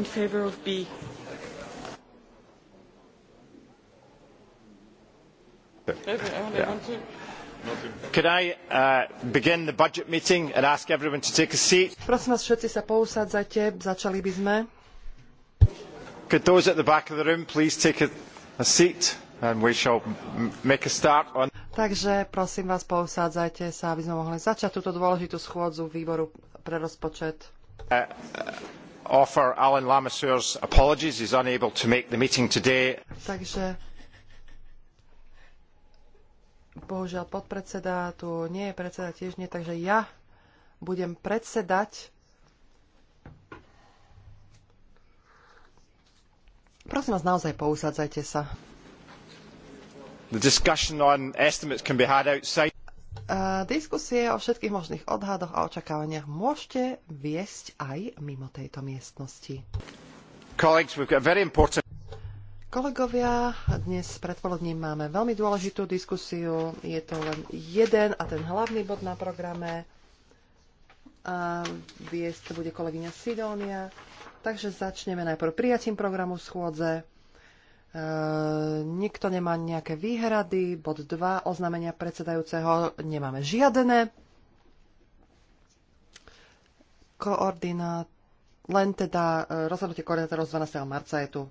in favor of B? Yeah. Could I uh, begin the budget meeting and ask everyone to take a seat? Prosím vás, všetci sa pousadzajte, začali by sme. Could those at the back of the room please take a, a seat and we shall make a start on... Takže prosím vás, pousádzajte sa, aby sme mohli začať túto dôležitú schôdzu výboru pre rozpočet. Uh, uh, offer alain lamassoure's apologies. is unable to make the meeting today. bohužiaľ podpredseda tu nie je, predseda tiež nie, takže ja budem predsedať. Prosím vás, naozaj pousádzajte sa. The discussion on estimates can be had outside. E, diskusie o všetkých možných odhadoch a očakávaniach môžete viesť aj mimo tejto miestnosti. Kolegovia, dnes predpoludním máme veľmi dôležitú diskusiu. Je to len jeden a ten hlavný bod na programe. A viesť to bude kolegyňa Sidónia. Takže začneme najprv prijatím programu schôdze. E, nikto nemá nejaké výhrady. Bod 2, oznámenia predsedajúceho, nemáme žiadne. Koordinát, len teda e, rozhodnutie koordinátorov z 12. marca je tu.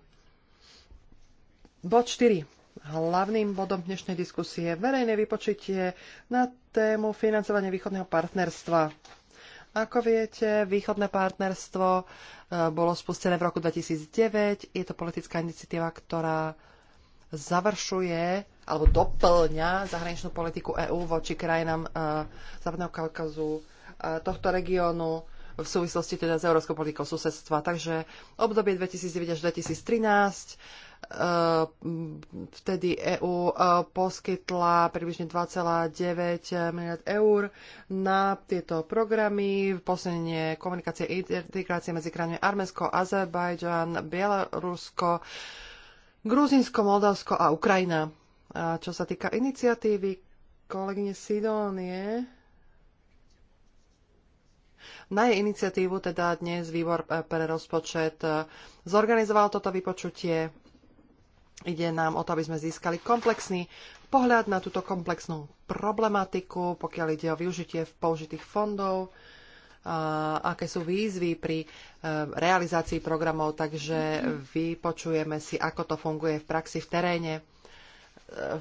Bod 4. Hlavným bodom dnešnej diskusie je verejné vypočutie na tému financovanie východného partnerstva. Ako viete, východné partnerstvo e, bolo spustené v roku 2009. Je to politická iniciatíva, ktorá završuje alebo doplňa zahraničnú politiku EÚ voči krajinám e, Západného Kaukazu, e, tohto regiónu, v súvislosti teda s európskou politikou susedstva. Takže obdobie 2009 až 2013 eh, vtedy EÚ eh, poskytla približne 2,9 miliard eur na tieto programy, posilnenie komunikácie a integrácie medzi krajinami Arménsko, Azerbajdžan, Bielorusko, Gruzinsko, Moldavsko a Ukrajina. A čo sa týka iniciatívy kolegyne Sidónie, na jej iniciatívu teda dnes výbor e, pre rozpočet e, zorganizoval toto vypočutie. Ide nám o to, aby sme získali komplexný pohľad na túto komplexnú problematiku, pokiaľ ide o využitie použitých fondov, a aké sú výzvy pri e, realizácii programov, takže vypočujeme si, ako to funguje v praxi v teréne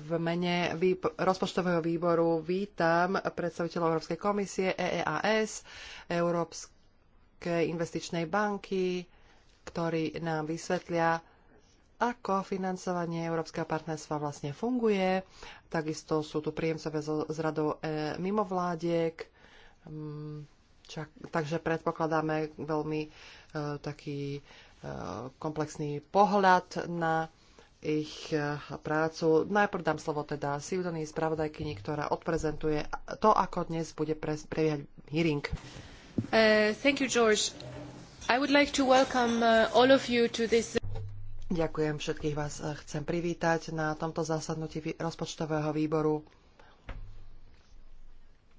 v mene rozpočtového výboru vítam predstaviteľov Európskej komisie EEAS, Európskej investičnej banky, ktorí nám vysvetlia, ako financovanie Európskeho partnerstva vlastne funguje. Takisto sú tu príjemcové z radou e, mimovládiek. Mm, čak, takže predpokladáme veľmi e, taký e, komplexný pohľad na ich e, prácu. Najprv dám slovo teda Sildaný spravodajkyni, ktorá odprezentuje to, ako dnes bude prebiehať hearing. Uh, thank you, George. I would like to welcome uh, all of you to this Ďakujem, všetkých vás chcem privítať na tomto zasadnutí rozpočtového výboru.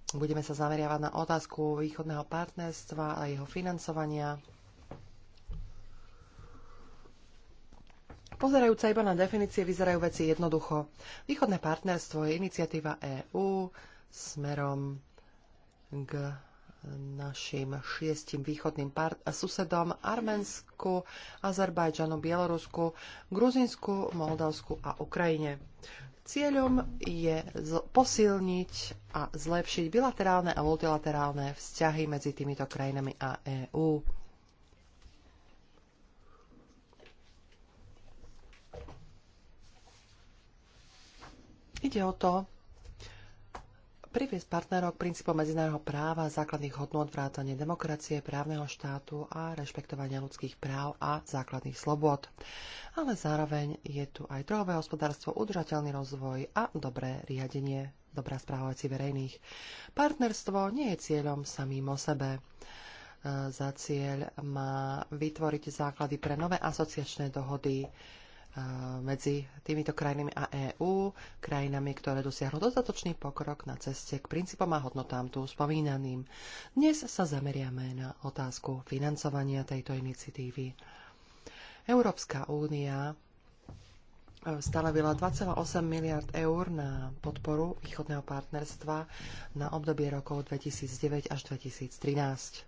Budeme sa zameriavať na otázku východného partnerstva a jeho financovania. Pozerajúca iba na definície, vyzerajú veci jednoducho. Východné partnerstvo je iniciatíva EÚ smerom k našim šiestim východným susedom Arménsku, Azerbajdžanu, Bielorusku, Gruzinsku, Moldavsku a Ukrajine. Cieľom je posilniť a zlepšiť bilaterálne a multilaterálne vzťahy medzi týmito krajinami a EÚ. Ide o to, priviesť partnerov k princípom medzinárodného práva, základných hodnôt, vrátanie demokracie, právneho štátu a rešpektovania ľudských práv a základných slobod. Ale zároveň je tu aj trhové hospodárstvo, udržateľný rozvoj a dobré riadenie, dobrá správa verejných. Partnerstvo nie je cieľom samým o sebe. E, za cieľ má vytvoriť základy pre nové asociačné dohody, medzi týmito krajinami a EÚ, krajinami, ktoré dosiahlo dostatočný pokrok na ceste k princípom a hodnotám tu spomínaným. Dnes sa zameriame na otázku financovania tejto iniciatívy. Európska únia e, stanovila 2,8 miliard eur na podporu východného partnerstva na obdobie rokov 2009 až 2013.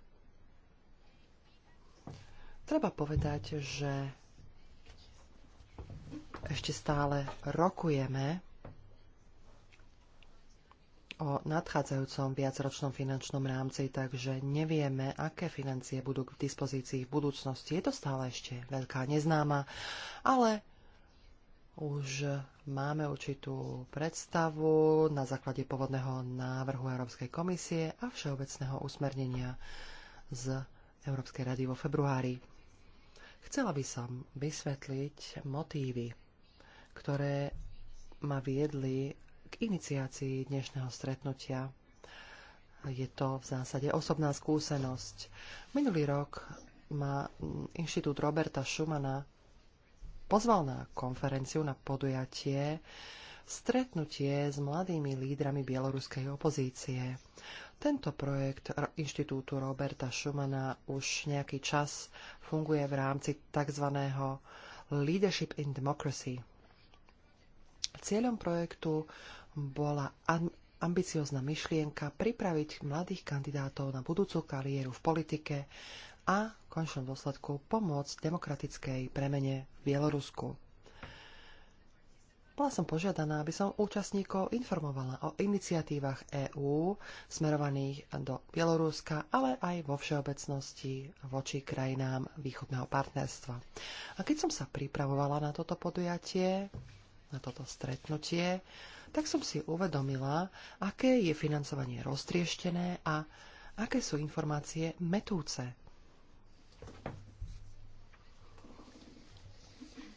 Treba povedať, že ešte stále rokujeme o nadchádzajúcom viacročnom finančnom rámci, takže nevieme, aké financie budú k dispozícii v budúcnosti. Je to stále ešte veľká neznáma, ale už máme určitú predstavu na základe pôvodného návrhu Európskej komisie a všeobecného usmernenia z Európskej rady vo februári. Chcela by som vysvetliť motívy ktoré ma viedli k iniciácii dnešného stretnutia. Je to v zásade osobná skúsenosť. Minulý rok ma Inštitút Roberta Schumana pozval na konferenciu, na podujatie, stretnutie s mladými lídrami bieloruskej opozície. Tento projekt Inštitútu Roberta Schumana už nejaký čas funguje v rámci tzv. Leadership in Democracy – Cieľom projektu bola ambiciozna myšlienka pripraviť mladých kandidátov na budúcu kariéru v politike a v končnom dôsledku pomôcť demokratickej premene v Bielorusku. Bola som požiadaná, aby som účastníkov informovala o iniciatívach EÚ smerovaných do Bieloruska, ale aj vo všeobecnosti voči krajinám východného partnerstva. A keď som sa pripravovala na toto podujatie, na toto stretnutie, tak som si uvedomila, aké je financovanie roztrieštené a aké sú informácie metúce.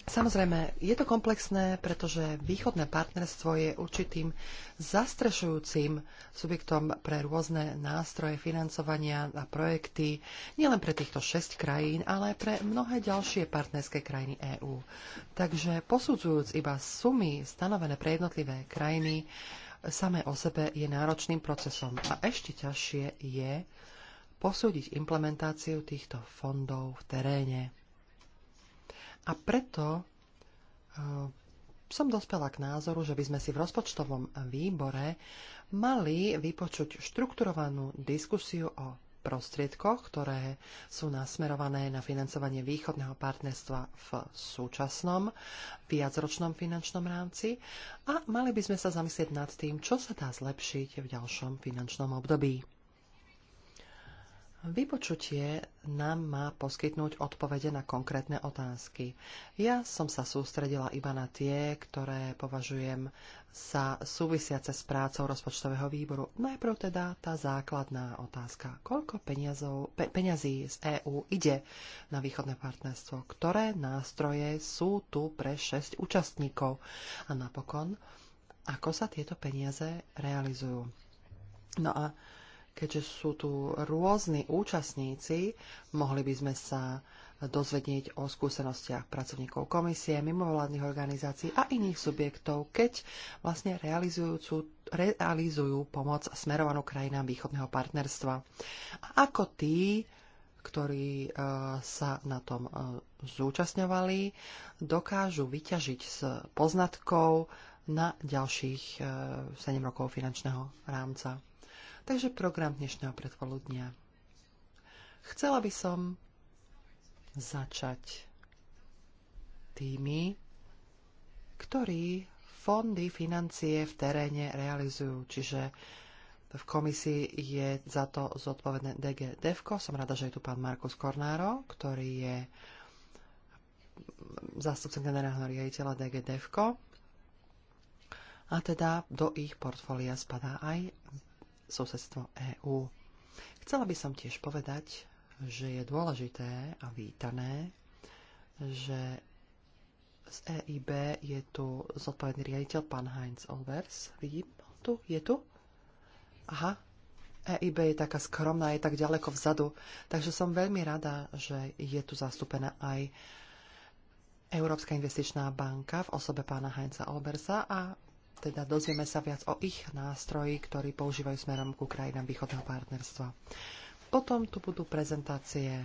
Samozrejme, je to komplexné, pretože východné partnerstvo je určitým zastrešujúcim subjektom pre rôzne nástroje financovania a projekty, nielen pre týchto 6 krajín, ale pre mnohé ďalšie partnerské krajiny EÚ. Takže posudzujúc iba sumy stanovené pre jednotlivé krajiny, samé o sebe je náročným procesom a ešte ťažšie je posúdiť implementáciu týchto fondov v teréne. A preto e, som dospela k názoru, že by sme si v rozpočtovom výbore mali vypočuť štrukturovanú diskusiu o prostriedkoch, ktoré sú nasmerované na financovanie východného partnerstva v súčasnom viacročnom finančnom rámci a mali by sme sa zamyslieť nad tým, čo sa dá zlepšiť v ďalšom finančnom období. Vypočutie nám má poskytnúť odpovede na konkrétne otázky. Ja som sa sústredila iba na tie, ktoré považujem sa súvisiace s prácou rozpočtového výboru. Najprv teda tá základná otázka. Koľko peniazov, pe, peňazí z EÚ ide na východné partnerstvo? Ktoré nástroje sú tu pre 6 účastníkov? A napokon, ako sa tieto peniaze realizujú? No a Keďže sú tu rôzni účastníci, mohli by sme sa dozvedieť o skúsenostiach pracovníkov komisie, mimovládnych organizácií a iných subjektov, keď vlastne realizujú pomoc smerovanú krajinám východného partnerstva. A ako tí, ktorí e, sa na tom e, zúčastňovali, dokážu vyťažiť z poznatkov na ďalších 7 e, rokov finančného rámca. Takže program dnešného predpoludnia. Chcela by som začať tými, ktorí fondy financie v teréne realizujú. Čiže v komisii je za to zodpovedné DG Devko. Som rada, že je tu pán Markus Kornáro, ktorý je zástupcom generálneho riaditeľa DG Devko. A teda do ich portfólia spadá aj susedstvo EÚ. Chcela by som tiež povedať, že je dôležité a vítané, že z EIB je tu zodpovedný riaditeľ pán Heinz Olvers. Vidím, tu, je tu. Aha, EIB je taká skromná, je tak ďaleko vzadu, takže som veľmi rada, že je tu zastúpená aj Európska investičná banka v osobe pána Heinza Olbersa a teda dozvieme sa viac o ich nástroji, ktorí používajú smerom ku krajinám východného partnerstva. Potom tu budú prezentácie.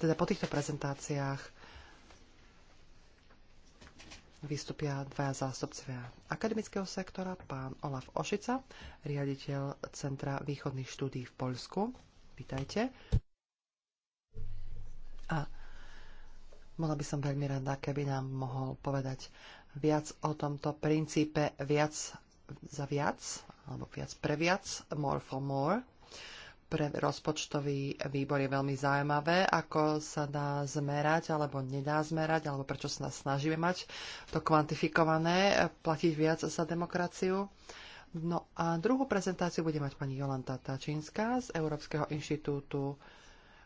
Teda po týchto prezentáciách vystúpia dva zástupcovia akademického sektora, pán Olaf Ošica, riaditeľ Centra východných štúdí v Poľsku. Vítajte. A bola by som veľmi rada, keby nám mohol povedať viac o tomto princípe viac za viac, alebo viac pre viac, more for more. Pre rozpočtový výbor je veľmi zaujímavé, ako sa dá zmerať, alebo nedá zmerať, alebo prečo sa snažíme mať to kvantifikované, platiť viac za demokraciu. No a druhú prezentáciu bude mať pani Jolanta Tačínska z Európskeho inštitútu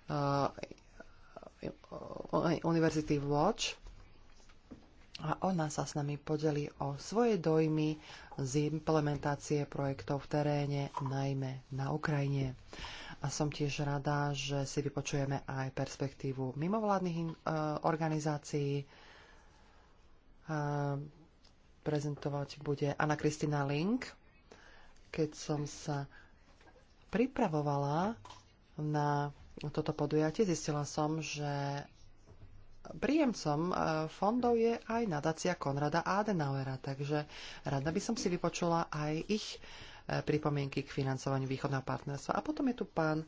uh, Univerzity Watch a ona sa s nami podeli o svoje dojmy z implementácie projektov v teréne, najmä na Ukrajine. A som tiež rada, že si vypočujeme aj perspektívu mimovládnych eh, organizácií. Eh, prezentovať bude Anna Kristina Link. Keď som sa pripravovala na toto podujatie, zistila som, že príjemcom e, fondov je aj nadácia Konrada Adenauera, takže rada by som si vypočula aj ich e, pripomienky k financovaniu východného partnerstva. A potom je tu pán e,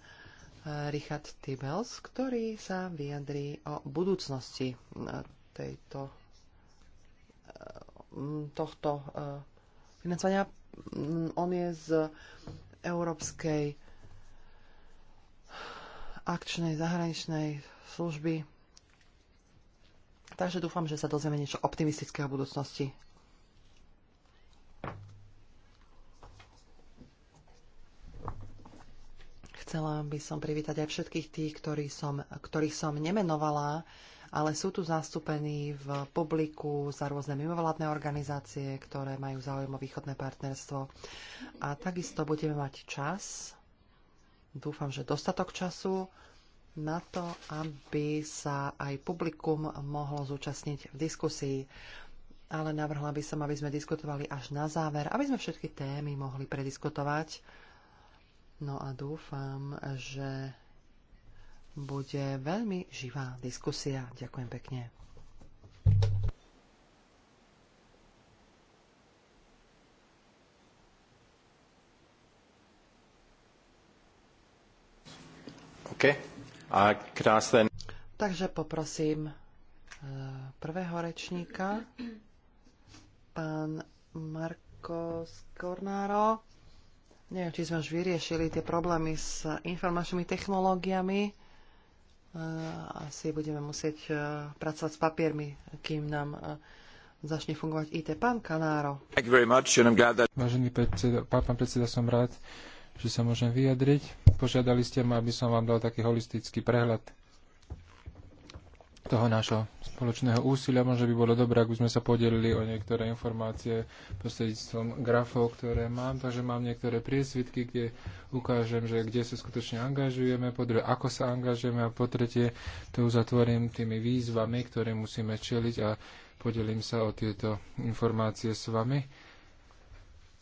Richard Tibels, ktorý sa vyjadrí o budúcnosti tejto, tohto financovania. On je z Európskej akčnej zahraničnej služby Takže dúfam, že sa dozvieme niečo optimistické o budúcnosti. Chcela by som privítať aj všetkých tých, ktorých som, ktorých som nemenovala, ale sú tu zastúpení v publiku za rôzne mimovládne organizácie, ktoré majú záujem o východné partnerstvo. A takisto budeme mať čas, dúfam, že dostatok času na to, aby sa aj publikum mohlo zúčastniť v diskusii. Ale navrhla by som, aby sme diskutovali až na záver, aby sme všetky témy mohli prediskutovať. No a dúfam, že bude veľmi živá diskusia. Ďakujem pekne. Okay a krásne. Takže poprosím e, prvého rečníka, pán Marko Skornáro. Neviem, či sme už vyriešili tie problémy s informačnými technológiami. E, asi budeme musieť e, pracovať s papiermi, kým nám začne fungovať IT. Pán Kanáro. Vážený predseda, pán, pán predseda, som rád, že sa môžem vyjadriť požiadali ste ma, aby som vám dal taký holistický prehľad toho nášho spoločného úsilia. Možno by bolo dobré, ak by sme sa podelili o niektoré informácie prostredníctvom grafov, ktoré mám. Takže mám niektoré priesvitky, kde ukážem, že kde sa skutočne angažujeme, po druhé, ako sa angažujeme a po tretie, to uzatvorím tými výzvami, ktoré musíme čeliť a podelím sa o tieto informácie s vami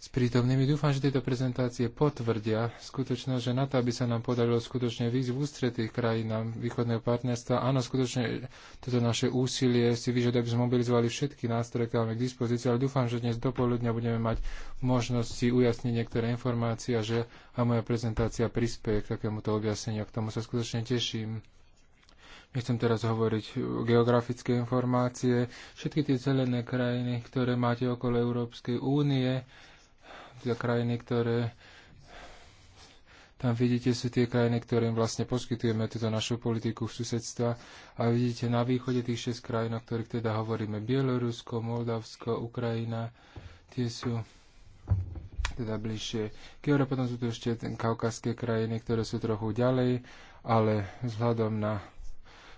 s prítomnými. Dúfam, že tieto prezentácie potvrdia skutočnosť, že na to, aby sa nám podarilo skutočne výjsť v ústretí krajinám východného partnerstva, áno, skutočne toto naše úsilie si vyžaduje, aby sme mobilizovali všetky nástroje, ktoré máme k dispozícii, ale dúfam, že dnes dopoludňa budeme mať možnosť si ujasniť niektoré informácie a že a moja prezentácia prispieje k takémuto objasneniu. K tomu sa skutočne teším. Nechcem teraz hovoriť geografické informácie. Všetky tie zelené krajiny, ktoré máte okolo Európskej únie, teda krajiny, ktoré tam vidíte, sú tie krajiny, ktorým vlastne poskytujeme túto našu politiku susedstva. A vidíte na východe tých 6 krajín, o ktorých teda hovoríme, Bielorusko, Moldavsko, Ukrajina, tie sú teda bližšie k Potom sú tu ešte kaukazské krajiny, ktoré sú trochu ďalej, ale vzhľadom na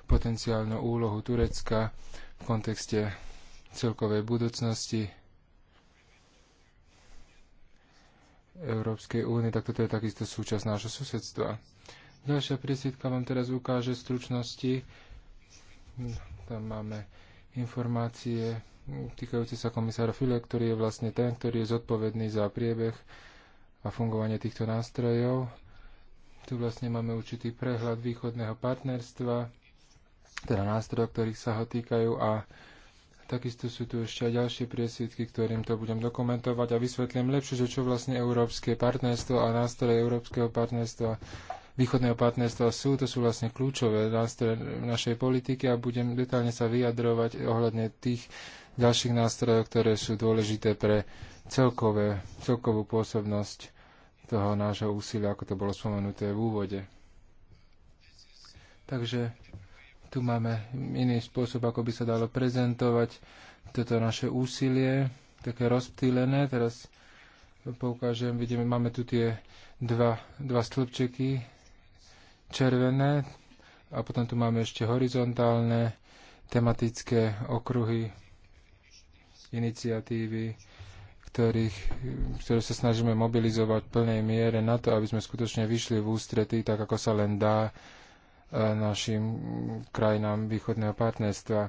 potenciálnu úlohu Turecka v kontexte celkovej budúcnosti Európskej únie, tak toto je takisto súčasť nášho susedstva. Ďalšia prísvitka vám teraz ukáže stručnosti. Tam máme informácie týkajúce sa komisára File, ktorý je vlastne ten, ktorý je zodpovedný za priebeh a fungovanie týchto nástrojov. Tu vlastne máme určitý prehľad východného partnerstva, teda nástrojov, ktorých sa ho týkajú a Takisto sú tu ešte aj ďalšie priesvitky, ktorým to budem dokumentovať a vysvetlím lepšie, že čo vlastne európske partnerstvo a nástroje európskeho partnerstva východného partnerstva sú, to sú vlastne kľúčové nástroje našej politiky a budem detálne sa vyjadrovať ohľadne tých ďalších nástrojov, ktoré sú dôležité pre celkové, celkovú pôsobnosť toho nášho úsilia, ako to bolo spomenuté v úvode. Takže tu máme iný spôsob, ako by sa dalo prezentovať toto naše úsilie, také rozptýlené. Teraz poukážem, vidíme, máme tu tie dva, dva stĺpčeky červené a potom tu máme ešte horizontálne tematické okruhy, iniciatívy, ktorých, ktoré sa snažíme mobilizovať v plnej miere na to, aby sme skutočne vyšli v ústrety, tak ako sa len dá E, našim krajinám východného partnerstva.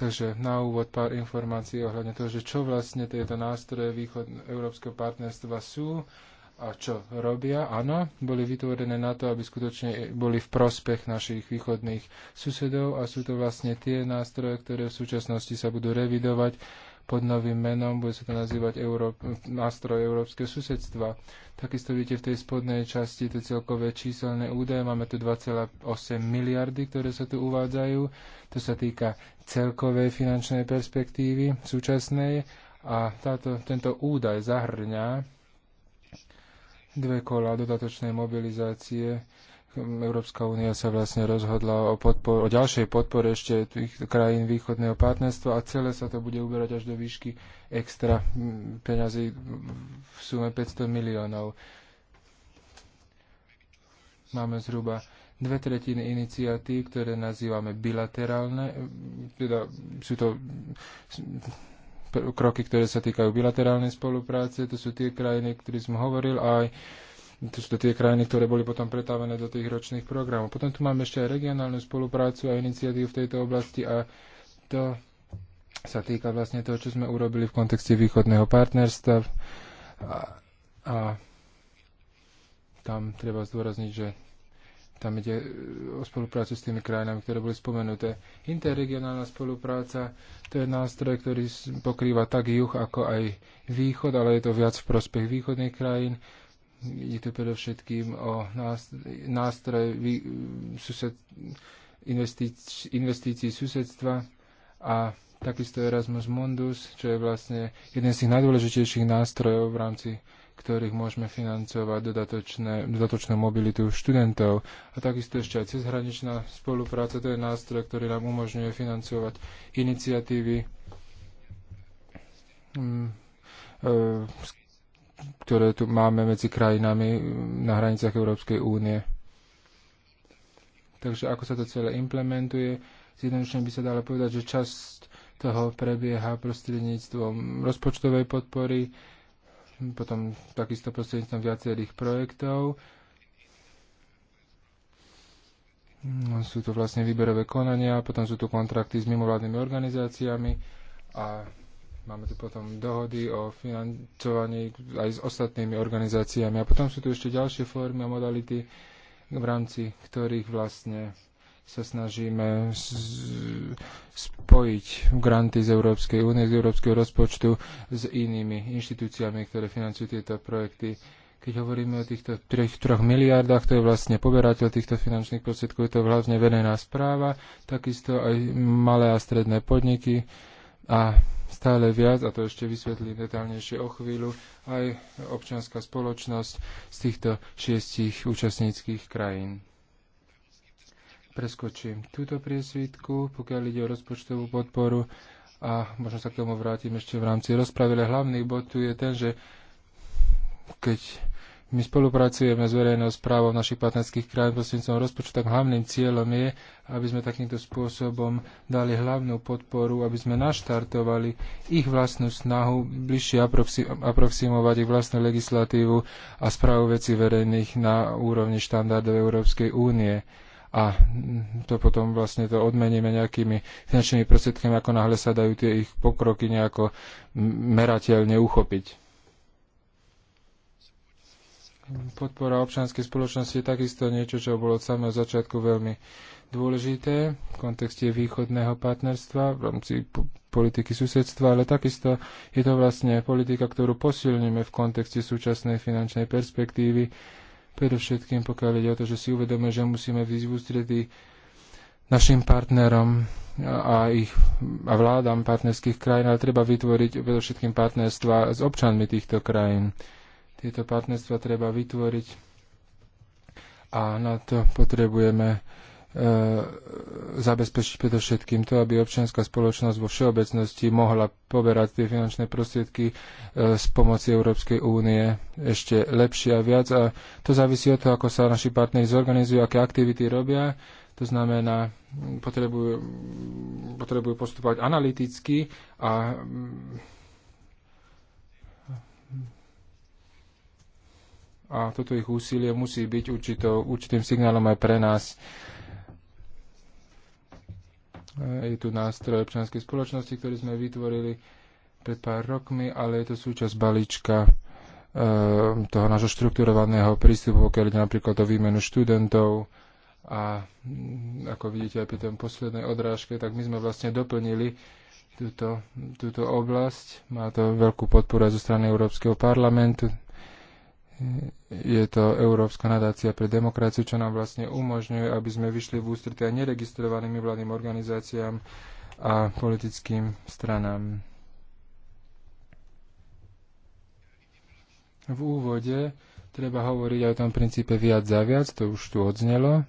Takže na úvod pár informácií ohľadne toho, že čo vlastne tieto nástroje východného európskeho partnerstva sú a čo robia. Áno, boli vytvorené na to, aby skutočne boli v prospech našich východných susedov a sú to vlastne tie nástroje, ktoré v súčasnosti sa budú revidovať pod novým menom, bude sa to nazývať Euró- nástroj európskeho susedstva. Takisto vidíte v tej spodnej časti tie celkové číselné údaje, máme tu 2,8 miliardy, ktoré sa tu uvádzajú. To sa týka celkovej finančnej perspektívy súčasnej a táto, tento údaj zahrňa dve kola dodatočnej mobilizácie Európska únia sa vlastne rozhodla o, podpor- o ďalšej podpore ešte tých krajín východného partnerstva a celé sa to bude uberať až do výšky extra peňazí v sume 500 miliónov. Máme zhruba dve tretiny iniciatív, ktoré nazývame bilaterálne, teda sú to kroky, ktoré sa týkajú bilaterálnej spolupráce, to sú tie krajiny, ktoré som hovoril, aj to sú to tie krajiny, ktoré boli potom pretávané do tých ročných programov. Potom tu máme ešte aj regionálnu spoluprácu a iniciatívu v tejto oblasti a to sa týka vlastne toho, čo sme urobili v kontexte východného partnerstva. A, a tam treba zdôrazniť, že tam ide o spoluprácu s tými krajinami, ktoré boli spomenuté. Interregionálna spolupráca, to je nástroj, ktorý pokrýva tak juh, ako aj východ, ale je to viac v prospech východných krajín. Ide to predovšetkým o nástroje sused, investíci, investícií susedstva a takisto Erasmus Mundus, čo je vlastne jeden z tých najdôležitejších nástrojov v rámci ktorých môžeme financovať dodatočné, dodatočnú mobilitu študentov. A takisto ešte aj cezhraničná spolupráca, to je nástroj, ktorý nám umožňuje financovať iniciatívy, mm, e, ktoré tu máme medzi krajinami na hraniciach Európskej únie. Takže ako sa to celé implementuje, zjednodušene by sa dalo povedať, že časť toho prebieha prostredníctvom rozpočtovej podpory, potom takisto prostredníctvom viacerých projektov. No, sú tu vlastne výberové konania, potom sú tu kontrakty s mimovládnymi organizáciami a Máme tu potom dohody o financovaní aj s ostatnými organizáciami. A potom sú tu ešte ďalšie formy a modality, v rámci ktorých vlastne sa snažíme spojiť granty z Európskej únie, z Európskeho rozpočtu s inými inštitúciami, ktoré financujú tieto projekty. Keď hovoríme o týchto 3, 3 miliardách, to je vlastne poberateľ týchto finančných prostriedkov, je to hlavne verejná správa, takisto aj malé a stredné podniky a stále viac, a to ešte vysvetlím detálnejšie o chvíľu, aj občianská spoločnosť z týchto šiestich účastníckých krajín. Preskočím túto priesvitku, pokiaľ ide o rozpočtovú podporu a možno sa k tomu vrátim ešte v rámci rozpravy, ale hlavný bod tu je ten, že keď my spolupracujeme s verejnou správou našich partnerských krajín prostredníctvom rozpočtu, tak hlavným cieľom je, aby sme takýmto spôsobom dali hlavnú podporu, aby sme naštartovali ich vlastnú snahu bližšie aproximovať ich vlastnú legislatívu a správu veci verejných na úrovni štandardov Európskej únie a to potom vlastne to odmeníme nejakými finančnými prostriedkami, ako náhle sa dajú tie ich pokroky nejako merateľne uchopiť podpora občianskej spoločnosti je takisto niečo, čo bolo od samého začiatku veľmi dôležité v kontexte východného partnerstva v rámci politiky susedstva, ale takisto je to vlastne politika, ktorú posilníme v kontexte súčasnej finančnej perspektívy. Predovšetkým pokiaľ ide o to, že si uvedome, že musíme výjsť v našim partnerom a, ich, a vládam partnerských krajín, ale treba vytvoriť predovšetkým partnerstva s občanmi týchto krajín. Tieto partnerstva treba vytvoriť a na to potrebujeme e, zabezpečiť predovšetkým to, aby občianská spoločnosť vo všeobecnosti mohla poberať tie finančné prostriedky e, z pomoci Európskej únie ešte lepšie a viac. A to závisí od toho, ako sa naši partneri zorganizujú, aké aktivity robia. To znamená, potrebujú, potrebujú postupovať analyticky a mm, a toto ich úsilie musí byť určito, určitým signálom aj pre nás. Je tu nástroj občianskej spoločnosti, ktorý sme vytvorili pred pár rokmi, ale je to súčasť balíčka e, toho nášho štrukturovaného prístupu, keď ide napríklad o výmenu študentov a mm, ako vidíte aj pri tom poslednej odrážke, tak my sme vlastne doplnili túto, túto oblasť. Má to veľkú podporu aj zo strany Európskeho parlamentu, je to Európska nadácia pre demokraciu, čo nám vlastne umožňuje, aby sme vyšli v ústrety aj neregistrovaným vládnym organizáciám a politickým stranám. V úvode treba hovoriť aj o tom princípe viac za viac, to už tu odznelo.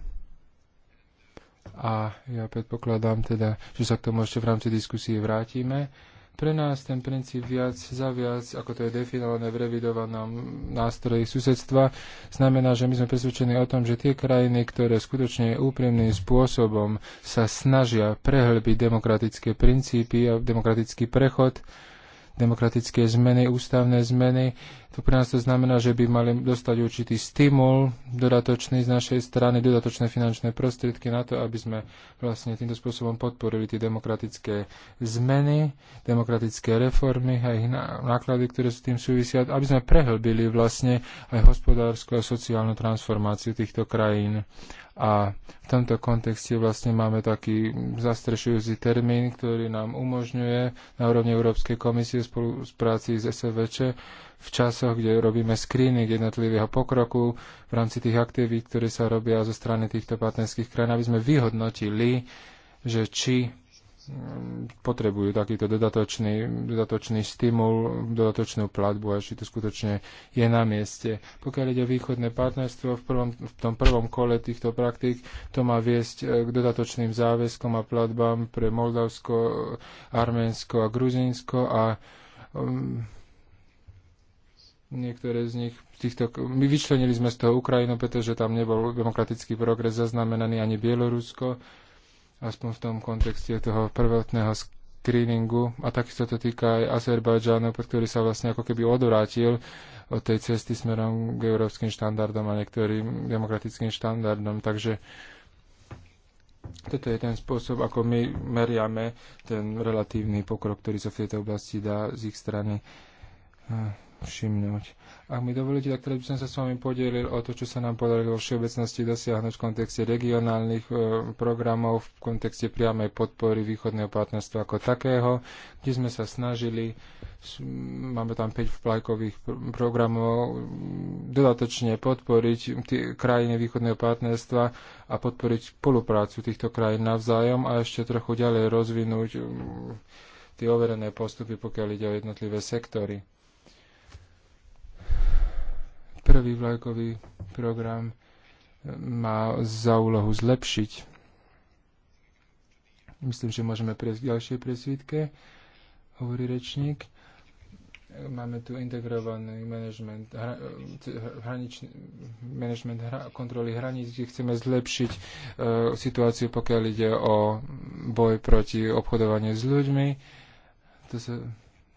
A ja predpokladám teda, že sa k tomu ešte v rámci diskusie vrátime. Pre nás ten princíp viac za viac, ako to je definované v revidovanom nástroji susedstva, znamená, že my sme presvedčení o tom, že tie krajiny, ktoré skutočne úprimným spôsobom sa snažia prehlbiť demokratické princípy a demokratický prechod, demokratické zmeny, ústavné zmeny. To pre nás to znamená, že by mali dostať určitý stimul dodatočný z našej strany, dodatočné finančné prostriedky na to, aby sme vlastne týmto spôsobom podporili tie demokratické zmeny, demokratické reformy a ich náklady, ktoré s tým súvisia, aby sme prehlbili vlastne aj hospodárskú a sociálnu transformáciu týchto krajín. A v tomto kontexte vlastne máme taký zastrešujúci termín, ktorý nám umožňuje na úrovni Európskej komisie spolu s práci s SVČ v časoch, kde robíme screening jednotlivého pokroku v rámci tých aktivít, ktoré sa robia zo strany týchto partnerských krajín, aby sme vyhodnotili, že či potrebujú takýto dodatočný, dodatočný stimul, dodatočnú platbu a či to skutočne je na mieste. Pokiaľ ide o východné partnerstvo, v, prvom, v tom prvom kole týchto praktík to má viesť eh, k dodatočným záväzkom a platbám pre Moldavsko, Arménsko a Gruzínsko a um, niektoré z nich týchto, my vyčlenili sme z toho Ukrajinu, pretože tam nebol demokratický progres zaznamenaný ani Bielorusko aspoň v tom kontexte toho prvotného screeningu a takisto to týka aj Azerbajdžánu, pod ktorý sa vlastne ako keby odvrátil od tej cesty smerom k európskym štandardom a niektorým demokratickým štandardom. Takže toto je ten spôsob, ako my meriame ten relatívny pokrok, ktorý sa v tejto oblasti dá z ich strany všimnúť. Ak mi dovolíte, tak teraz by som sa s vami podielil o to, čo sa nám podarilo vo všeobecnosti dosiahnuť v kontexte regionálnych e, programov, v kontexte priamej podpory východného partnerstva ako takého, kde sme sa snažili, máme tam 5 pr- programov, dodatočne podporiť tie krajiny východného partnerstva a podporiť spoluprácu týchto krajín navzájom a ešte trochu ďalej rozvinúť tie overené postupy, pokiaľ ide o jednotlivé sektory. Prvý vlajkový program e, má za úlohu zlepšiť. Myslím, že môžeme prejsť k ďalšej presvítke, hovorí rečník. Máme tu integrovaný management, hra, e, hraničný, management hra, kontroly hraníc, kde chceme zlepšiť uh, situáciu, pokiaľ ide o boj proti obchodovaniu s ľuďmi. To sa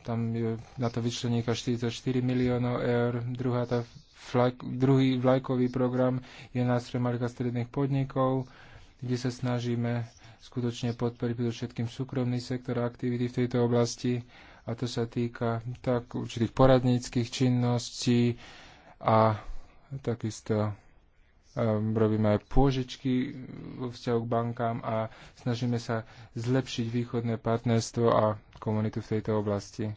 tam je na to vyčleníka 44 miliónov eur. Druhá tá vlajk, druhý vlajkový program je nástroj malých a stredných podnikov, kde sa snažíme skutočne podporiť predovšetkým súkromný sektor a aktivity v tejto oblasti a to sa týka tak určitých poradníckých činností a takisto Ehm, robíme aj pôžičky vo vzťahu k bankám a snažíme sa zlepšiť východné partnerstvo a komunitu v tejto oblasti.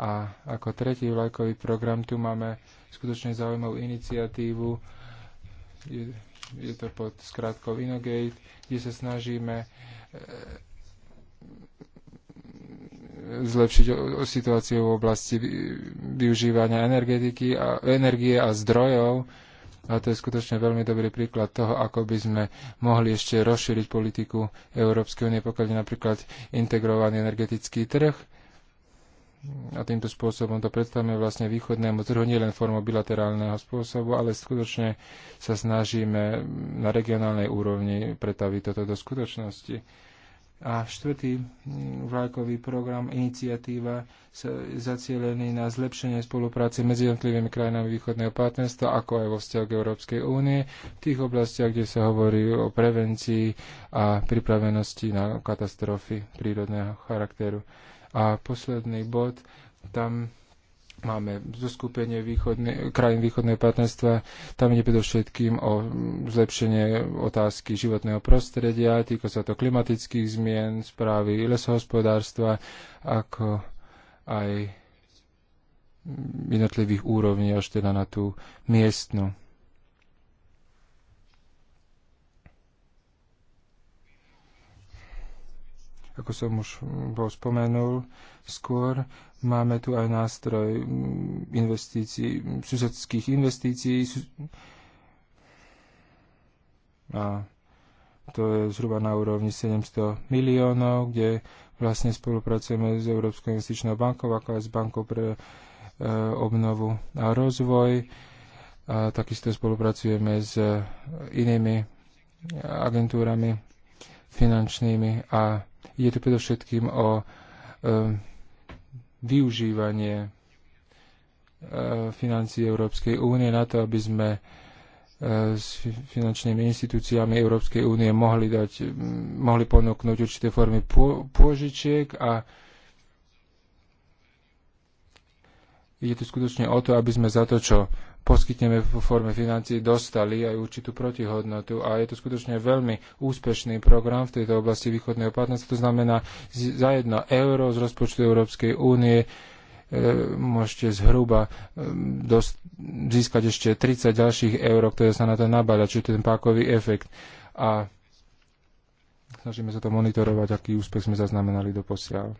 A ako tretí vlajkový program tu máme skutočne zaujímavú iniciatívu, je, je to pod skrátkou Inogate, kde sa snažíme ehm, zlepšiť situáciu v oblasti využívania energetiky a, energie a zdrojov a to je skutočne veľmi dobrý príklad toho, ako by sme mohli ešte rozšíriť politiku Európskej únie, pokiaľ je napríklad integrovaný energetický trh. A týmto spôsobom to predstavíme vlastne východnému trhu nielen formou bilaterálneho spôsobu, ale skutočne sa snažíme na regionálnej úrovni pretaviť toto do skutočnosti. A štvrtý vlajkový program, iniciatíva zacielený na zlepšenie spolupráce medzi jednotlivými krajinami východného partnerstva, ako aj vo vzťahu k Európskej únie, v tých oblastiach, kde sa hovorí o prevencii a pripravenosti na katastrofy prírodného charakteru. A posledný bod, tam máme zoskupenie východne, krajín východného partnerstva. Tam ide predovšetkým o zlepšenie otázky životného prostredia, týka sa to klimatických zmien, správy lesohospodárstva, ako aj jednotlivých úrovní až teda na tú miestnu. ako som už mm, bol spomenul skôr, máme tu aj nástroj mm, investícií, susedských investícií. A to je zhruba na úrovni 700 miliónov, kde vlastne spolupracujeme s Európskou investičnou bankou, ako aj s bankou pre e, obnovu a rozvoj. A takisto spolupracujeme s e, inými agentúrami finančnými a je tu predovšetkým o e, využívanie e, financií Európskej únie na to, aby sme e, s finančnými inštitúciami Európskej únie mohli, dať, mohli ponúknuť určité formy pôžičiek a je to skutočne o to, aby sme za to, čo poskytneme vo forme financií, dostali aj určitú protihodnotu. A je to skutočne veľmi úspešný program v tejto oblasti východného partnerstva. To znamená, za jedno euro z rozpočtu Európskej únie e, môžete zhruba e, dost, získať ešte 30 ďalších eur, ktoré sa na to nabáda, čiže ten pákový efekt. A snažíme sa to monitorovať, aký úspech sme zaznamenali do posiaľ.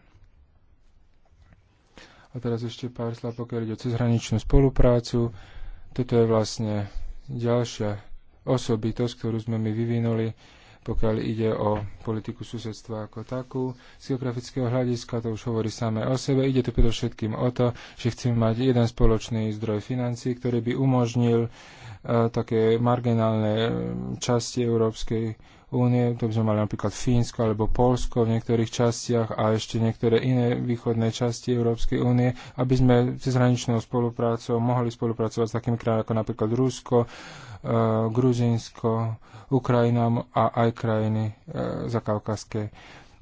A teraz ešte pár slov, pokiaľ ide o cezhraničnú spoluprácu. Toto je vlastne ďalšia osobitosť, ktorú sme my vyvinuli, pokiaľ ide o politiku susedstva ako takú. Z geografického hľadiska to už hovorí samé o sebe. Ide to predovšetkým o to, že chceme mať jeden spoločný zdroj financií, ktorý by umožnil uh, také marginálne eh, časti európskej únie, to by sme mali napríklad Fínsko alebo Polsko v niektorých častiach a ešte niektoré iné východné časti Európskej únie, aby sme cezhraničnou spoluprácou mohli spolupracovať s takými krajami ako napríklad Rusko, e, Gruzinsko, Ukrajina a aj krajiny e, Kaukaské.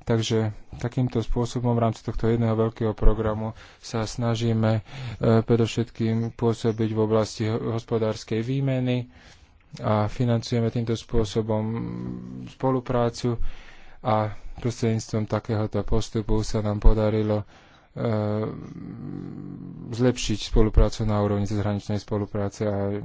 Takže takýmto spôsobom v rámci tohto jedného veľkého programu sa snažíme e, predovšetkým pôsobiť v oblasti hospodárskej výmeny, a financujeme týmto spôsobom spoluprácu a prostredníctvom takéhoto postupu sa nám podarilo e, zlepšiť spoluprácu na úrovni cezhraničnej spolupráce a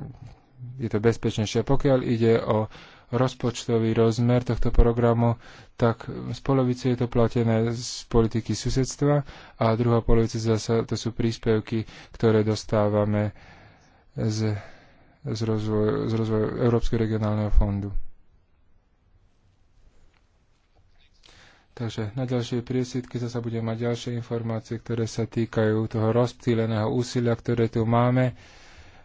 je to bezpečnejšie. Pokiaľ ide o rozpočtový rozmer tohto programu, tak z polovice je to platené z politiky susedstva a druhá polovica zase to sú príspevky, ktoré dostávame z z rozvoju, z rozvoju Európskeho regionálneho fondu. Takže na ďalšej priesvitke sa budeme mať ďalšie informácie, ktoré sa týkajú toho rozptýleného úsilia, ktoré tu máme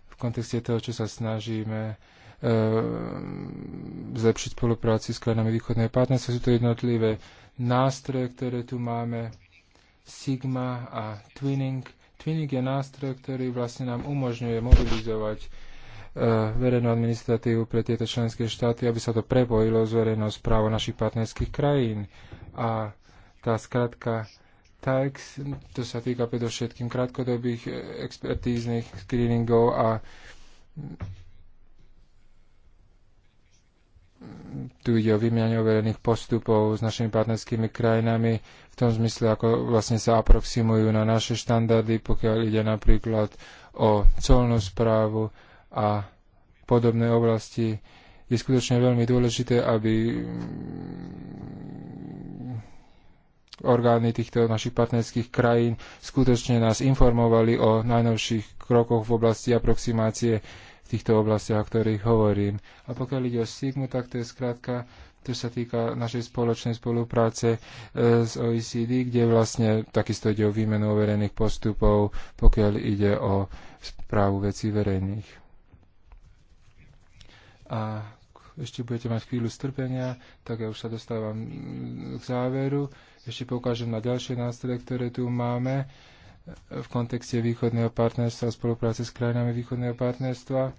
v kontexte toho, čo sa snažíme e, zlepšiť spolupráci s krajinami východnej partnerstva. Sú to jednotlivé nástroje, ktoré tu máme, Sigma a Twinning. Twinning je nástroj, ktorý vlastne nám umožňuje mobilizovať E, verejnú administratívu pre tieto členské štáty, aby sa to prepojilo s verejnou správou našich partnerských krajín. A tá skratka TAX, to sa týka predovšetkým krátkodobých e, expertíznych screeningov a tu ide o vymianie overených postupov s našimi partnerskými krajinami v tom zmysle, ako vlastne sa aproximujú na naše štandardy, pokiaľ ide napríklad o colnú správu a podobné oblasti, je skutočne veľmi dôležité, aby mm, orgány týchto našich partnerských krajín skutočne nás informovali o najnovších krokoch v oblasti aproximácie v týchto oblastiach, o ktorých hovorím. A pokiaľ ide o Sigmu, tak to je skrátka, to sa týka našej spoločnej spolupráce e, s OECD, kde vlastne takisto ide o výmenu overených postupov, pokiaľ ide o správu vecí verejných a ešte budete mať chvíľu strpenia, tak ja už sa dostávam mm, k záveru. Ešte poukážem na ďalšie nástroje, ktoré tu máme e, v kontexte východného partnerstva a spolupráce s krajinami východného partnerstva.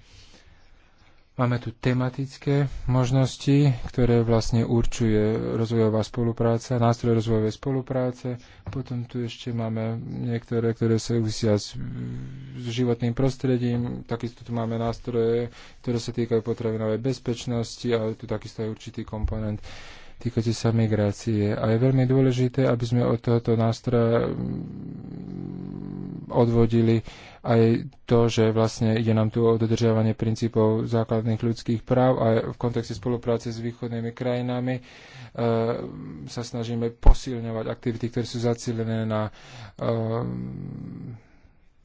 Máme tu tematické možnosti, ktoré vlastne určuje rozvojová spolupráca, nástroj rozvojovej spolupráce. Potom tu ešte máme niektoré, ktoré súvisia s, s životným prostredím. Takisto tu máme nástroje, ktoré sa týkajú potravinovej bezpečnosti a tu takisto je určitý komponent uh, týkajúci sa migrácie. A je veľmi dôležité, aby sme od tohoto nástroja mm, odvodili aj to, že vlastne ide nám tu o dodržiavanie princípov základných ľudských práv a v kontexte spolupráce s východnými krajinami e, sa snažíme posilňovať aktivity, ktoré sú zacílené na e,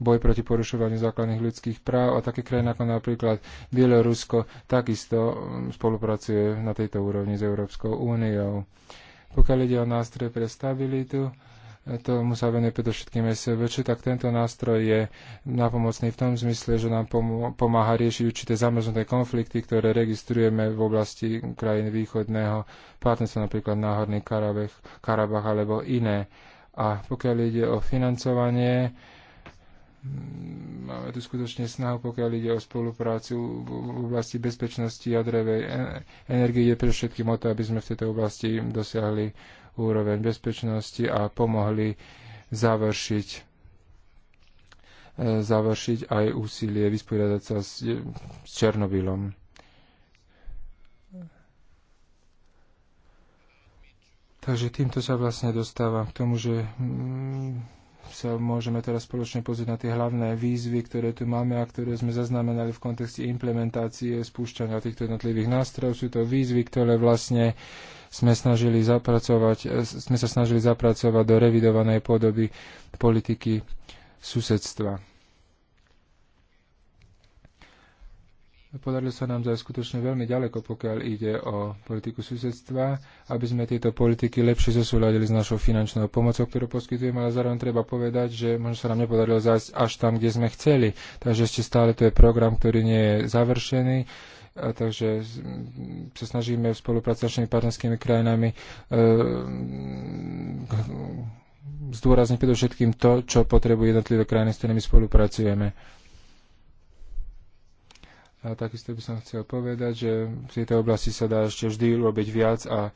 boj proti porušovaniu základných ľudských práv a také krajiny ako napríklad Bielorusko takisto um, spolupracuje na tejto úrovni s Európskou úniou. Pokiaľ ide o nástroj pre stabilitu, e, to mu sa venuje predovšetkým SVČ, tak tento nástroj je napomocný v tom zmysle, že nám pomáha riešiť určité zamrznuté konflikty, ktoré registrujeme v oblasti krajín východného partnerstva, napríklad Náhorný Karabach, Karabach alebo iné. A pokiaľ ide o financovanie, máme tu skutočne snahu, pokiaľ ide o spoluprácu v oblasti bezpečnosti jadrovej e, energie, je pre všetkým o to, aby sme v tejto oblasti dosiahli úroveň bezpečnosti a pomohli završiť e, završiť aj úsilie vysporiadať sa s, s Černobylom. Takže týmto sa vlastne dostávam k tomu, že mm, sa môžeme teraz spoločne pozrieť na tie hlavné výzvy, ktoré tu máme a ktoré sme zaznamenali v kontexte implementácie spúšťania týchto jednotlivých nástrojov. Sú to výzvy, ktoré vlastne sme, snažili zapracovať, e, sme sa snažili zapracovať do revidovanej podoby politiky susedstva. Podarilo sa nám zajsť skutočne veľmi ďaleko, pokiaľ ide o politiku susedstva, aby sme tieto politiky lepšie zosúľadili s našou finančnou pomocou, ktorú poskytujeme, ale zároveň treba povedať, že možno sa nám nepodarilo zajsť až tam, kde sme chceli. Takže ešte stále to je program, ktorý nie je završený. A takže sa snažíme v spolupráci s našimi partnerskými krajinami e, zdôrazniť predovšetkým to, čo potrebujú jednotlivé krajiny, s ktorými spolupracujeme. A takisto by som chcel povedať, že v tejto oblasti sa dá ešte vždy robiť viac a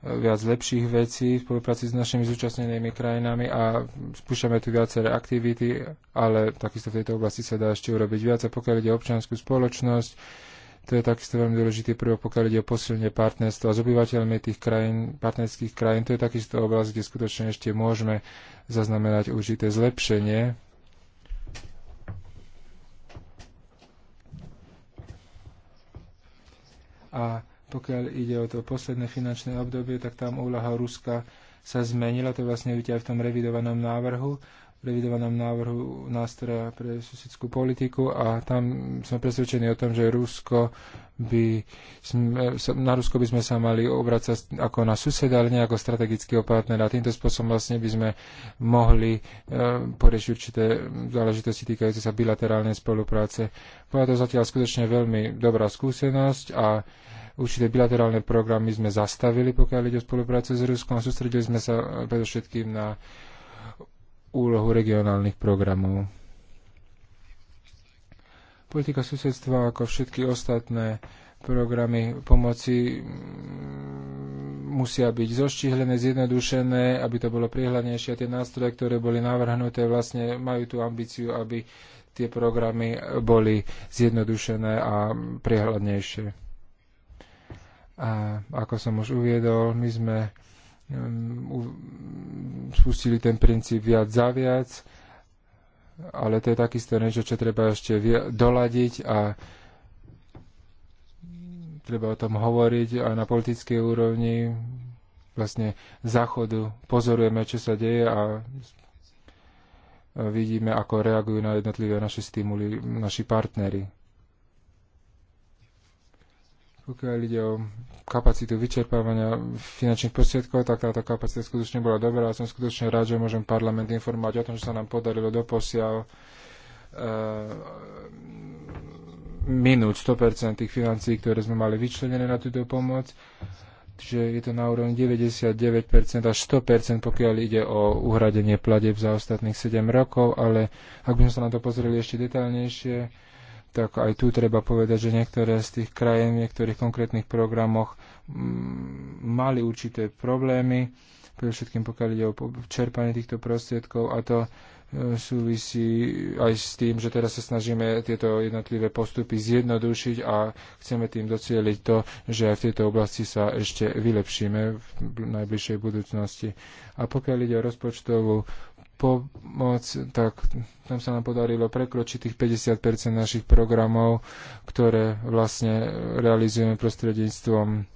viac lepších vecí v spolupráci s našimi zúčastnenými krajinami a spúšťame tu viaceré aktivity, ale takisto v tejto oblasti sa dá ešte urobiť viac. A pokiaľ ide o občianskú spoločnosť, to je takisto veľmi dôležitý prvok, pokiaľ ide o posilnenie partnerstva s obyvateľmi tých krajín, partnerských krajín. To je takisto oblasť, kde skutočne ešte môžeme zaznamenať určité zlepšenie a pokiaľ ide o to posledné finančné obdobie, tak tam úlaha Ruska sa zmenila, to vlastne vidíte aj v tom revidovanom návrhu revidovanom návrhu nástroja pre susedskú politiku a tam sme presvedčení o tom, že Rusko by sme, na Rusko by sme sa mali obracať ako na suseda, ale nie ako strategického partnera. Týmto spôsobom vlastne by sme mohli e, poriešiť určité záležitosti týkajúce sa bilaterálnej spolupráce. Bola to zatiaľ skutočne veľmi dobrá skúsenosť a určité bilaterálne programy sme zastavili, pokiaľ ide o spoluprácu s Ruskom a sústredili sme sa predovšetkým na úlohu regionálnych programov. Politika susedstva, ako všetky ostatné programy pomoci, mm, musia byť zoštihlené, zjednodušené, aby to bolo prihľadnejšie. Tie nástroje, ktoré boli navrhnuté, vlastne majú tú ambíciu, aby tie programy boli zjednodušené a prihľadnejšie. A ako som už uviedol, my sme spustili ten princíp viac za viac, ale to je takisto niečo, čo treba ešte doladiť a treba o tom hovoriť aj na politickej úrovni. Vlastne záchodu pozorujeme, čo sa deje a vidíme, ako reagujú na jednotlivé naše stimuly naši partnery. Pokiaľ ide o kapacitu vyčerpávania finančných prostriedkov, tak táto kapacita skutočne bola dobrá a som skutočne rád, že môžem parlament informovať o tom, že sa nám podarilo doposiaľ eh, minúť 100% tých financií, ktoré sme mali vyčlenené na túto pomoc. Čiže je to na úrovni 99% až 100%, pokiaľ ide o uhradenie pladeb za ostatných 7 rokov, ale ak by sme sa na to pozreli ešte detaľnejšie, tak aj tu treba povedať, že niektoré z tých krajín v niektorých konkrétnych programoch mm, mali určité problémy, všetkým pokiaľ ide o čerpanie týchto prostriedkov a to e, súvisí aj s tým, že teraz sa snažíme tieto jednotlivé postupy zjednodušiť a chceme tým docieliť to, že aj v tejto oblasti sa ešte vylepšíme v najbližšej budúcnosti. A pokiaľ ide o rozpočtovú pomoc, tak tam sa nám podarilo prekročiť tých 50 našich programov, ktoré vlastne realizujeme prostredníctvom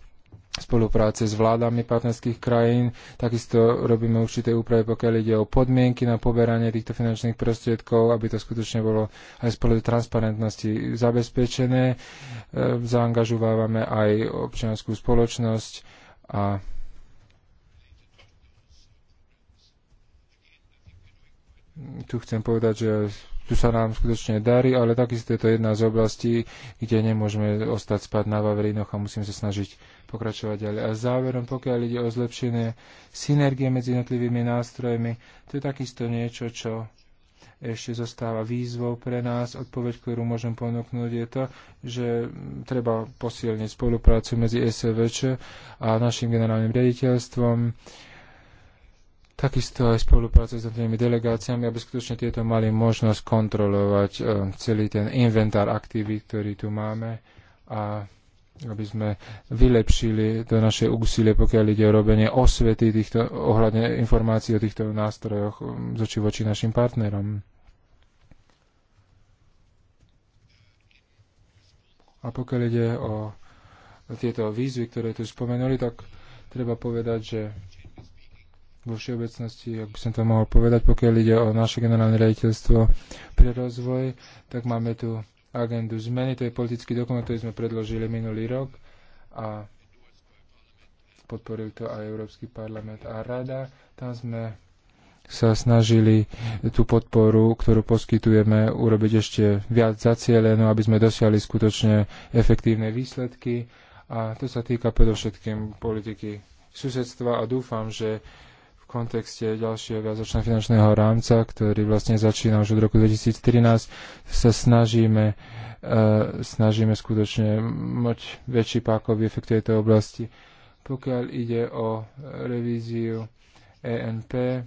spolupráce s vládami partnerských krajín. Takisto robíme určité úpravy, pokiaľ ide o podmienky na poberanie týchto finančných prostriedkov, aby to skutočne bolo aj spolu transparentnosti zabezpečené. E, zaangažovávame aj občianskú spoločnosť a tu chcem povedať, že tu sa nám skutočne darí, ale takisto je to jedna z oblastí, kde nemôžeme ostať spať na Vavrinoch a musíme sa snažiť pokračovať ďalej. A záverom, pokiaľ ide o zlepšenie synergie medzi jednotlivými nástrojmi, to je takisto niečo, čo ešte zostáva výzvou pre nás. Odpoveď, ktorú môžem ponúknuť, je to, že treba posilniť spoluprácu medzi SVČ a našim generálnym riaditeľstvom takisto aj spolupráce s tými delegáciami, aby skutočne tieto mali možnosť kontrolovať e, celý ten inventár aktivít, ktorý tu máme a aby sme vylepšili to naše úsilie, pokiaľ ide o robenie osvety týchto, ohľadne informácií o týchto nástrojoch z oči voči našim partnerom. A pokiaľ ide o tieto výzvy, ktoré tu spomenuli, tak treba povedať, že vo všeobecnosti, ak by som to mohol povedať, pokiaľ ide o naše generálne riaditeľstvo pre rozvoj, tak máme tu agendu zmeny, to je politický dokument, ktorý sme predložili minulý rok a podporil to aj Európsky parlament a Rada. Tam sme sa snažili tú podporu, ktorú poskytujeme, urobiť ešte viac zacielenú, aby sme dosiahli skutočne efektívne výsledky. A to sa týka predovšetkým politiky susedstva a dúfam, že kontexte ďalšieho viacročného finančného rámca, ktorý vlastne začína už od roku 2013, sa snažíme, uh, snažíme skutočne mať väčší pákový efekt tejto oblasti. Pokiaľ ide o revíziu ENP,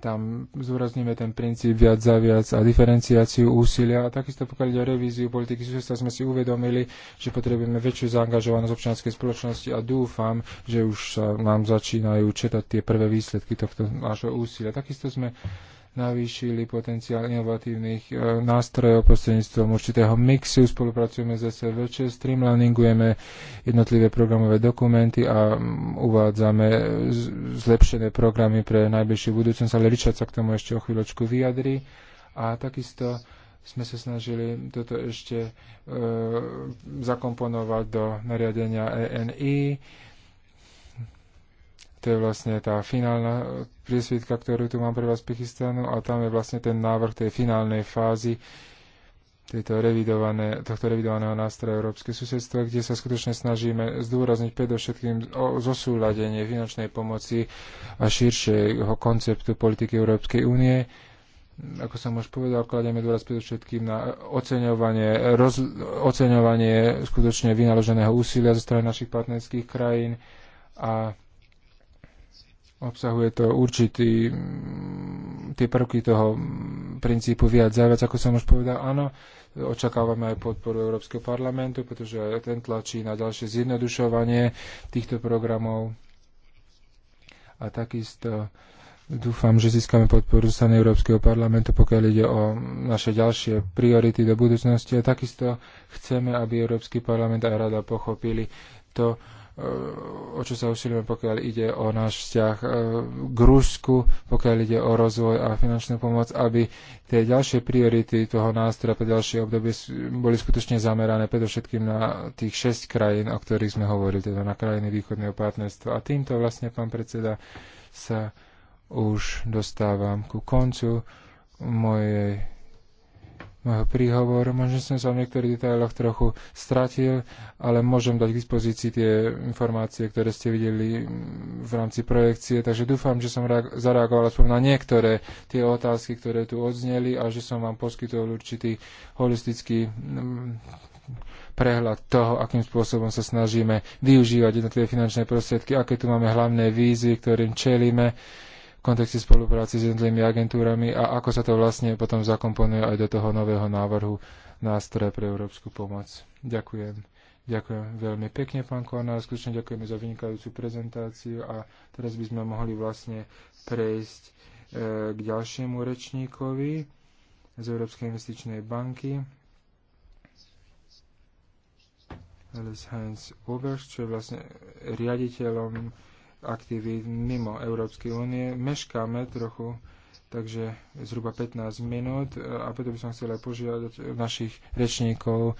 tam zúrazníme ten princíp viac za viac a diferenciáciu úsilia. A takisto pokiaľ ide o revíziu politiky sústa, sme si uvedomili, že potrebujeme väčšiu zaangažovanosť občianskej spoločnosti a dúfam, že už sa nám začínajú četať tie prvé výsledky tohto nášho úsilia. Takisto sme navýšili potenciál inovatívnych e, nástrojov prostredníctvom určitého mixu, spolupracujeme s SVČ, streamliningujeme jednotlivé programové dokumenty a uvádzame e, zlepšené programy pre najbližšiu budúcnosť, ale Richard sa k tomu ešte o chvíľočku vyjadri. A takisto sme sa snažili toto ešte e, zakomponovať do nariadenia ENI to je vlastne tá finálna e, priesvitka, ktorú tu mám pre vás prichystanú a tam je vlastne ten návrh tej finálnej fázy tejto revidované, tohto revidovaného nástroja Európske susedstva, kde sa skutočne snažíme zdôrazniť predovšetkým o zosúladenie finančnej pomoci a širšieho konceptu politiky Európskej únie, ako som už povedal, kladieme dôraz predovšetkým na oceňovanie, roz, oceňovanie skutočne vynaloženého úsilia zo strany našich partnerských krajín a obsahuje to určitý mm, tie prvky toho mm, princípu viac za viac, ako som už povedal. Áno, očakávame aj podporu Európskeho parlamentu, pretože aj ten tlačí na ďalšie zjednodušovanie týchto programov. A takisto dúfam, že získame podporu strany Európskeho parlamentu, pokiaľ ide o naše ďalšie priority do budúcnosti. A takisto chceme, aby Európsky parlament aj rada pochopili to, E, o čo sa usilujeme, pokiaľ ide o náš vzťah e, k Rusku, pokiaľ ide o rozvoj a finančnú pomoc, aby tie ďalšie priority toho nástroja pre ďalšie obdobie boli skutočne zamerané predovšetkým na tých šesť krajín, o ktorých sme hovorili, teda na krajiny východného partnerstva. A týmto vlastne, pán predseda, sa už dostávam ku koncu mojej môjho príhovoru. Možno som sa v niektorých detailoch trochu stratil, ale môžem dať k dispozícii tie informácie, ktoré ste videli mm, v rámci projekcie. Takže dúfam, že som zareagoval aspoň na niektoré tie otázky, ktoré tu odzneli a že som vám poskytol určitý holistický mm, prehľad toho, akým spôsobom sa snažíme využívať jednotlivé finančné prostriedky, aké tu máme hlavné vízy, ktorým čelíme kontexte spolupráci s jednotlivými agentúrami a ako sa to vlastne potom zakomponuje aj do toho nového návrhu nástroja pre európsku pomoc. Ďakujem. Ďakujem veľmi pekne, pán Kornár. Skutočne ďakujeme za vynikajúcu prezentáciu a teraz by sme mohli vlastne prejsť e, k ďalšiemu rečníkovi z Európskej investičnej banky. Alice Heinz Oberst, čo je vlastne riaditeľom aktivít mimo Európskej únie. Meškáme trochu, takže zhruba 15 minút e, a preto by som chcel aj požiadať našich rečníkov,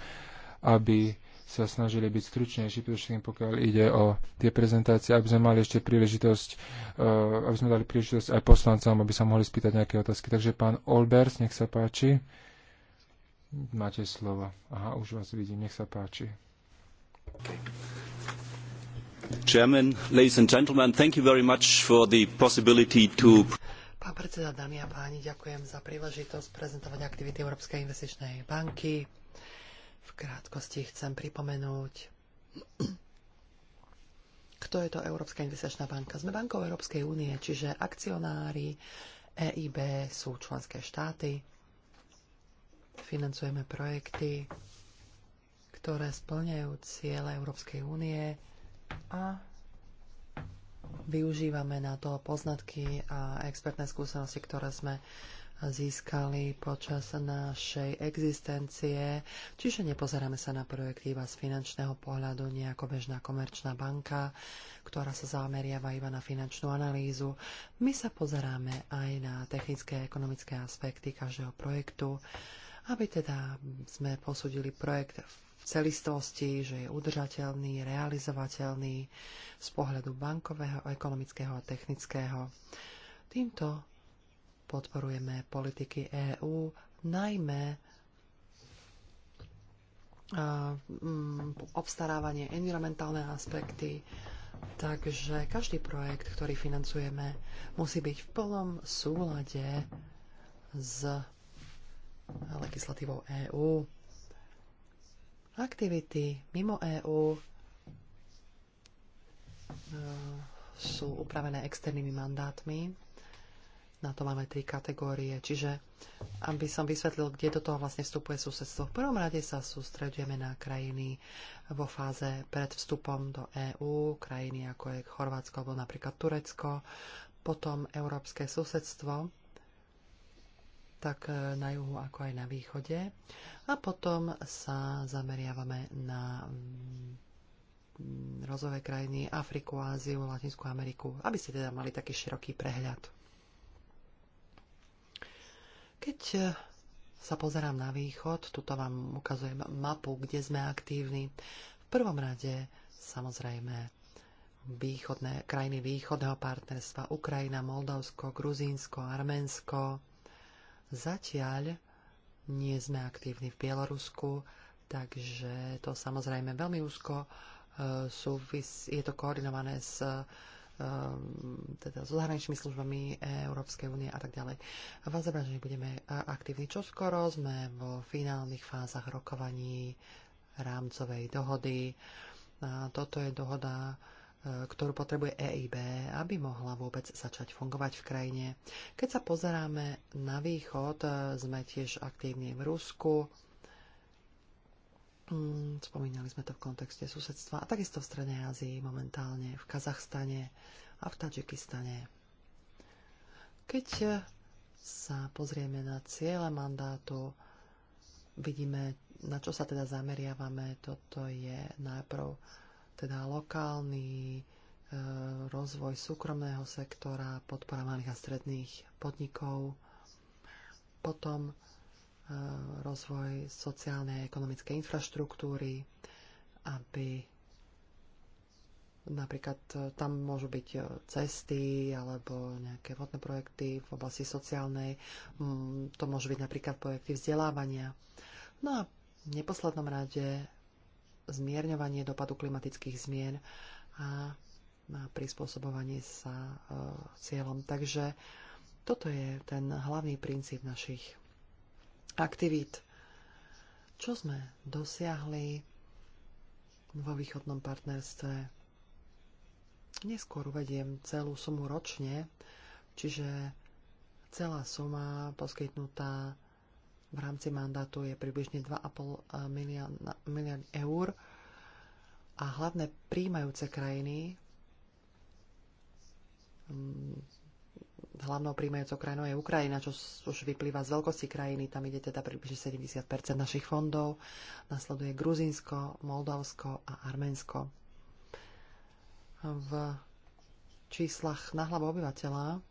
aby sa snažili byť stručnejší, predovšetkým pokiaľ ide o tie prezentácie, aby sme mali ešte príležitosť, e, aby sme dali príležitosť aj poslancom, aby sa mohli spýtať nejaké otázky. Takže pán Olbers, nech sa páči. Máte slovo. Aha, už vás vidím, nech sa páči. Okay. Chairman, ladies and gentlemen, thank you very much for the possibility to... Pán predseda, dámy a páni, ďakujem za príležitosť prezentovať aktivity Európskej investičnej banky. V krátkosti chcem pripomenúť, kto je to Európska investičná banka. Sme bankou Európskej únie, čiže akcionári EIB sú členské štáty. Financujeme projekty, ktoré splňajú ciele Európskej únie a využívame na to poznatky a expertné skúsenosti, ktoré sme získali počas našej existencie, čiže nepozeráme sa na projekt iba z finančného pohľadu, nie ako bežná komerčná banka, ktorá sa zameriava iba na finančnú analýzu. My sa pozeráme aj na technické a ekonomické aspekty každého projektu, aby teda sme posudili projekt v celistosti, že je udržateľný, realizovateľný z pohľadu bankového, ekonomického a technického. Týmto podporujeme politiky EÚ, najmä mm, obstarávanie, environmentálne aspekty. Takže každý projekt, ktorý financujeme, musí byť v plnom súlade s legislatívou EÚ. Aktivity mimo EÚ e, sú upravené externými mandátmi. Na to máme tri kategórie. Čiže, aby som vysvetlil, kde do toho vlastne vstupuje susedstvo. V prvom rade sa sústredujeme na krajiny vo fáze pred vstupom do EÚ, krajiny ako je Chorvátsko alebo napríklad Turecko, potom európske susedstvo, tak e, na juhu ako aj na východe. A potom sa zameriavame na mm, rozové krajiny, Afriku, Áziu, Latinskú Ameriku, aby ste teda mali taký široký prehľad. Keď e, sa pozerám na východ, tuto vám ukazujem mapu, kde sme aktívni. V prvom rade samozrejme východné, krajiny východného partnerstva Ukrajina, Moldavsko, Gruzínsko, Arménsko, Zatiaľ nie sme aktívni v Bielorusku, takže to samozrejme veľmi úzko e, súvis, je to koordinované s e, teda so zahraničnými službami Európskej únie a tak ďalej. V Azerbajdžane budeme e, aktívni čoskoro, sme vo finálnych fázach rokovaní rámcovej dohody. A toto je dohoda, ktorú potrebuje EIB, aby mohla vôbec začať fungovať v krajine. Keď sa pozeráme na východ, e, sme tiež aktívni v Rusku, mm, spomínali sme to v kontexte susedstva a takisto v Strednej Ázii momentálne, v Kazachstane a v Tadžikistane. Keď e, sa pozrieme na ciele mandátu, vidíme, na čo sa teda zameriavame. Toto je najprv teda lokálny e, rozvoj súkromného sektora, podpora malých a stredných podnikov, potom e, rozvoj sociálnej a ekonomickej infraštruktúry, aby napríklad e, tam môžu byť cesty alebo nejaké vodné projekty v oblasti sociálnej, mm, to môžu byť napríklad projekty vzdelávania. No a v neposlednom rade zmierňovanie dopadu klimatických zmien a na prispôsobovanie sa e, cieľom. Takže toto je ten hlavný princíp našich aktivít. Čo sme dosiahli vo východnom partnerstve? Neskôr uvediem celú sumu ročne, čiže celá suma poskytnutá v rámci mandátu je približne 2,5 eh, miliard, eur a hlavné príjmajúce krajiny mm, hlavnou príjmajúcou krajinou je Ukrajina, čo už vyplýva z veľkosti krajiny. Tam ide teda približne 70 našich fondov. Nasleduje Gruzinsko, Moldavsko a Arménsko. V číslach na hlavu obyvateľa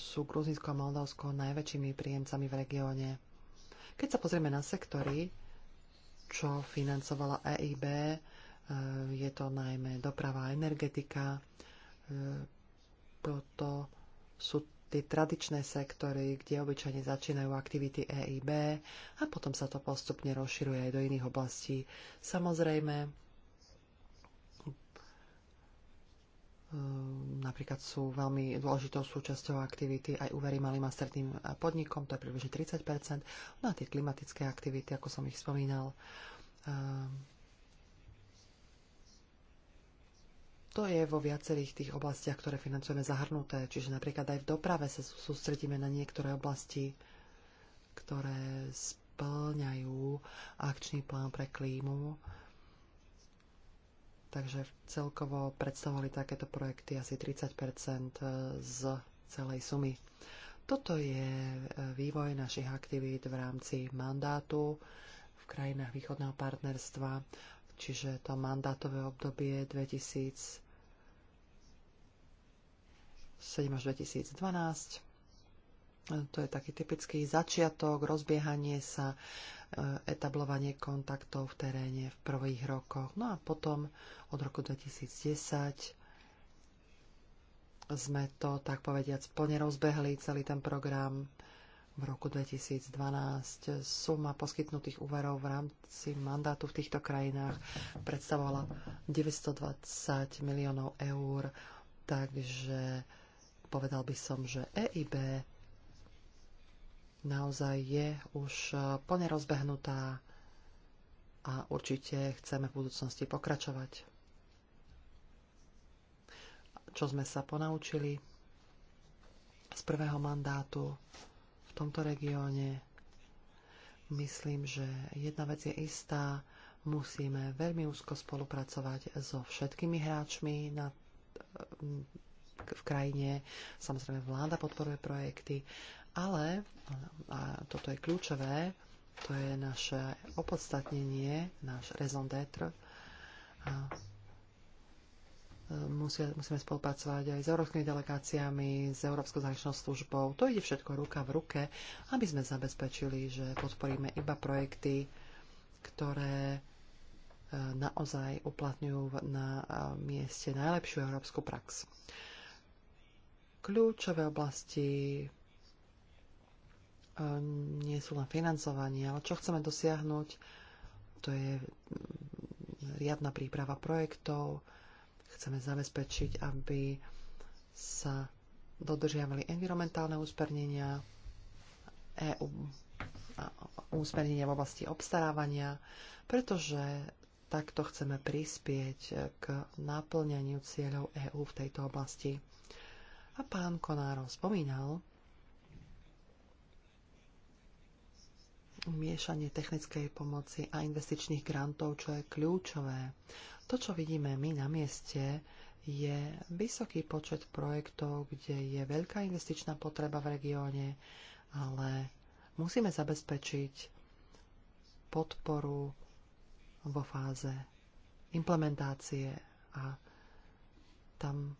sú Gruzinsko a Moldavsko najväčšími príjemcami v regióne. Keď sa pozrieme na sektory, čo financovala EIB, e, je to najmä doprava a energetika, e, proto sú tie tradičné sektory, kde obyčajne začínajú aktivity EIB a potom sa to postupne rozširuje aj do iných oblastí. Samozrejme, Ehm, napríklad sú veľmi dôležitou súčasťou aktivity aj úvery malým a stredným eh, podnikom, to je približne 30 no a tie klimatické aktivity, ako som ich spomínal, ehm, to je vo viacerých tých oblastiach, ktoré financujeme zahrnuté. Čiže napríklad aj v doprave sa sústredíme na niektoré oblasti, ktoré splňajú akčný plán pre klímu Takže celkovo predstavovali takéto projekty asi 30 e, z celej sumy. Toto je e, vývoj našich aktivít v rámci mandátu v krajinách východného partnerstva, čiže to mandátové obdobie 2007 až 2012. To je taký typický začiatok, rozbiehanie sa, e, etablovanie kontaktov v teréne v prvých rokoch. No a potom od roku 2010 sme to, tak povediac, plne rozbehli celý ten program. V roku 2012 suma poskytnutých úverov v rámci mandátu v týchto krajinách predstavovala 920 miliónov eur, takže povedal by som, že EIB naozaj je už e, plne rozbehnutá a určite chceme v budúcnosti pokračovať. Čo sme sa ponaučili z prvého mandátu v tomto regióne, myslím, že jedna vec je istá, musíme veľmi úzko spolupracovať so všetkými hráčmi na e, v krajine. Samozrejme, vláda podporuje projekty, ale, a toto je kľúčové, to je naše opodstatnenie, náš raison d'être, e, Musia, musíme spolupracovať aj s európskymi delegáciami, s Európskou zahraničnou službou. To ide všetko ruka v ruke, aby sme zabezpečili, že podporíme iba projekty, ktoré e, naozaj uplatňujú na e, mieste najlepšiu európsku prax. Kľúčové oblasti nie sú len financovanie, ale čo chceme dosiahnuť, to je riadna príprava projektov, chceme zabezpečiť, aby sa dodržiavali environmentálne úspernenia, EU, úspernenia v oblasti obstarávania, pretože takto chceme prispieť k naplňaniu cieľov EÚ v tejto oblasti. A pán Konárov spomínal, miešanie technickej pomoci a investičných grantov, čo je kľúčové. To, čo vidíme my na mieste, je vysoký počet projektov, kde je veľká investičná potreba v regióne, ale musíme zabezpečiť podporu vo fáze implementácie a tam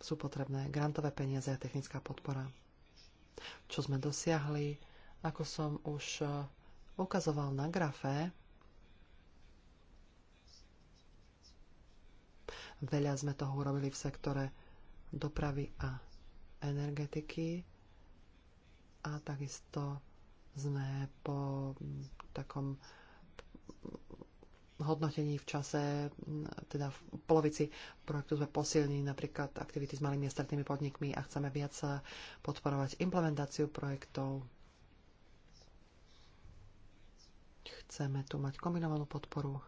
sú potrebné grantové peniaze a technická podpora. Čo sme dosiahli ako som už e, ukazoval na grafe, veľa sme toho urobili v sektore dopravy a energetiky a takisto sme po takom hodnotení v čase, teda v polovici projektu sme posilnili napríklad aktivity s malými a strednými podnikmi a chceme viac podporovať implementáciu projektov. Chceme tu mať kombinovanú podporu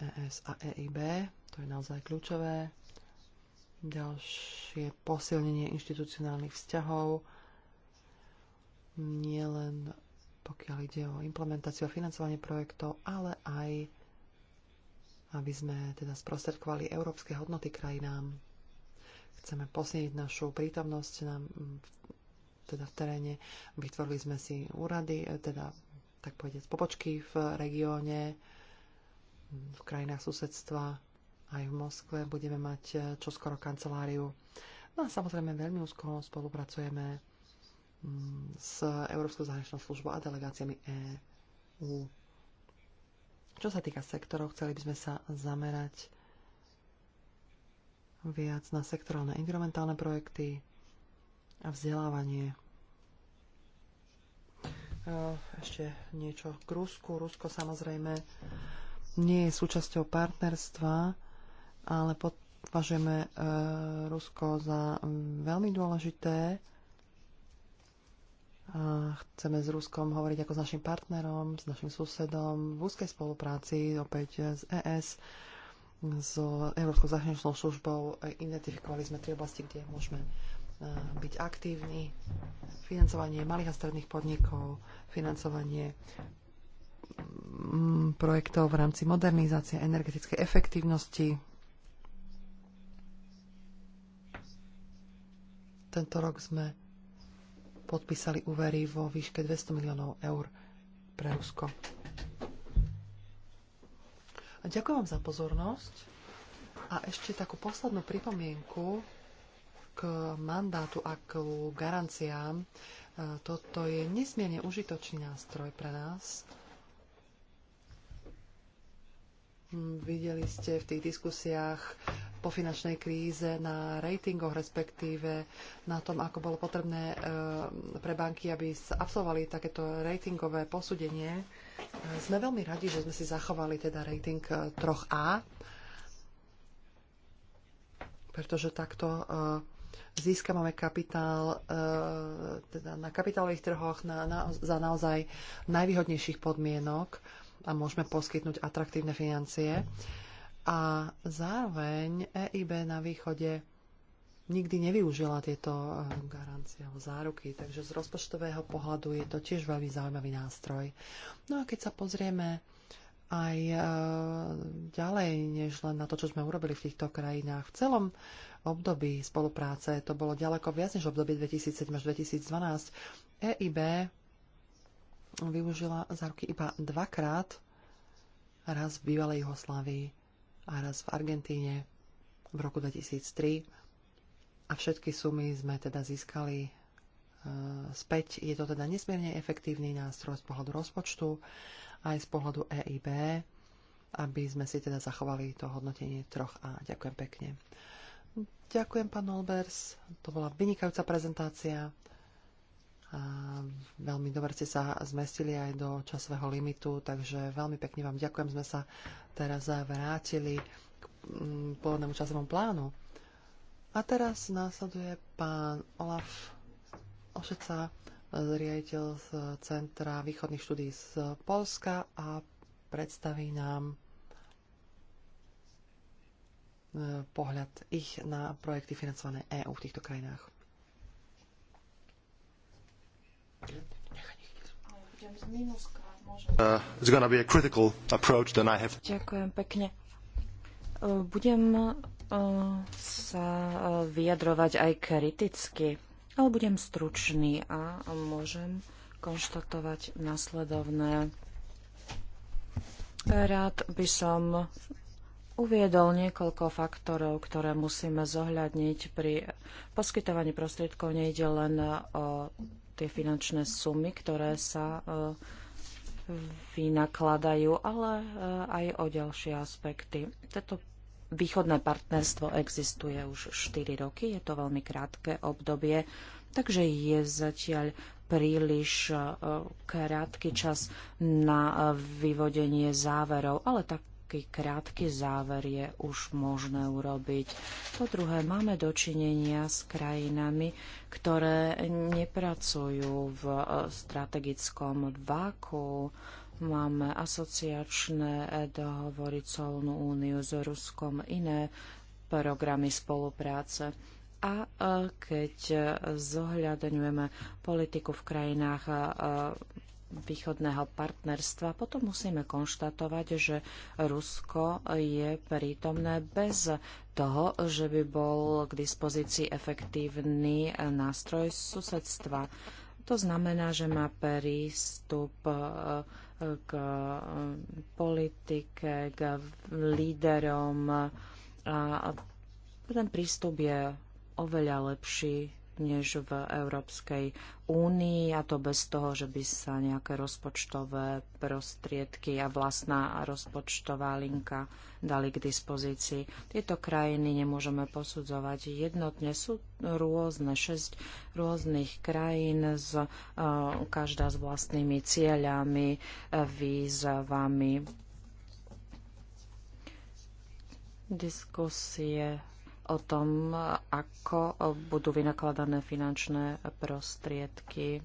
ES a EIB, to je naozaj kľúčové. Ďalšie posilnenie inštitucionálnych vzťahov, nielen pokiaľ ide o implementáciu a financovanie projektov, ale aj aby sme teda sprostredkovali európske hodnoty krajinám. Chceme posilniť našu prítomnosť na teda v teréne. Vytvorili sme si úrady, e, teda tak povedať, popočky v regióne, v krajinách susedstva, aj v Moskve budeme mať e, čoskoro kanceláriu. No a samozrejme veľmi úzko spolupracujeme mm, s Európskou zahraničnou službou a delegáciami EU. Čo sa týka sektorov, chceli by sme sa zamerať viac na sektorálne environmentálne projekty, a vzdelávanie. Ešte niečo k Rusku. Rusko samozrejme nie je súčasťou partnerstva, ale považujeme e, Rusko za veľmi dôležité. A chceme s Ruskom hovoriť ako s našim partnerom, s našim susedom v úzkej spolupráci opäť s ES, s Európskou zahraničnou službou. E, identifikovali sme tri oblasti, kde môžeme Eh, byť aktívny, Financovanie malých a stredných podnikov, financovanie mm, projektov v rámci modernizácie energetickej efektívnosti. Tento rok sme podpísali úvery vo výške 200 miliónov eur pre Rusko. A ďakujem vám za pozornosť. A ešte takú poslednú pripomienku k mandátu a k garanciám. E, toto je nesmierne užitočný nástroj pre nás. Videli ste v tých diskusiách po finančnej kríze na ratingoch, respektíve na tom, ako bolo potrebné e, pre banky, aby absolvovali takéto ratingové posúdenie. E, sme veľmi radi, že sme si zachovali teda rating 3A, pretože takto získavame kapitál e, teda na kapitálových trhoch na, na, za naozaj najvýhodnejších podmienok a môžeme poskytnúť atraktívne financie. A zároveň EIB na východe nikdy nevyužila tieto e, garancie alebo záruky, takže z rozpočtového pohľadu je to tiež veľmi zaujímavý nástroj. No a keď sa pozrieme aj e, ďalej, než len na to, čo sme urobili v týchto krajinách, v celom období spolupráce. To bolo ďaleko viac než v období 2007 až 2012. EIB využila záruky iba dvakrát, raz v bývalej Jugoslávii a raz v Argentíne v roku 2003. A všetky sumy sme teda získali e, späť. Je to teda nesmierne efektívny nástroj z pohľadu rozpočtu aj z pohľadu EIB, aby sme si teda zachovali to hodnotenie troch a ďakujem pekne. Ďakujem, pán Olbers. To bola vynikajúca prezentácia. A veľmi dobre ste sa zmestili aj do časového limitu, takže veľmi pekne vám ďakujem. Sme sa teraz vrátili k mm, pôvodnému časovému plánu. A teraz následuje pán Olaf Ošeca, riaditeľ z Centra východných štúdí z Polska a predstaví nám pohľad ich na projekty financované EÚ v týchto krajinách. Uh, Ďakujem pekne. Uh, budem uh, sa vyjadrovať aj kriticky, ale budem stručný a môžem konštatovať nasledovné. Rád by som uviedol niekoľko faktorov, ktoré musíme zohľadniť pri poskytovaní prostriedkov. Nejde len e, o tie finančné sumy, ktoré sa e, vynakladajú, ale e, aj o ďalšie aspekty. Toto východné partnerstvo existuje už 4 roky, je to veľmi krátke obdobie, takže je zatiaľ príliš krátky čas na vyvodenie záverov, ale tak taký krátky záver je už možné urobiť. Po druhé, máme dočinenia s krajinami, ktoré nepracujú v e, strategickom váku. Máme asociačné e, dohovory, colnú úniu s Ruskom, iné programy spolupráce. A e, keď zohľadňujeme politiku v krajinách východného partnerstva. Potom musíme konštatovať, že Rusko je prítomné bez toho, že by bol k dispozícii efektívny nástroj susedstva. To znamená, že má prístup e, k e, politike, k líderom a ten prístup je oveľa lepší než v Európskej únii a to bez toho, že by sa nejaké rozpočtové prostriedky a vlastná rozpočtová linka dali k dispozícii. Tieto krajiny nemôžeme posudzovať jednotne. Sú rôzne, šesť rôznych krajín, z, e, každá s vlastnými cieľami, e, výzvami, diskusie o tom, ako budú vynakladané finančné prostriedky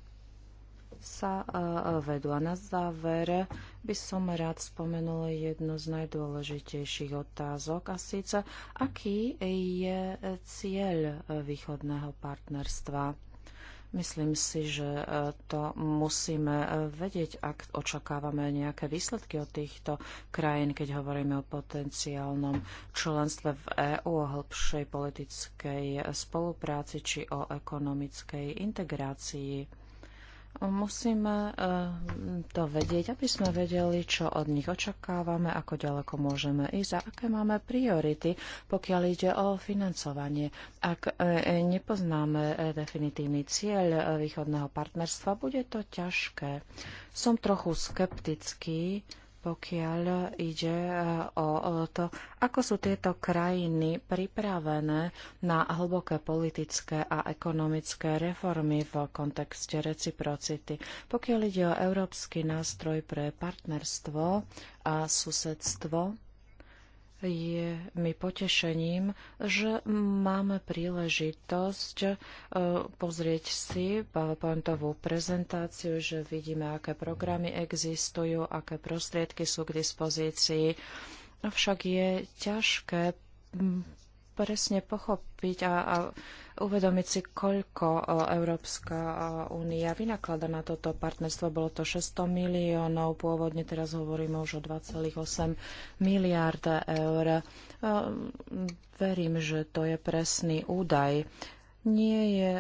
sa e, vedú. A na záver by som rád spomenul jednu z najdôležitejších otázok a síce, aký je cieľ východného partnerstva Myslím si, že e, to musíme e, vedieť, ak očakávame nejaké výsledky od týchto krajín, keď hovoríme o potenciálnom členstve v EÚ, o hĺbšej politickej e, spolupráci či o ekonomickej integrácii. Musíme eh, to vedieť, aby sme vedeli, čo od nich očakávame, ako ďaleko môžeme ísť a aké máme priority, pokiaľ ide o financovanie. Ak eh, nepoznáme eh, definitívny cieľ východného partnerstva, bude to ťažké. Som trochu skeptický, pokiaľ ide eh, o to, ako sú tieto krajiny pripravené na hlboké politické a ekonomické reformy v kontexte reciprocity. Pokiaľ ide o európsky nástroj pre partnerstvo a susedstvo, je mi potešením, že máme príležitosť e, pozrieť si PowerPointovú prezentáciu, že vidíme, aké programy existujú, aké prostriedky sú k dispozícii. Avšak je ťažké presne pochopiť a, a uvedomiť si, koľko e, Európska e, únia vynaklada na toto partnerstvo. Bolo to 600 miliónov, pôvodne teraz hovoríme už o 2,8 miliárda eur. E, verím, že to je presný údaj. Nie je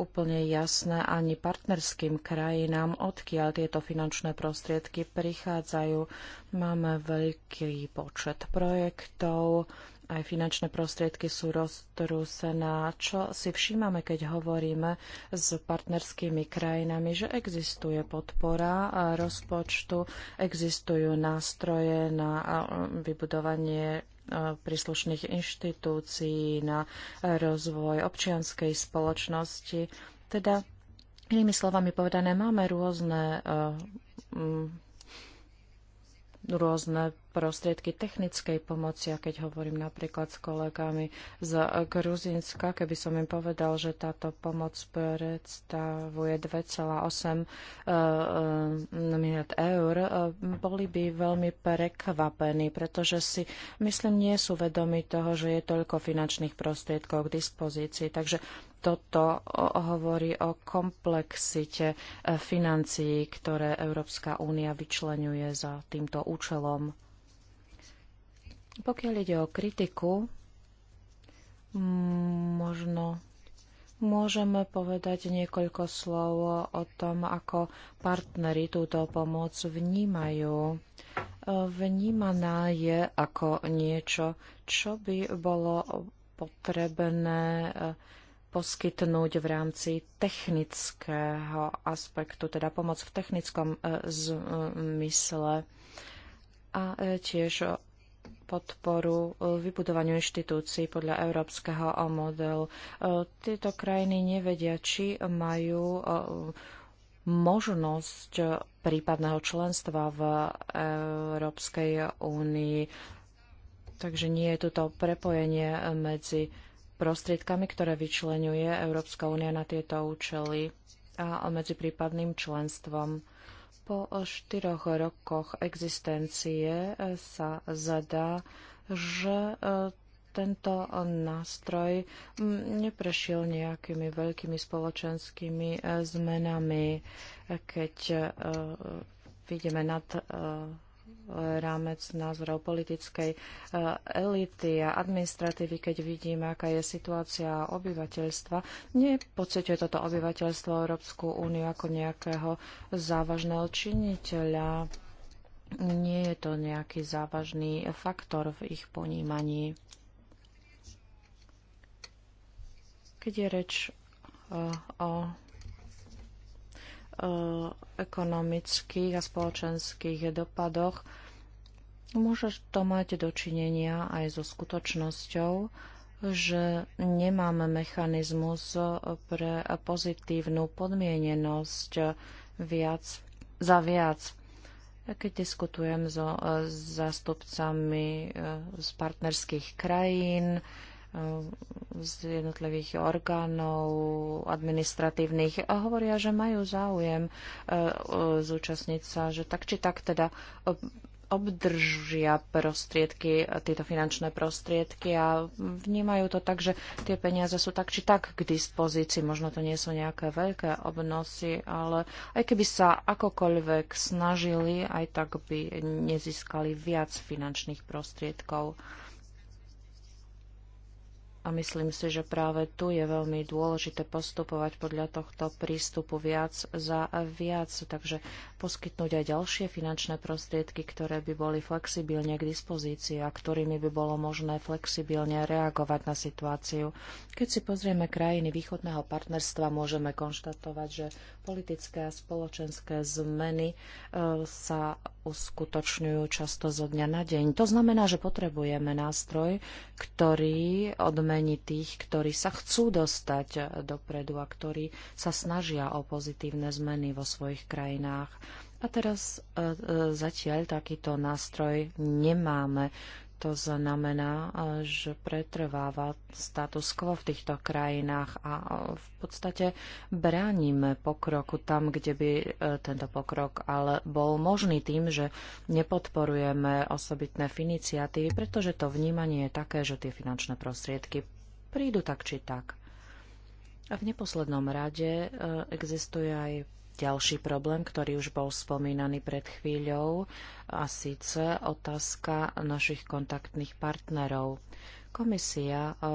úplne jasné ani partnerským krajinám, odkiaľ tieto finančné prostriedky prichádzajú. Máme veľký počet projektov, aj finančné prostriedky sú na Čo si všímame, keď hovoríme s partnerskými krajinami, že existuje podpora rozpočtu, existujú nástroje na vybudovanie príslušných inštitúcií, na rozvoj občianskej spoločnosti. Teda, inými slovami povedané, máme rôzne rôzne prostriedky technickej pomoci. A keď hovorím napríklad s kolegami z Gruzinska, keby som im povedal, že táto pomoc predstavuje 2,8 e, e, miliard eur, e, boli by veľmi prekvapení, pretože si myslím, nie sú vedomi toho, že je toľko finančných prostriedkov k dispozícii. Takže toto hovorí o komplexite financií, ktoré Európska únia vyčlenuje za týmto účelom. Pokiaľ ide o kritiku, možno môžeme povedať niekoľko slov o tom, ako partneri túto pomoc vnímajú. Vnímaná je ako niečo, čo by bolo potrebné e, poskytnúť v rámci technického aspektu, teda pomoc v technickom e, zmysle a e, tiež podporu e, vybudovaniu inštitúcií podľa európskeho e, modelu. E, tieto krajiny nevedia, či majú možnosť prípadného členstva v Európskej únii. Takže nie je toto prepojenie medzi prostriedkami, ktoré vyčlenuje Európska únia na tieto účely a medzi prípadným členstvom. Po štyroch rokoch existencie e, sa zadá, že e, tento nástroj neprešiel nejakými veľkými spoločenskými e, zmenami, keď vidíme nad rámec názorov politickej eh, elity a administratívy, keď vidíme, aká je situácia obyvateľstva, nepocituje toto obyvateľstvo Európsku úniu ako nejakého závažného činiteľa. Nie je to nejaký závažný faktor v ich ponímaní. Keď je reč eh, o Eh, ekonomických a spoločenských dopadoch môže to mať dočinenia aj so skutočnosťou, že nemáme mechanizmus pre pozitívnu podmienenosť viac, za viac. Keď diskutujem so eh, zástupcami eh, z partnerských krajín, Eh, z jednotlivých orgánov administratívnych hovoria, že majú záujem eh, eh, zúčastniť sa, že tak či tak teda obdržia prostriedky, tieto finančné prostriedky a vnímajú to tak, že tie peniaze sú tak či tak k dispozícii. Možno to nie sú nejaké veľké obnosy, ale aj keby sa akokoľvek snažili, aj tak by nezískali viac finančných prostriedkov. A myslím si, že práve tu je veľmi dôležité postupovať podľa tohto prístupu viac za viac, takže poskytnúť aj ďalšie finančné prostriedky, ktoré by boli flexibilne k dispozícii a ktorými by bolo možné flexibilne reagovať na situáciu. Keď si pozrieme krajiny východného partnerstva, môžeme konštatovať, že politické a spoločenské zmeny eh, sa uskutočňujú často zo dňa na deň. To znamená, že potrebujeme nástroj, ktorý odmení tých, ktorí sa chcú dostať dopredu a ktorí sa snažia o pozitívne zmeny vo svojich krajinách. A teraz e, e, zatiaľ takýto nástroj nemáme. To znamená, že pretrváva status quo v týchto krajinách a e, v podstate bránime pokroku tam, kde by e, tento pokrok ale bol možný tým, že nepodporujeme osobitné iniciatívy, pretože to vnímanie je také, že tie finančné prostriedky prídu tak či tak. A v neposlednom rade e, existuje aj ďalší problém, ktorý už bol spomínaný pred chvíľou, a síce otázka našich kontaktných partnerov. Komisia e,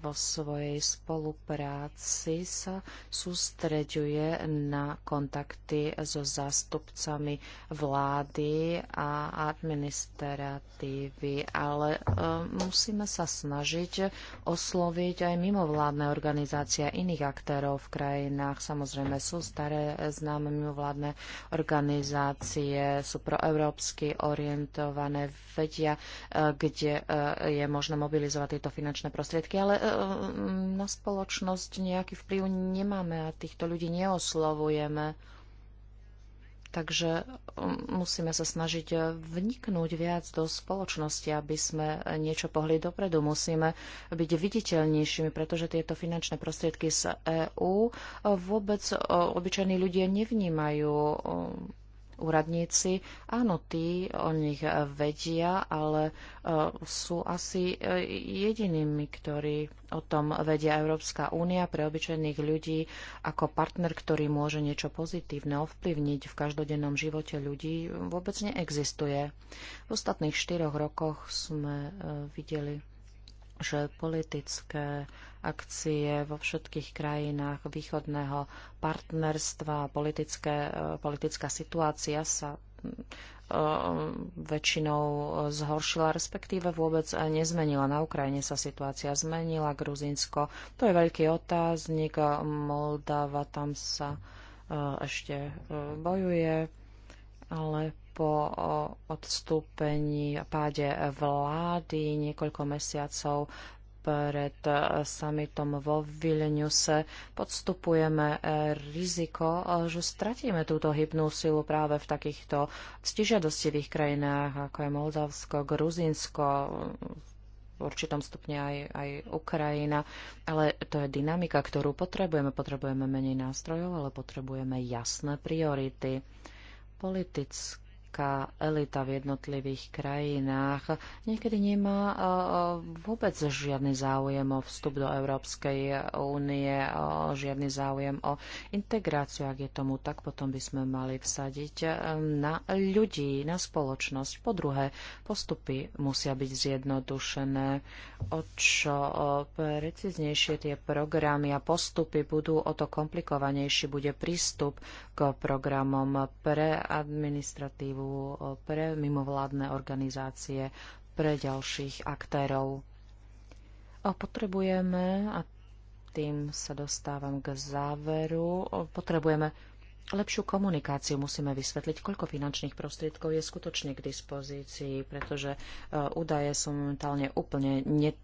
vo svojej spolupráci sa sústreďuje na kontakty so zástupcami vlády a administratívy, ale e, musíme sa snažiť osloviť aj mimovládne organizácie a iných aktérov v krajinách. Samozrejme sú staré známe mimovládne organizácie, sú proeurópsky orientované, vedia, e, kde je možné mobilizovať získala tieto finančné prostriedky, ale e, e, na spoločnosť nejaký vplyv nemáme a týchto ľudí neoslovujeme. Takže e, musíme sa snažiť vniknúť viac do spoločnosti, aby sme niečo pohli dopredu. Musíme byť viditeľnejšími, pretože tieto finančné prostriedky z EÚ vôbec obyčajní ľudia nevnímajú úradníci. Áno, tí o nich vedia, ale e, sú asi e, jedinými, ktorí o tom vedia Európska únia pre obyčajných ľudí ako partner, ktorý môže niečo pozitívne ovplyvniť v každodennom živote ľudí, vôbec neexistuje. V ostatných štyroch rokoch sme e, videli že politické akcie vo všetkých krajinách východného partnerstva, a e, politická situácia sa e, väčšinou zhoršila, respektíve vôbec nezmenila. Na Ukrajine sa situácia zmenila, Gruzinsko, to je veľký otáznik, Moldava, tam sa e, ešte bojuje, ale po odstúpení páde vlády niekoľko mesiacov pred e, summitom vo Vilniuse podstupujeme e, riziko, e, že stratíme túto hybnú silu práve v takýchto stižiadostivých krajinách, ako je Moldavsko, Gruzinsko, v určitom stupne aj, aj Ukrajina. Ale to je dynamika, ktorú potrebujeme. Potrebujeme menej nástrojov, ale potrebujeme jasné priority politické politická elita v jednotlivých krajinách niekedy nemá eh, vôbec žiadny záujem o vstup do Európskej únie, eh, žiadny záujem o integráciu. Ak je tomu tak, potom by sme mali vsadiť eh, na ľudí, na spoločnosť. Po druhé, postupy musia byť zjednodušené. O čo preciznejšie tie programy a postupy budú, o to komplikovanejší bude prístup k programom pre administratívu podporu pre mimovládne organizácie, pre ďalších aktérov. A potrebujeme, a tým sa dostávam k záveru, potrebujeme lepšiu komunikáciu musíme vysvetliť, koľko finančných prostriedkov je skutočne k dispozícii, pretože údaje sú momentálne úplne net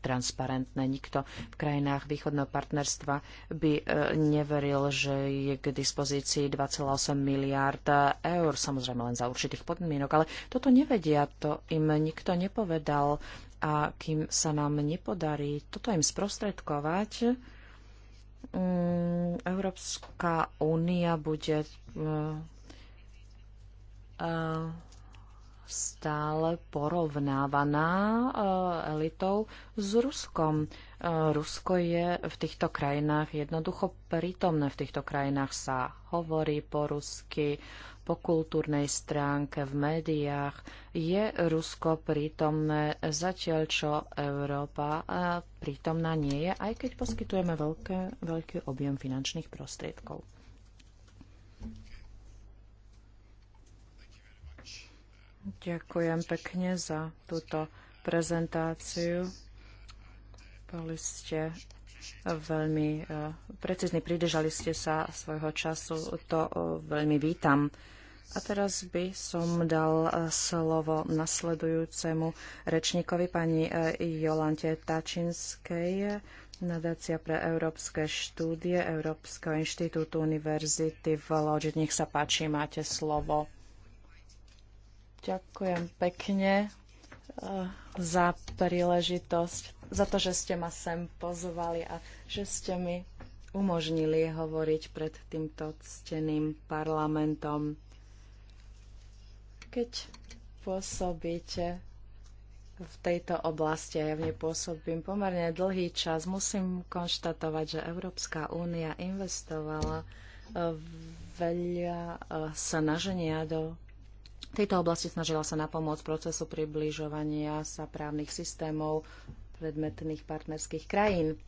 transparentné. Nikto v krajinách východného partnerstva by e, neveril, že je k dispozícii 2,8 miliard eur, samozrejme len za určitých podmienok, ale toto nevedia, to im nikto nepovedal a kým sa nám nepodarí toto im sprostredkovať, mm, Európska únia bude uh, uh, stále porovnávaná eh, elitou s Ruskom. Eh, Rusko je v týchto krajinách jednoducho prítomné. V týchto krajinách sa hovorí po rusky, po kultúrnej stránke, v médiách. Je Rusko prítomné, zatiaľ čo Európa eh, prítomná nie je, aj keď poskytujeme veľké, veľký objem finančných prostriedkov. Ďakujem pekne za túto prezentáciu. Boli ste veľmi eh, precízni, pridržali ste sa svojho času. To eh, veľmi vítam. A teraz by som dal eh, slovo nasledujúcemu rečníkovi pani Jolante Tačinskej, nadácia pre európske štúdie Európskeho inštitútu univerzity v Lodži. Nech sa páči, máte slovo. Ďakujem pekne eh, za príležitosť, za to, že ste ma sem pozvali a že ste mi umožnili hovoriť pred týmto cteným parlamentom. Keď pôsobíte v tejto oblasti a ja v nej pôsobím pomerne dlhý čas, musím konštatovať, že Európska únia investovala eh, veľa eh, snaženia do tejto oblasti snažila sa napomôcť procesu približovania sa právnych systémov predmetných partnerských krajín.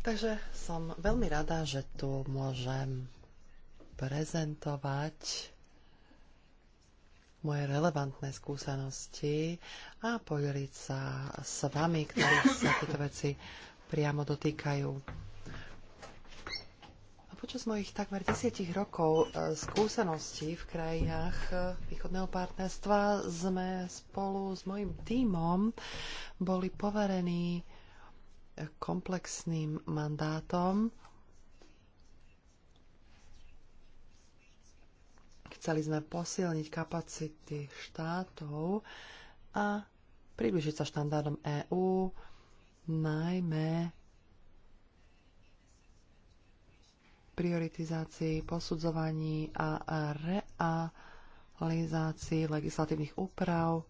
Takže som veľmi rada, že tu môžem prezentovať moje relevantné skúsenosti a podeliť sa s vami, ktorých sa tieto veci priamo dotýkajú. Počas mojich takmer desiatich rokov e, skúseností v krajinách e, východného partnerstva sme spolu s mojim tímom boli poverení e, komplexným mandátom. Chceli sme posilniť kapacity štátov a približiť sa štandardom EÚ, najmä prioritizácii, posudzovaní a realizácii legislatívnych úprav.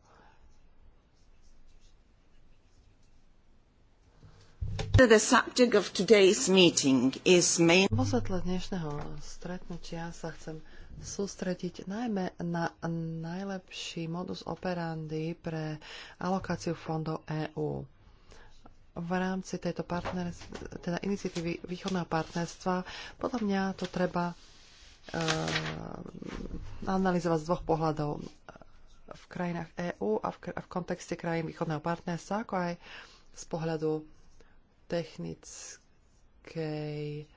V svetle dnešného stretnutia sa chcem sústrediť najmä na najlepší modus operandi pre alokáciu fondov EÚ v rámci tejto teda iniciatívy východného partnerstva. Podľa mňa to treba e, analyzovať z dvoch pohľadov. V krajinách EÚ a v, v kontexte krajín východného partnerstva, ako aj z pohľadu technickej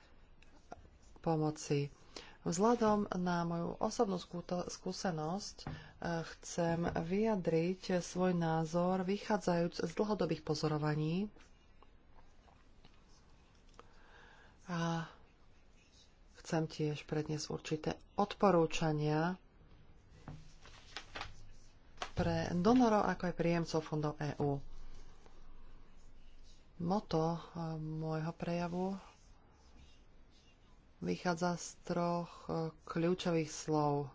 pomoci. Vzhľadom na moju osobnú skúsenosť eh, chcem vyjadriť svoj názor vychádzajúc z dlhodobých pozorovaní A chcem tiež predniesť určité odporúčania pre donorov ako aj príjemcov fondov EÚ. Moto eh, môjho prejavu vychádza z troch eh, kľúčových slov.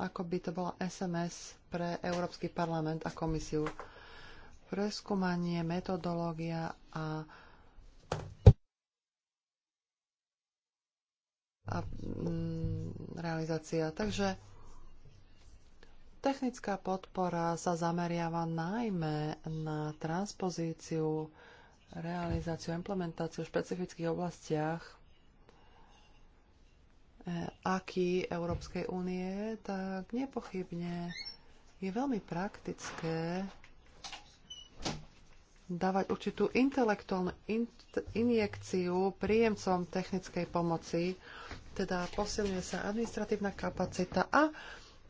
Ako by to bola SMS pre Európsky parlament a komisiu preskúmanie, metodológia a a mm, realizácia. Takže technická podpora sa zameriava najmä na transpozíciu, realizáciu, implementáciu v špecifických oblastiach e, aký Európskej únie, tak nepochybne je veľmi praktické dávať určitú intelektuálnu injekciu príjemcom technickej pomoci, teda posilňuje sa administratívna kapacita a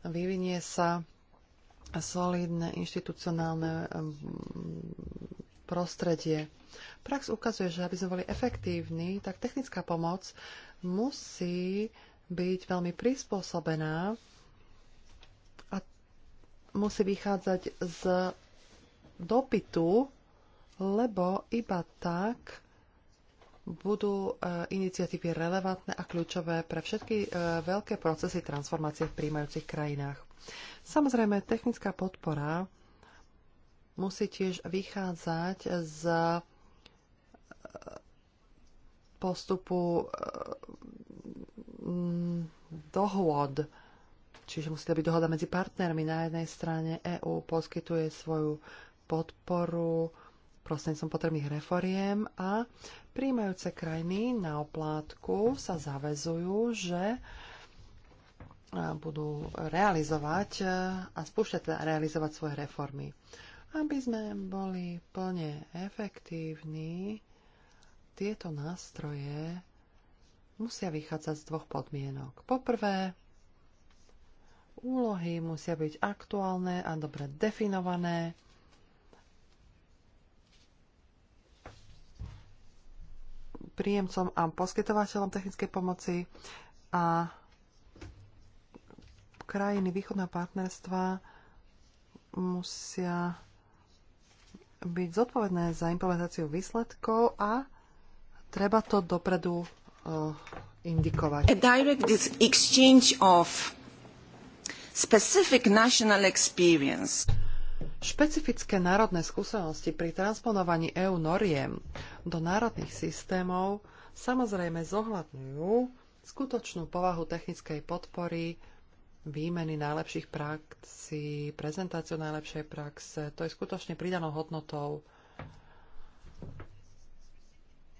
vyvinie sa solidné inštitucionálne prostredie. Prax ukazuje, že aby sme boli efektívni, tak technická pomoc musí byť veľmi prispôsobená a musí vychádzať z dopytu lebo iba tak budú eh, iniciatívy relevantné a kľúčové pre všetky eh, veľké procesy transformácie v príjmajúcich krajinách. Samozrejme, technická podpora musí tiež vychádzať z eh, postupu dohôd. Čiže musí to byť dohoda medzi partnermi. Na jednej strane EÚ poskytuje svoju podporu som potrebných reforiem a príjmajúce krajiny na oplátku sa zavezujú, že budú realizovať a spúšťať teda realizovať svoje reformy. Aby sme boli plne efektívni, tieto nástroje musia vychádzať z dvoch podmienok. Poprvé, úlohy musia byť aktuálne a dobre definované príjemcom a poskytovateľom technickej pomoci a krajiny východného partnerstva musia byť zodpovedné za implementáciu výsledkov a treba to dopredu uh, indikovať. A direct exchange of specific national experience. Špecifické národné skúsenosti pri transponovaní EU noriem do národných systémov samozrejme zohľadňujú skutočnú povahu technickej podpory, výmeny najlepších praxí, prezentáciu najlepšej praxe. To je skutočne pridanou hodnotou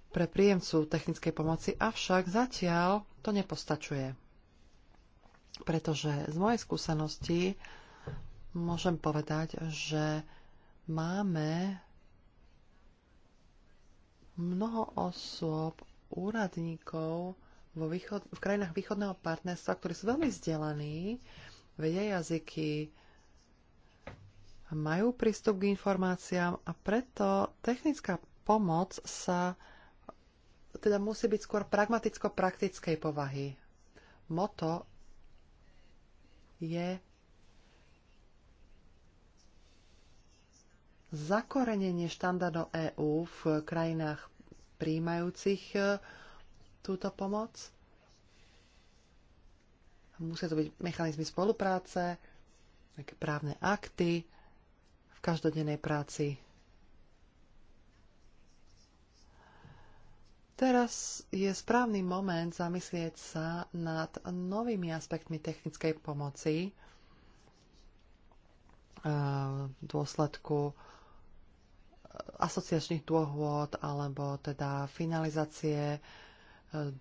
pre príjemcu technickej pomoci, avšak zatiaľ to nepostačuje. Pretože z mojej skúsenosti môžem povedať, že máme mnoho osôb, úradníkov vo východ, v krajinách východného partnerstva, ktorí sú veľmi vzdelaní, vedia jazyky, majú prístup k informáciám a preto technická pomoc sa teda musí byť skôr pragmaticko-praktickej povahy. Moto je zakorenenie štandardov EÚ v krajinách príjmajúcich e, túto pomoc. Musia to byť mechanizmy spolupráce, také právne akty v každodennej práci. Teraz je správny moment zamyslieť sa nad novými aspektmi technickej pomoci e, v dôsledku asociačných dôvod alebo teda finalizácie e,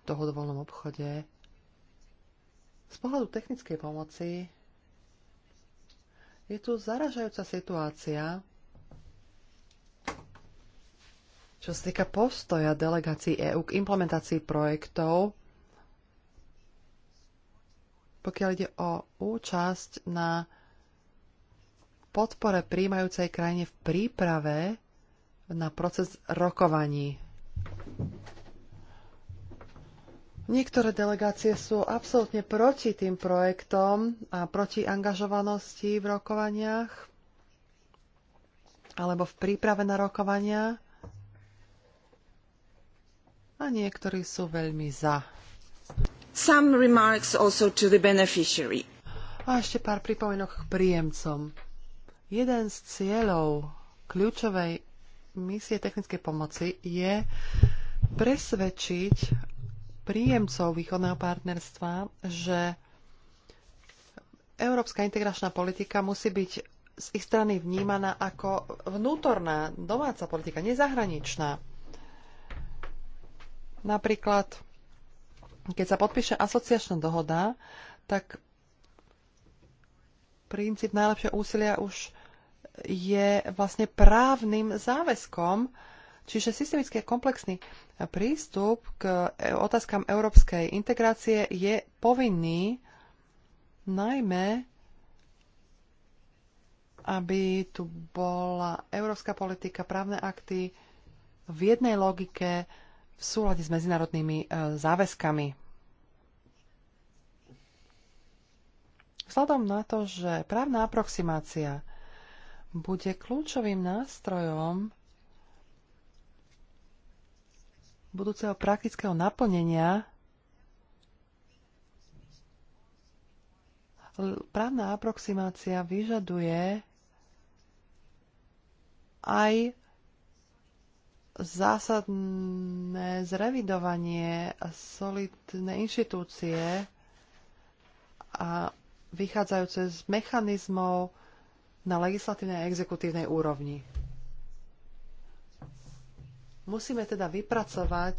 dohod o voľnom obchode. Z pohľadu technickej pomoci je tu zaražajúca situácia, čo sa týka postoja delegácií EÚ k implementácii projektov, pokiaľ ide o účasť na podpore príjmajúcej krajine v príprave na proces rokovaní. Niektoré delegácie sú absolútne proti tým projektom a proti angažovanosti v rokovaniach alebo v príprave na rokovania a niektorí sú veľmi za. Some remarks also to the beneficiary. A ešte pár pripomienok k príjemcom. Jeden z cieľov kľúčovej misie technickej pomoci je presvedčiť príjemcov východného partnerstva, že európska integračná politika musí byť z ich strany vnímaná ako vnútorná domáca politika, nezahraničná. Napríklad, keď sa podpíše asociačná dohoda, tak princíp najlepšie úsilia už je vlastne právnym záväzkom, čiže systemický a komplexný prístup k e, otázkam európskej integrácie je povinný najmä aby tu bola európska politika, právne akty v jednej logike v súlade s medzinárodnými e, záväzkami. Vzhľadom na to, že právna aproximácia bude kľúčovým nástrojom budúceho praktického naplnenia právna aproximácia vyžaduje aj zásadné zrevidovanie solidné inštitúcie a vychádzajúce z mechanizmov na legislatívnej a exekutívnej úrovni. Musíme teda vypracovať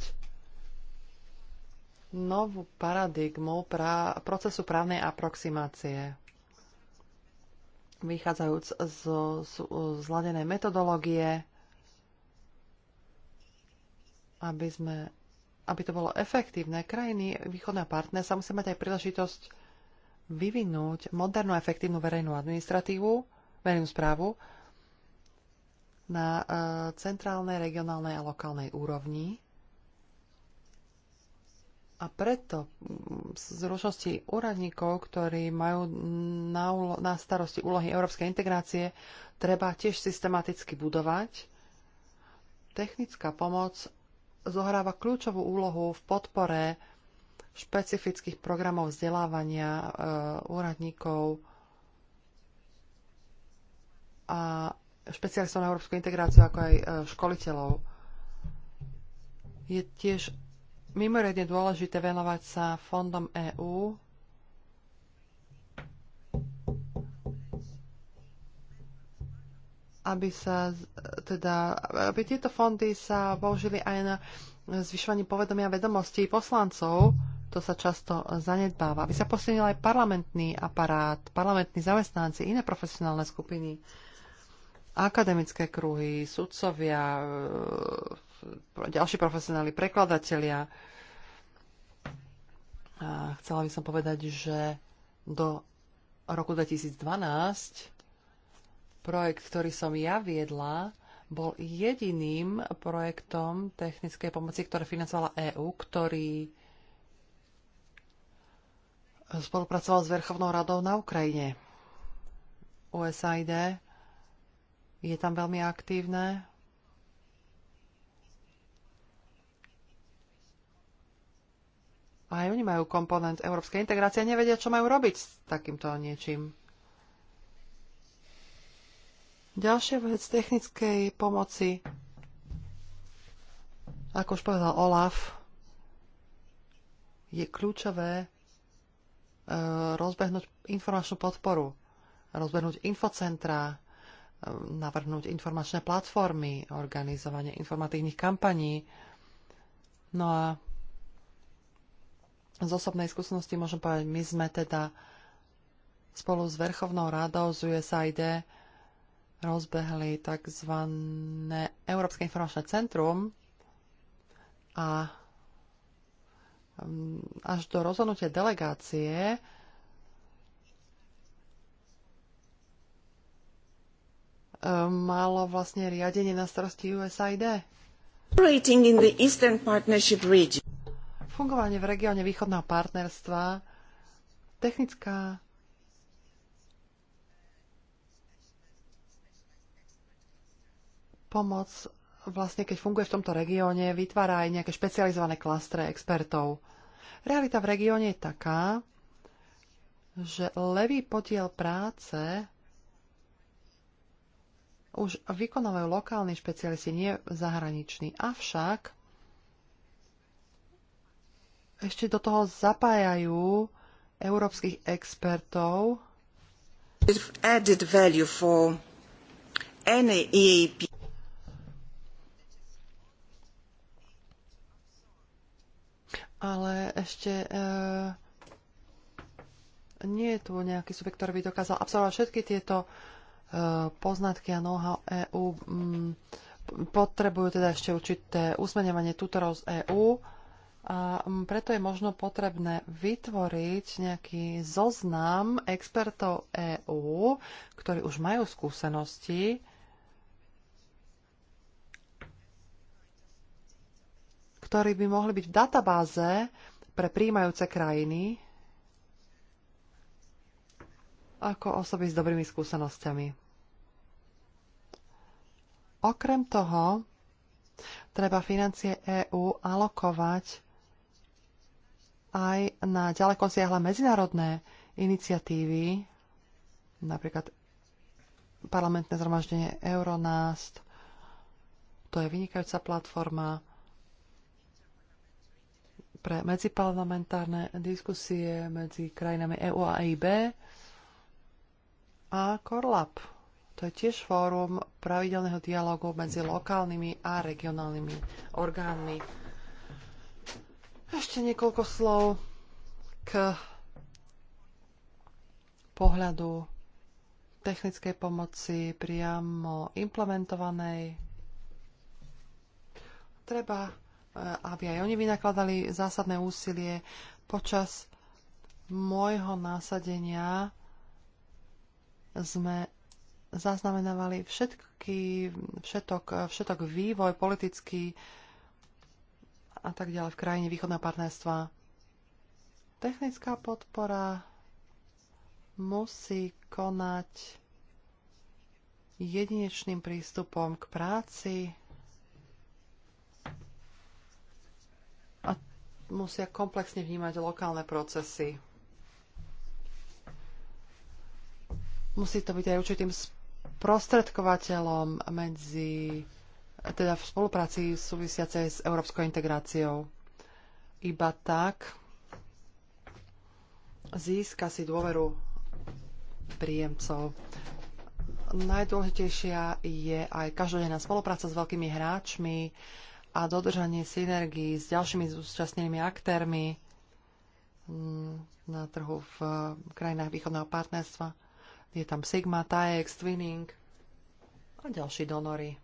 novú paradigmu pra, procesu právnej aproximácie, vychádzajúc zo zladenej metodológie, aby, sme, aby to bolo efektívne. Krajiny východného partner sa musia mať aj príležitosť vyvinúť modernú efektívnu verejnú administratívu, verejnú správu na e, centrálnej, regionálnej a lokálnej úrovni. A preto mm, z rušnosti úradníkov, ktorí majú na, na starosti úlohy európskej integrácie, treba tiež systematicky budovať. Technická pomoc zohráva kľúčovú úlohu v podpore špecifických programov vzdelávania e, úradníkov a špecialistov na európsku integráciu, ako aj e, školiteľov. Je tiež mimoriadne dôležité venovať sa fondom EÚ, aby sa teda, aby tieto fondy sa použili aj na zvyšovanie povedomia vedomostí poslancov, to sa často zanedbáva, aby sa posilnil aj parlamentný aparát, parlamentní zamestnanci, iné profesionálne skupiny akademické kruhy, sudcovia, e, ďalší profesionáli, prekladatelia. A chcela by som povedať, že do roku 2012 projekt, ktorý som ja viedla, bol jediným projektom technickej pomoci, ktoré financovala EÚ, ktorý spolupracoval s Verchovnou radou na Ukrajine. USAID je tam veľmi aktívne. Aj oni majú komponent európskej integrácie a nevedia, čo majú robiť s takýmto niečím. Ďalšia vec technickej pomoci. Ako už povedal Olaf, je kľúčové e, rozbehnúť informačnú podporu, rozbehnúť infocentra, navrhnúť informačné platformy, organizovanie informatívnych kampaní. No a z osobnej skúsenosti môžem povedať, my sme teda spolu s Verchovnou radou z USAID rozbehli tzv. Európske informačné centrum a mm, až do rozhodnutia delegácie malo vlastne riadenie na starosti USAID. Fungovanie v regióne východného partnerstva, technická pomoc vlastne, keď funguje v tomto regióne, vytvára aj nejaké špecializované klastre expertov. Realita v regióne je taká, že levý podiel práce už vykonávajú lokálni špecialisti, nie zahraniční. Avšak ešte do toho zapájajú európskych expertov. Added value for any EAP. Ale ešte e, nie je tu nejaký subjekt, ktorý by dokázal absolvovať všetky tieto e, poznatky a know-how EÚ mm, potrebujú teda ešte určité usmeňovanie tutorov z EU a mm, preto je možno potrebné vytvoriť nejaký zoznam expertov EÚ, ktorí už majú skúsenosti, ktorí by mohli byť v databáze pre príjmajúce krajiny ako osoby s dobrými skúsenosťami. Okrem toho, treba financie EÚ alokovať aj na ďaleko siahle medzinárodné iniciatívy, napríklad parlamentné zhromaždenie Euronast, to je vynikajúca platforma pre medziparlamentárne diskusie medzi krajinami EÚ a EIB a Corlab. To je tiež fórum pravidelného dialogu medzi lokálnymi a regionálnymi orgánmi. Ešte niekoľko slov k pohľadu technickej pomoci priamo implementovanej. Treba, e, aby aj oni vynakladali zásadné úsilie počas môjho násadenia sme zaznamenávali všetky, všetok, všetok vývoj politický a tak ďalej v krajine východného partnerstva. Technická podpora musí konať jedinečným prístupom k práci a musia komplexne vnímať lokálne procesy. musí to byť aj určitým sprostredkovateľom medzi, teda v spolupráci súvisiacej s európskou integráciou. Iba tak získa si dôveru príjemcov. Najdôležitejšia je aj každodenná spolupráca s veľkými hráčmi a dodržanie synergií s ďalšími zúčastnenými aktérmi mm, na trhu v krajinách východného partnerstva je tam Sigma, TAEX, Twinning a ďalší donory.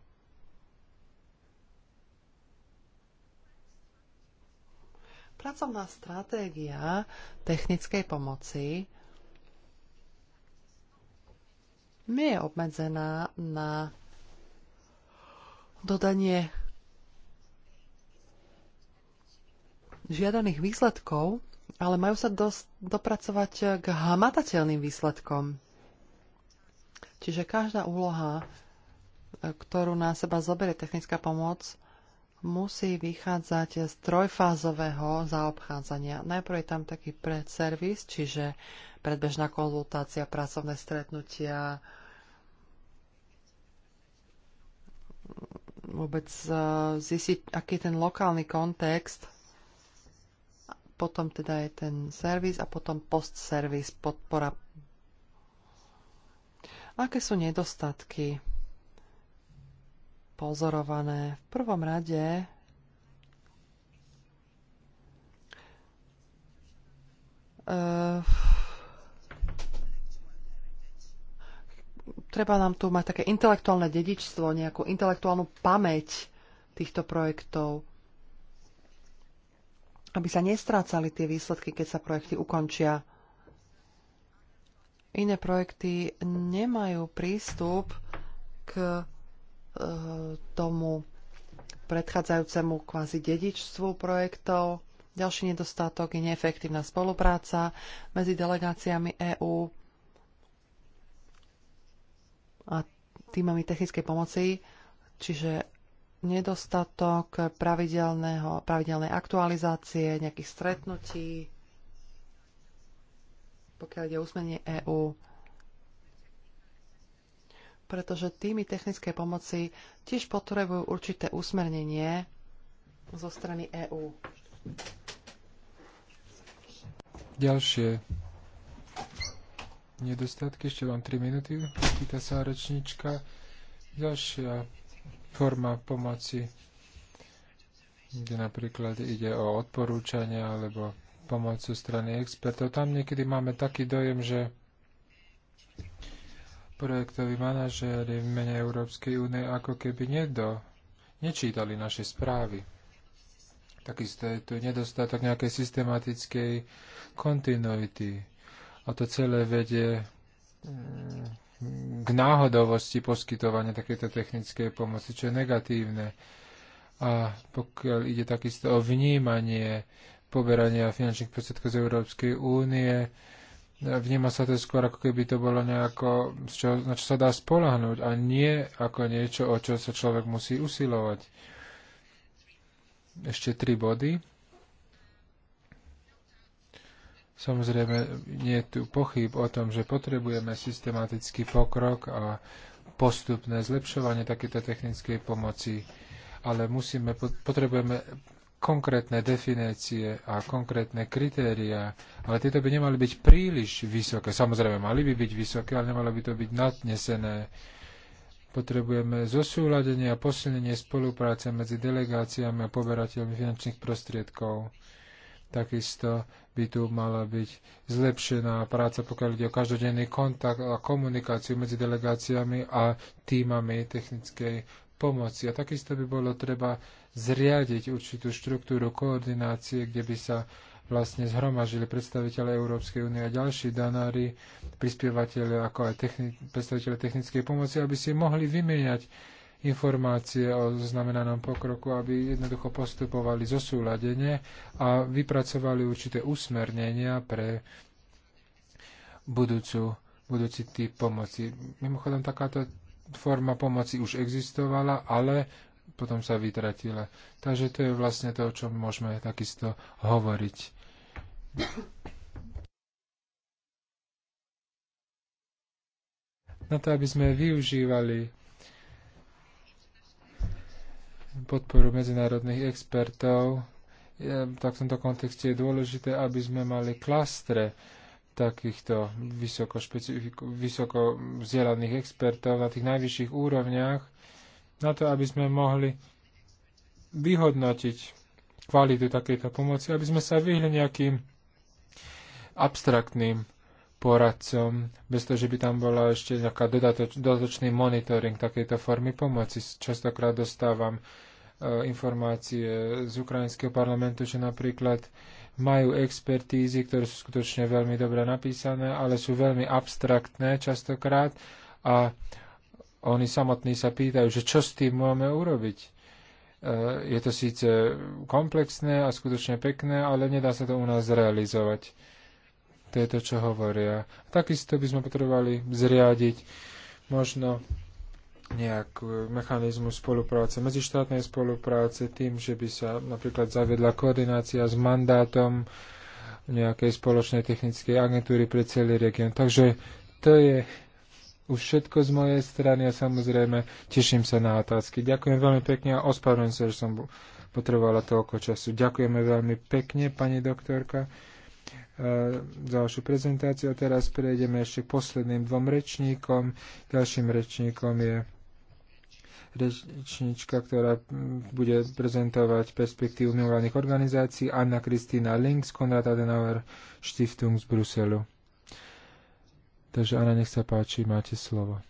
Pracovná stratégia technickej pomoci nie je obmedzená na dodanie žiadaných výsledkov, ale majú sa dos- dopracovať k hamatateľným výsledkom. Čiže každá úloha, e, ktorú na seba zoberie technická pomoc, musí vychádzať z trojfázového zaobchádzania. Najprv je tam taký predservis, čiže predbežná konzultácia, pracovné stretnutia, vôbec e, zistiť, aký je ten lokálny kontext, potom teda je ten servis a potom postservis, podpora Aké sú nedostatky pozorované? V prvom rade uh, treba nám tu mať také intelektuálne dedičstvo, nejakú intelektuálnu pamäť týchto projektov, aby sa nestrácali tie výsledky, keď sa projekty ukončia iné projekty nemajú prístup k e, tomu predchádzajúcemu kvázi dedičstvu projektov. Ďalší nedostatok je neefektívna spolupráca medzi delegáciami EÚ a týmami technickej pomoci, čiže nedostatok pravidelného, pravidelnej aktualizácie, nejakých stretnutí, pokiaľ ide o usmenie EÚ. Pretože týmy technické pomoci tiež potrebujú určité usmernenie zo strany EÚ. Ďalšie nedostatky, ešte mám 3 minúty, pýta sa rečnička. Ďalšia forma pomoci, kde napríklad ide o odporúčania alebo pomoc zo strany expertov. Tam niekedy máme taký dojem, že projektoví manažéri v mene Európskej únie ako keby nedo, nečítali naše správy. Takisto je tu nedostatok nejakej systematickej kontinuity. A to celé vedie mm, k náhodovosti poskytovania takéto technickej pomoci, čo je negatívne. A pokiaľ ide takisto o vnímanie poberania finančných prostriedkov z Európskej únie. Vníma sa to skôr, ako keby to bolo nejako, čo, na čo sa dá spolahnuť a nie ako niečo, o čo sa človek musí usilovať. Ešte tri body. Samozrejme, nie je tu pochyb o tom, že potrebujeme systematický pokrok a postupné zlepšovanie takéto technickej pomoci, ale musíme, potrebujeme konkrétne definície a konkrétne kritériá, ale tieto by nemali byť príliš vysoké. Samozrejme, mali by byť vysoké, ale nemalo by to byť nadnesené. Potrebujeme zosúladenie a posilnenie spolupráce medzi delegáciami a poberateľmi finančných prostriedkov. Takisto by tu mala byť zlepšená práca, pokiaľ ide o každodenný kontakt a komunikáciu medzi delegáciami a týmami technickej pomoci. A takisto by bolo treba zriadiť určitú štruktúru koordinácie, kde by sa vlastne zhromažili predstaviteľe Európskej únie a ďalší danári, prispievateľe ako aj techni- predstaviteľe technickej pomoci, aby si mohli vymieňať informácie o znamenanom pokroku, aby jednoducho postupovali zosúladenie a vypracovali určité usmernenia pre budúcu, budúci typ pomoci. Mimochodom, takáto forma pomoci už existovala, ale potom sa vytratila. Takže to je vlastne to, o čom môžeme takisto hovoriť. Na to, aby sme využívali podporu medzinárodných expertov, tak v tomto kontexte je dôležité, aby sme mali klastre takýchto vysoko, vysoko vzdelaných expertov na tých najvyšších úrovniach, na to, aby sme mohli vyhodnotiť kvalitu takejto pomoci, aby sme sa vyhli nejakým abstraktným poradcom, bez toho, že by tam bola ešte nejaká dodatoč, dodatočný monitoring takejto formy pomoci. Častokrát dostávam e, informácie z ukrajinského parlamentu, že napríklad majú expertízy, ktoré sú skutočne veľmi dobre napísané, ale sú veľmi abstraktné častokrát a oni samotní sa pýtajú, že čo s tým máme urobiť. E, je to síce komplexné a skutočne pekné, ale nedá sa to u nás zrealizovať. To je to, čo hovoria. Takisto by sme potrebovali zriadiť možno nejaký e, mechanizmus spolupráce, medzištátnej spolupráce, tým, že by sa napríklad zaviedla koordinácia s mandátom nejakej spoločnej technickej agentúry pre celý región. Takže to je už všetko z mojej strany a samozrejme teším sa na otázky. Ďakujem veľmi pekne a ospravedlňujem sa, že som potrebovala toľko času. Ďakujeme veľmi pekne, pani doktorka, eh, za vašu prezentáciu. A teraz prejdeme ešte k posledným dvom rečníkom. Ďalším rečníkom je rečnička, ktorá bude prezentovať perspektívu milovaných organizácií, Anna Kristýna Links, Konrad Adenauer Stiftung z Bruselu. Takže Ana, nech sa páči, máte slovo.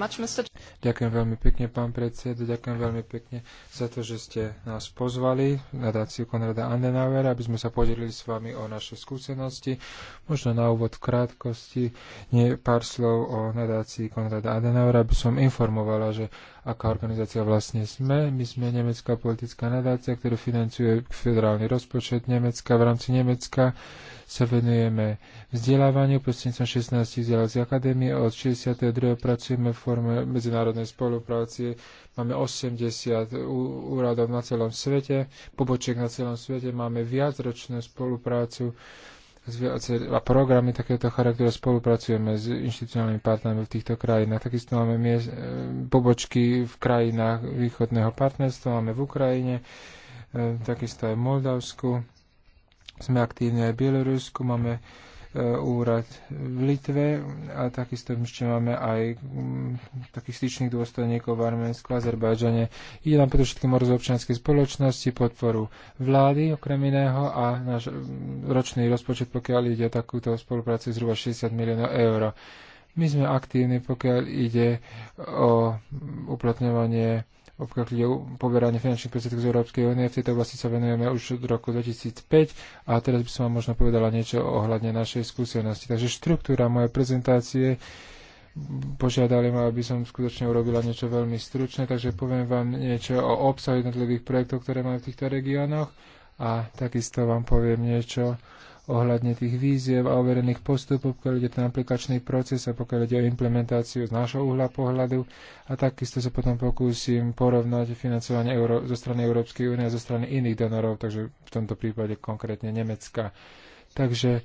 Much, ďakujem veľmi pekne, pán predseda, ďakujem veľmi pekne za to, že ste nás pozvali na dáciu Konrada Andenauer, aby sme sa podelili s vami o naše skúsenosti. Možno na úvod v krátkosti nie pár slov o nadácii Konrada Adenauera, aby som informovala, že aká organizácia vlastne sme. My sme Nemecká politická nadácia, ktorú financuje federálny rozpočet Nemecka. V rámci Nemecka sa venujeme vzdelávaniu prostredníctvom 16 vzdelávacích akadémie. Od 62. pracujeme v forme medzinárodnej spolupráce. Máme 80 úradov na celom svete, poboček na celom svete. Máme viacročnú spoluprácu a programy takéto charakteru spolupracujeme s inštitucionálnymi partnermi v týchto krajinách. Takisto máme miest, e, pobočky v krajinách východného partnerstva, máme v Ukrajine, e, takisto aj v Moldavsku. Sme aktívni aj v Bielorusku, máme Eh, úrad v Litve a takisto ešte máme aj mm, takých styčných dôstojníkov v Arménsku a Azerbajdžane. Ide nám predovšetkým o občianskej spoločnosti, podporu vlády okrem iného a náš mm, ročný rozpočet, pokiaľ ide o takúto spoluprácu, zhruba 60 miliónov eur. My sme aktívni, pokiaľ ide o uplatňovanie pokiaľ poberanie finančných prostriedkov z Európskej únie. V tejto oblasti sa venujeme už od roku 2005 a teraz by som vám možno povedala niečo ohľadne našej skúsenosti. Takže štruktúra mojej prezentácie požiadali ma, aby som skutočne urobila niečo veľmi stručné, takže poviem vám niečo o obsahu jednotlivých projektov, ktoré máme v týchto regiónoch a takisto vám poviem niečo ohľadne tých víziev a overených postupov, pokiaľ ide ten aplikačný proces a pokiaľ ide o implementáciu z nášho uhla pohľadu. A takisto sa potom pokúsim porovnať financovanie Euró- zo strany Európskej únie a zo strany iných donorov, takže v tomto prípade konkrétne Nemecka. Takže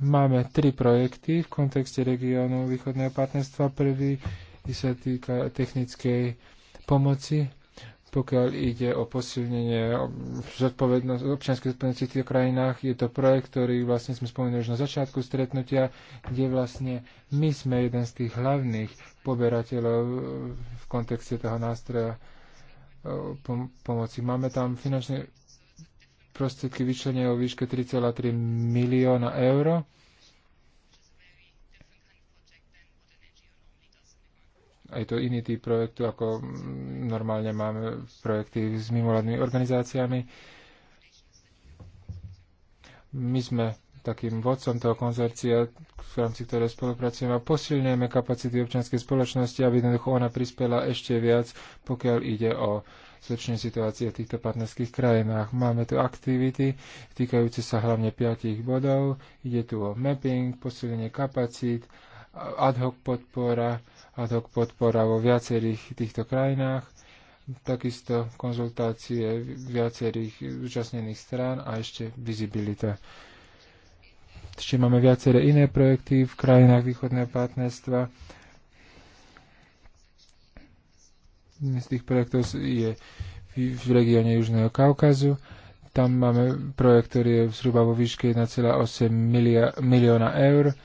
máme tri projekty v kontexte regiónu východného partnerstva. Prvý sa týka technickej pomoci pokiaľ ide o posilnenie občianskej zodpovednosti v týchto krajinách. Je to projekt, ktorý vlastne sme spomenuli už na začiatku stretnutia, kde vlastne my sme jeden z tých hlavných poberateľov v kontexte toho nástroja e, pom- pomoci. Máme tam finančné prostriedky vyčlenené o výške 3,3 milióna eur je to iný typ projektu, ako normálne máme projekty s mimovládnymi organizáciami. My sme takým vodcom toho konzorcia, v rámci ktoré spolupracujeme a posilňujeme kapacity občianskej spoločnosti, aby jednoducho ona prispela ešte viac, pokiaľ ide o zlepšenie situácie v týchto partnerských krajinách. Máme tu aktivity týkajúce sa hlavne piatich bodov, ide tu o mapping, posilnenie kapacít ad hoc podpora, ad hoc podpora vo viacerých týchto krajinách, takisto konzultácie viacerých zúčastnených strán a ešte vizibilita. Ešte máme viaceré iné projekty v krajinách východného partnerstva. Jedným z tých projektov je v regióne Južného Kaukazu. Tam máme projekt, ktorý je zhruba vo výške 1,8 milióna eur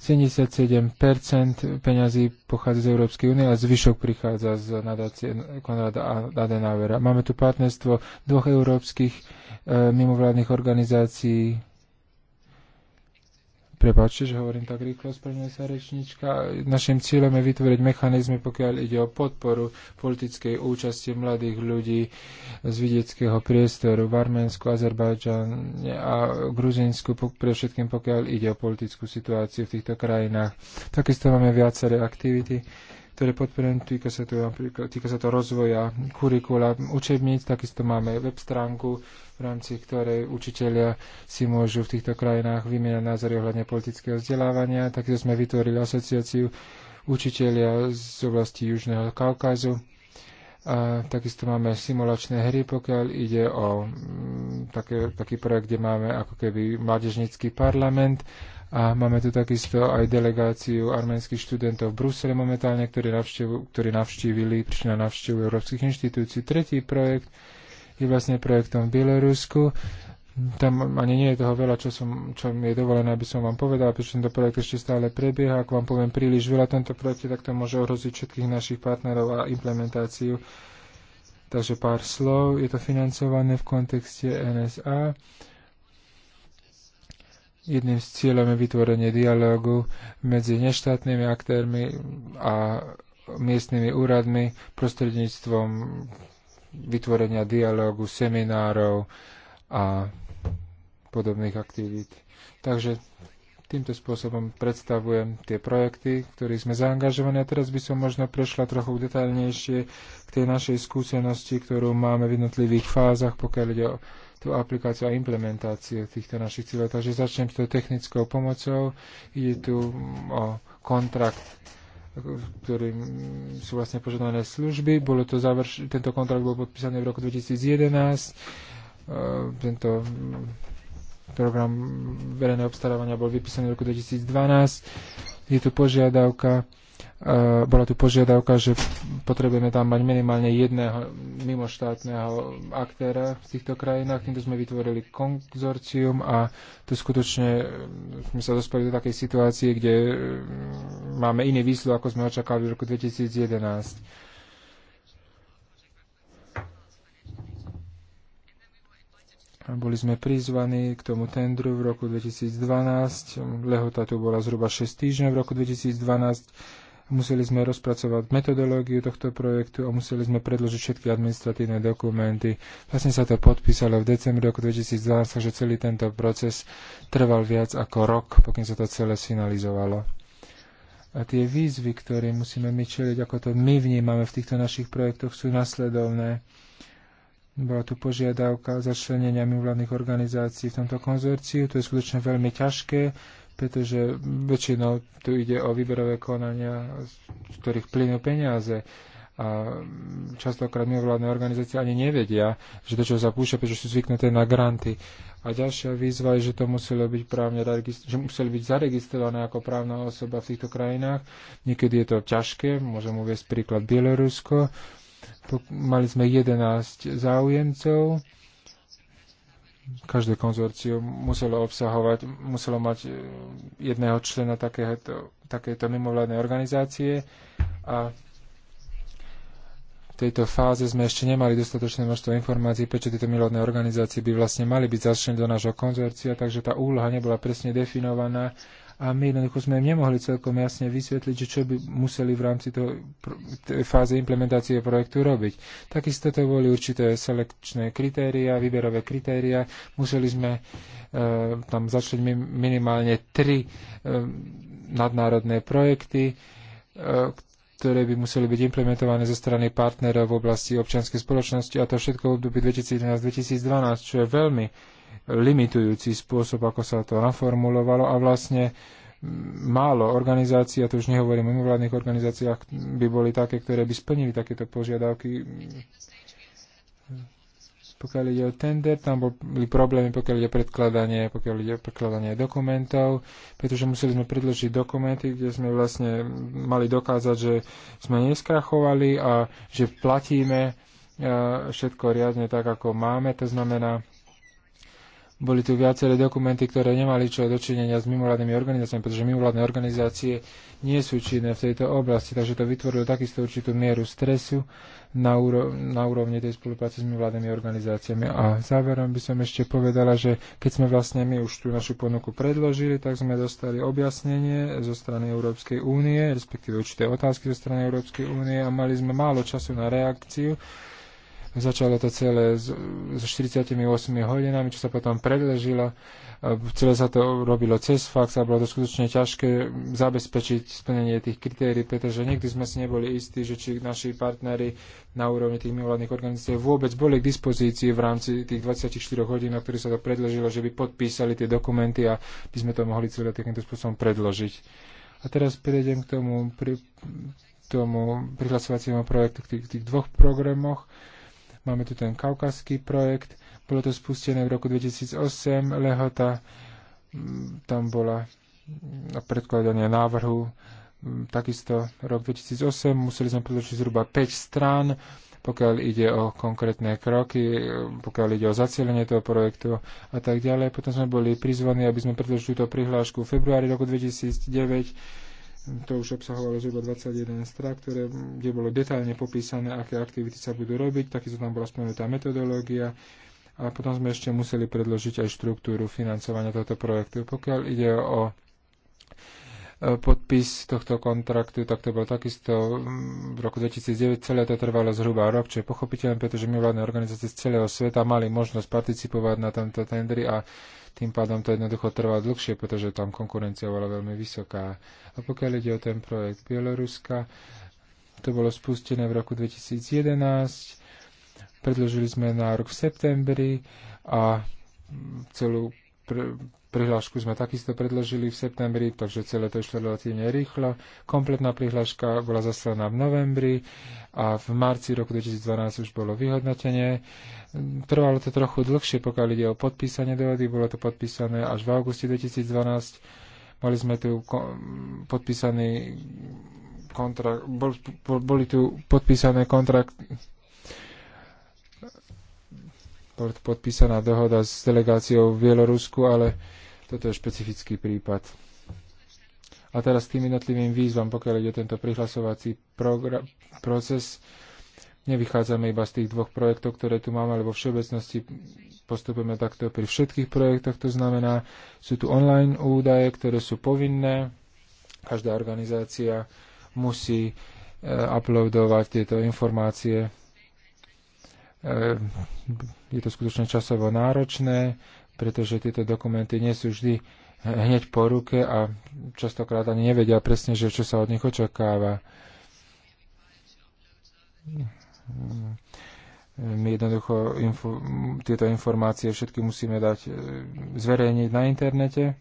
77% peňazí pochádza z Európskej únie a zvyšok prichádza z nadácie Konrada Adenauera. Máme tu partnerstvo dvoch európskych e, mimovládnych organizácií Prepačte, že hovorím tak rýchlo, spravňuje sa rečnička. Našim cieľom je vytvoriť mechanizmy, pokiaľ ide o podporu politickej účasti mladých ľudí z vidieckého priestoru v Arménsku, Azerbajdžane a Gruzinsku, pre všetkým pokiaľ ide o politickú situáciu v týchto krajinách. Takisto máme viaceré aktivity ktoré podporujem. Týka sa to, týka sa to rozvoja kurikula učebníc, takisto máme web stránku, v rámci ktorej učitelia si môžu v týchto krajinách vymieňať názory ohľadne politického vzdelávania. Takisto sme vytvorili asociáciu učitelia z oblasti Južného Kaukazu. A takisto máme simulačné hry, pokiaľ ide o mm, také, taký projekt, kde máme ako keby mládežnický parlament a máme tu takisto aj delegáciu arménskych študentov v Brusele momentálne, ktorí, navštiev, ktorí navštívili, prišli na navštívu európskych inštitúcií. Tretí projekt je vlastne projektom v Bielorusku. Tam ani nie je toho veľa, čo, som, čo mi je dovolené, aby som vám povedal, pretože tento projekt ešte stále prebieha. Ak vám poviem príliš veľa tento projekte, tak to môže ohroziť všetkých našich partnerov a implementáciu. Takže pár slov. Je to financované v kontexte NSA. Jedným z cieľom je vytvorenie dialógu medzi neštátnymi aktérmi a miestnymi úradmi prostredníctvom vytvorenia dialógu, seminárov a podobných aktivít. Takže týmto spôsobom predstavujem tie projekty, ktoré ktorých sme zaangažovaní. A teraz by som možno prešla trochu detaľnejšie k tej našej skúsenosti, ktorú máme v jednotlivých fázach, pokiaľ ide o tú aplikáciu a implementáciu týchto našich cieľov. Takže začnem s tou technickou pomocou. Ide tu o kontrakt ktorým sú vlastne požadované služby. Bolo to završ- tento kontrakt bol podpísaný v roku 2011. Ehm, tento program verejného obstarávania bol vypísaný v roku 2012. Je tu požiadavka E, bola tu požiadavka, že potrebujeme tam mať minimálne jedného mimoštátneho aktéra v týchto krajinách. Týmto sme vytvorili konzorcium a tu skutočne e, sme sa dospeli do takej situácie, kde e, máme iný výsledok, ako sme očakali v roku 2011. Boli sme prizvaní k tomu tendru v roku 2012. Lehota tu bola zhruba 6 týždňov v roku 2012 Museli sme rozpracovať metodológiu tohto projektu a museli sme predložiť všetky administratívne dokumenty. Vlastne sa to podpísalo v decembri roku 2012, takže celý tento proces trval viac ako rok, pokým sa to celé finalizovalo. A tie výzvy, ktoré musíme my čeliť, ako to my vnímame v týchto našich projektoch, sú nasledovné. Bola tu požiadavka začlenenia mimovládnych organizácií v tomto konzorciu. To je skutočne veľmi ťažké pretože väčšinou tu ide o výberové konania, z ktorých plynú peniaze a častokrát mimovládne organizácie ani nevedia, že to, čo sa púšťa, pretože sú zvyknuté na granty. A ďalšia výzva je, že to muselo byť právne, že museli byť zaregistrované ako právna osoba v týchto krajinách. Niekedy je to ťažké, môžem uvieť príklad Bielorusko. Mali sme 11 záujemcov každé konzorcium muselo obsahovať, muselo mať e, jedného člena takéto, takéto mimovládnej organizácie a v tejto fáze sme ešte nemali dostatočné množstvo informácií, prečo tieto mimovládne organizácie by vlastne mali byť začlené do nášho konzorcia, takže tá úloha nebola presne definovaná a my jednoducho sme im nemohli celkom jasne vysvetliť, že čo by museli v rámci toho, tej fáze implementácie projektu robiť. Takisto to boli určité selekčné kritéria, výberové kritéria. Museli sme e, tam začať minimálne tri e, nadnárodné projekty, e, ktoré by museli byť implementované zo strany partnerov v oblasti občianskej spoločnosti a to všetko v období 2011-2012, čo je veľmi limitujúci spôsob, ako sa to naformulovalo a vlastne málo organizácií, a to už nehovorím o mimovládnych organizáciách, by boli také, ktoré by splnili takéto požiadavky. Pokiaľ ide o tender, tam boli problémy, pokiaľ ide predkladanie, pokiaľ ide predkladanie dokumentov, pretože museli sme predložiť dokumenty, kde sme vlastne mali dokázať, že sme neskrachovali a že platíme eh, všetko riadne tak, ako máme. To znamená, boli tu viaceré dokumenty, ktoré nemali čo dočinenia s mimovládnymi organizáciami, pretože mimovládne organizácie nie sú činné v tejto oblasti, takže to vytvorilo takisto určitú mieru stresu na, úro, na úrovni tej spolupráce s mimovládnymi organizáciami. A záverom by som ešte povedala, že keď sme vlastne my už tú našu ponuku predložili, tak sme dostali objasnenie zo strany Európskej únie, respektíve určité otázky zo strany Európskej únie a mali sme málo času na reakciu Začalo to celé so 48 hodinami, čo sa potom predležilo. Celé sa to robilo cez fax a bolo to skutočne ťažké zabezpečiť splnenie tých kritérií, pretože nikdy sme si neboli istí, že či naši partnery na úrovni tých mimovládnych organizácií vôbec boli k dispozícii v rámci tých 24 hodín, na ktorých sa to predložilo, že by podpísali tie dokumenty a by sme to mohli celé takýmto spôsobom predložiť. A teraz prejdem k tomu, pri, tomu prihlasovaciemu projektu, k tých, tých dvoch programoch. Uh, Máme tu ten kaukaský projekt, bolo to spustené v roku 2008, lehota mm, tam bola na predkladanie návrhu mm, takisto rok 2008. Museli sme predložiť zhruba 5 strán, pokiaľ ide o konkrétne kroky, mm, pokiaľ ide o zacielenie toho projektu a tak ďalej. Potom sme boli prizvaní, aby sme predložili túto prihlášku v februári roku 2009 to už obsahovalo zhruba 21 strán, ktoré, kde bolo detailne popísané, aké aktivity sa budú robiť, takisto tam bola spomenutá metodológia a potom sme ešte museli predložiť aj štruktúru financovania tohto projektu. Pokiaľ ide o podpis tohto kontraktu, tak to bol takisto mm, v roku 2009. Celé to trvalo zhruba rok, čo je pochopiteľné, pretože mimovládne organizácie z celého sveta mali možnosť participovať na tomto tendri a tým pádom to jednoducho trvalo dlhšie, pretože tam konkurencia bola veľmi vysoká. A pokiaľ ide o ten projekt Bieloruska, to bolo spustené v roku 2011, predložili sme na rok v septembri a celú pr- Prihlášku sme takisto predložili v septembri, takže celé to išlo relatívne rýchlo. Kompletná prihláška bola zaslaná v novembri a v marci roku 2012 už bolo vyhodnotenie. Trvalo to trochu dlhšie, pokiaľ ide o podpísanie dohody. Bolo to podpísané až v auguste 2012. Mali sme tu podpísaný kontrakt, bol, boli tu podpísané kontrakt, bola podpísaná dohoda s delegáciou v Bielorusku, ale toto je špecifický prípad. A teraz k tým jednotlivým výzvam, pokiaľ ide tento prihlasovací proces, nevychádzame iba z tých dvoch projektov, ktoré tu máme, alebo všeobecnosti postupujeme takto pri všetkých projektoch. To znamená, sú tu online údaje, ktoré sú povinné. Každá organizácia musí e, uploadovať tieto informácie. E, je to skutočne časovo náročné pretože tieto dokumenty nie sú vždy hneď po ruke a častokrát ani nevedia presne, že čo sa od nich očakáva. My jednoducho info, tieto informácie všetky musíme dať e, zverejniť na internete.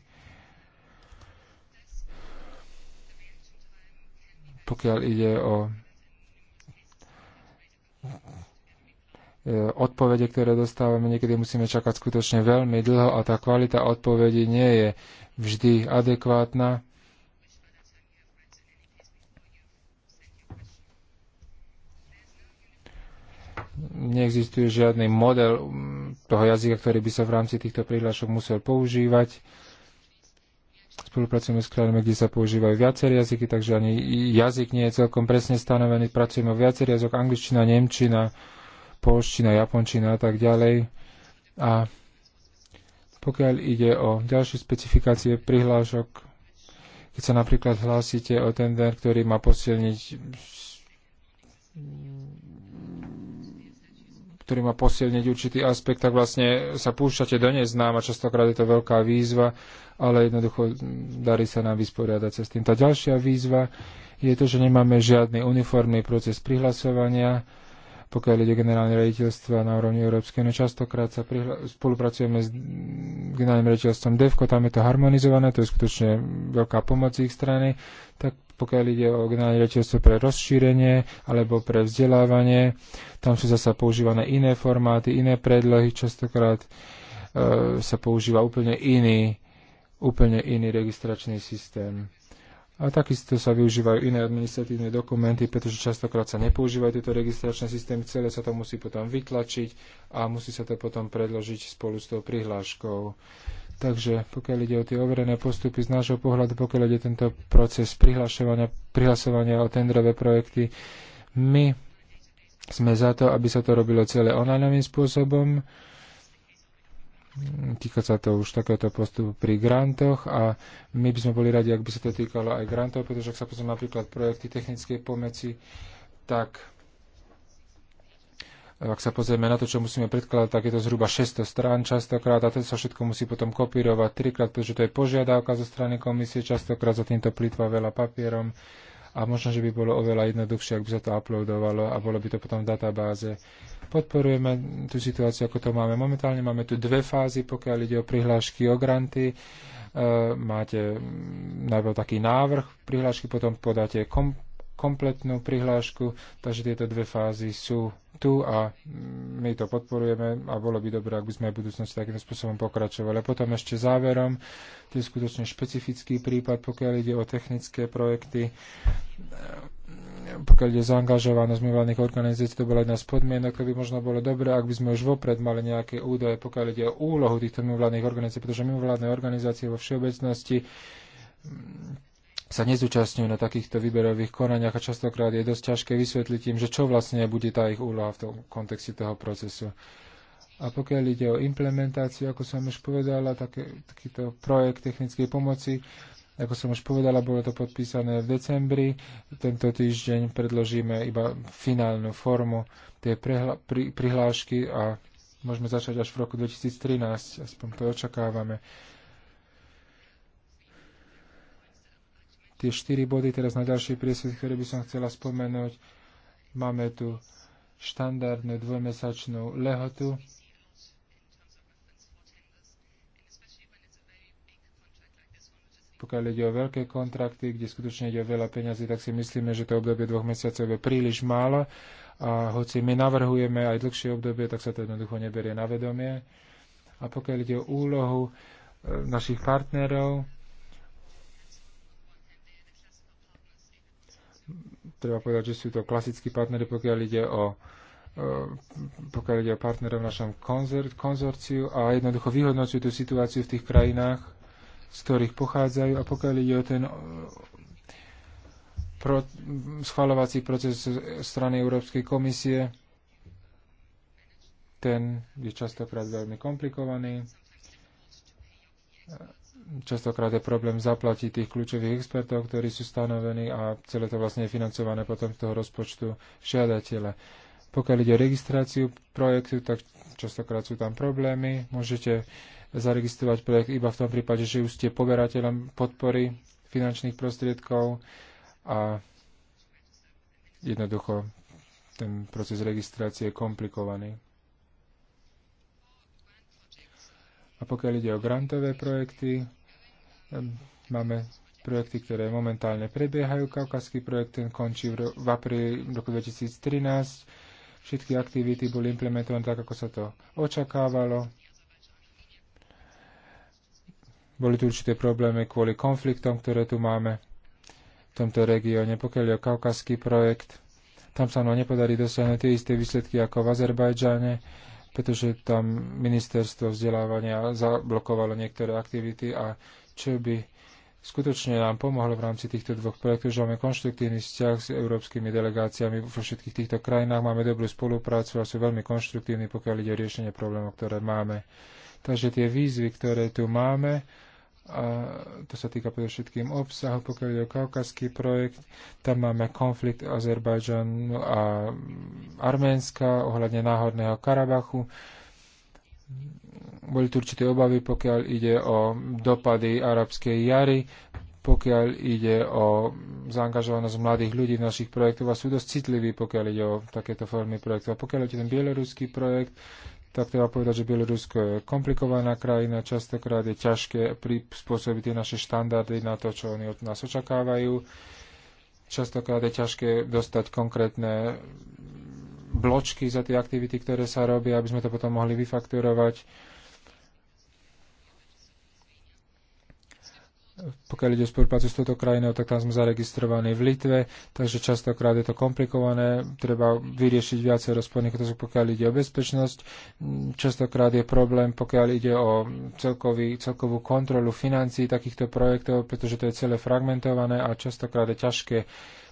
Pokiaľ ide o E, odpovede, ktoré dostávame, niekedy musíme čakať skutočne veľmi dlho a tá kvalita odpovedí nie je vždy adekvátna. Neexistuje žiadny model toho jazyka, ktorý by sa v rámci týchto prihlášok musel používať. Spolupracujeme s krajinami, kde sa používajú viaceré jazyky, takže ani jazyk nie je celkom presne stanovený. Pracujeme o viacerých jazykoch, angličtina, nemčina, polština, japončina a tak ďalej. A pokiaľ ide o ďalšie specifikácie prihlášok, keď sa napríklad hlásite o tender, ktorý má posilniť ktorý má posilniť určitý aspekt, tak vlastne sa púšťate do neznáma, častokrát je to veľká výzva, ale jednoducho darí sa nám vysporiadať sa s tým. Tá ďalšia výzva je to, že nemáme žiadny uniformný proces prihlasovania, pokiaľ ide generálne rediteľstva na úrovni európskej. No častokrát sa prihla- spolupracujeme s generálnym rediteľstvom DEVKO, tam je to harmonizované, to je skutočne veľká pomoc ich strany. Tak pokiaľ ide o generálne rediteľstvo pre rozšírenie alebo pre vzdelávanie, tam sú zasa používané iné formáty, iné predlohy, častokrát e, sa používa úplne iný, úplne iný registračný systém. A takisto sa využívajú iné administratívne dokumenty, pretože častokrát sa nepoužívajú tieto registračné systémy, celé sa to musí potom vytlačiť a musí sa to potom predložiť spolu s tou prihláškou. Takže pokiaľ ide o tie overené postupy z nášho pohľadu, pokiaľ ide tento proces prihlasovania, prihlasovania o tendrové projekty, my sme za to, aby sa to robilo celé online spôsobom, týka sa to už takéhoto postupu pri grantoch a my by sme boli radi, ak by sa to týkalo aj grantov, pretože ak sa pozrieme napríklad projekty technickej pomoci, tak ak sa pozrieme na to, čo musíme predkladať, tak je to zhruba 600 strán častokrát a to sa všetko musí potom kopírovať trikrát, pretože to je požiadavka zo strany komisie, častokrát za týmto plýtva veľa papierom a možno, že by bolo oveľa jednoduchšie, ak by sa to uploadovalo a bolo by to potom v databáze podporujeme tú situáciu, ako to máme momentálne. Máme tu dve fázy, pokiaľ ide o prihlášky o granty. E, máte mm, najprv taký návrh prihlášky, potom podáte kom- kompletnú prihlášku, takže tieto dve fázy sú tu a mm, my to podporujeme a bolo by dobré, ak by sme aj v budúcnosti takýmto spôsobom pokračovali. A potom ešte záverom, to je skutočne špecifický prípad, pokiaľ ide o technické projekty pokiaľ ide zaangažovanosť mimovládnych organizácií, to bola jedna z podmienok, by možno bolo dobré, ak by sme už vopred mali nejaké údaje, pokiaľ ide o úlohu týchto mimovládnych organizácií, pretože mimovládne organizácie vo všeobecnosti mm, sa nezúčastňujú na takýchto výberových konaniach a častokrát je dosť ťažké vysvetliť im, že čo vlastne bude tá ich úloha v tom kontexte toho procesu. A pokiaľ ide o implementáciu, ako som už povedala, také, takýto projekt technickej pomoci, ako som už povedala, bolo to podpísané v decembri. Tento týždeň predložíme iba finálnu formu tej pri- prihlášky a môžeme začať až v roku 2013, aspoň to očakávame. Tie štyri body teraz na ďalšie priesvit, ktoré by som chcela spomenúť. Máme tu štandardnú dvojmesačnú lehotu pokiaľ ide o veľké kontrakty, kde skutočne ide o veľa peňazí, tak si myslíme, že to obdobie dvoch mesiacov je príliš málo a hoci my navrhujeme aj dlhšie obdobie, tak sa to jednoducho neberie na vedomie. A pokiaľ ide o úlohu e, našich partnerov, treba povedať, že sú to klasickí partnery, pokiaľ ide o e, pokiaľ ide o partnerov v našom konzorciu a jednoducho vyhodnocujú tú situáciu v tých krajinách, z ktorých pochádzajú. A pokiaľ ide o ten pro, schvalovací proces strany Európskej komisie, ten je častokrát veľmi komplikovaný. Častokrát je problém zaplatiť tých kľúčových expertov, ktorí sú stanovení a celé to vlastne je financované potom z toho rozpočtu žiadateľa. Pokiaľ ide o registráciu projektu, tak častokrát sú tam problémy. Môžete uh, zaregistrovať projekt iba v tom prípade, že už ste poberateľom podpory finančných prostriedkov a jednoducho ten proces registrácie je komplikovaný. A pokiaľ ide o grantové projekty, máme projekty, ktoré momentálne prebiehajú. Kaukazský projekt ten končí v, ro- v apríli roku 2013. Všetky aktivity boli implementované tak, ako sa to očakávalo. Boli tu určité problémy kvôli konfliktom, ktoré tu máme v tomto regióne. Pokiaľ je o kaukazský projekt, tam sa nám nepodarí dosiahnuť tie isté výsledky ako v Azerbajdžane, pretože tam ministerstvo vzdelávania zablokovalo niektoré aktivity a čo by skutočne nám pomohlo v rámci týchto dvoch projektov, že máme konštruktívny vzťah s európskymi delegáciami vo všetkých týchto krajinách, máme dobrú spoluprácu a sú veľmi konštruktívni, pokiaľ ide o riešenie problémov, ktoré máme. Takže tie výzvy, ktoré tu máme, a to sa týka predovšetkým obsahu, pokiaľ je o kaukazský projekt, tam máme konflikt Azerbajdžanu a Arménska ohľadne náhodného Karabachu. Boli tu určité obavy, pokiaľ ide o dopady arabskej jary, pokiaľ ide o zaangažovanosť mladých ľudí v našich projektoch a sú dosť citliví, pokiaľ ide o takéto formy projektov. A pokiaľ ide ten bieloruský projekt, tak treba povedať, že Bielorusko je komplikovaná krajina, častokrát je ťažké prispôsobiť tie naše štandardy na to, čo oni od nás očakávajú. Častokrát je ťažké dostať konkrétne bločky za tie aktivity, ktoré sa robia, aby sme to potom mohli vyfakturovať pokiaľ ide o spoluprácu s touto krajinou, tak tam sme zaregistrovaní v Litve, takže častokrát je to komplikované, treba vyriešiť viacero rozporných otázok, pokiaľ ide o bezpečnosť, častokrát je problém, pokiaľ ide o celkový, celkovú kontrolu financií takýchto projektov, pretože to je celé fragmentované a častokrát je ťažké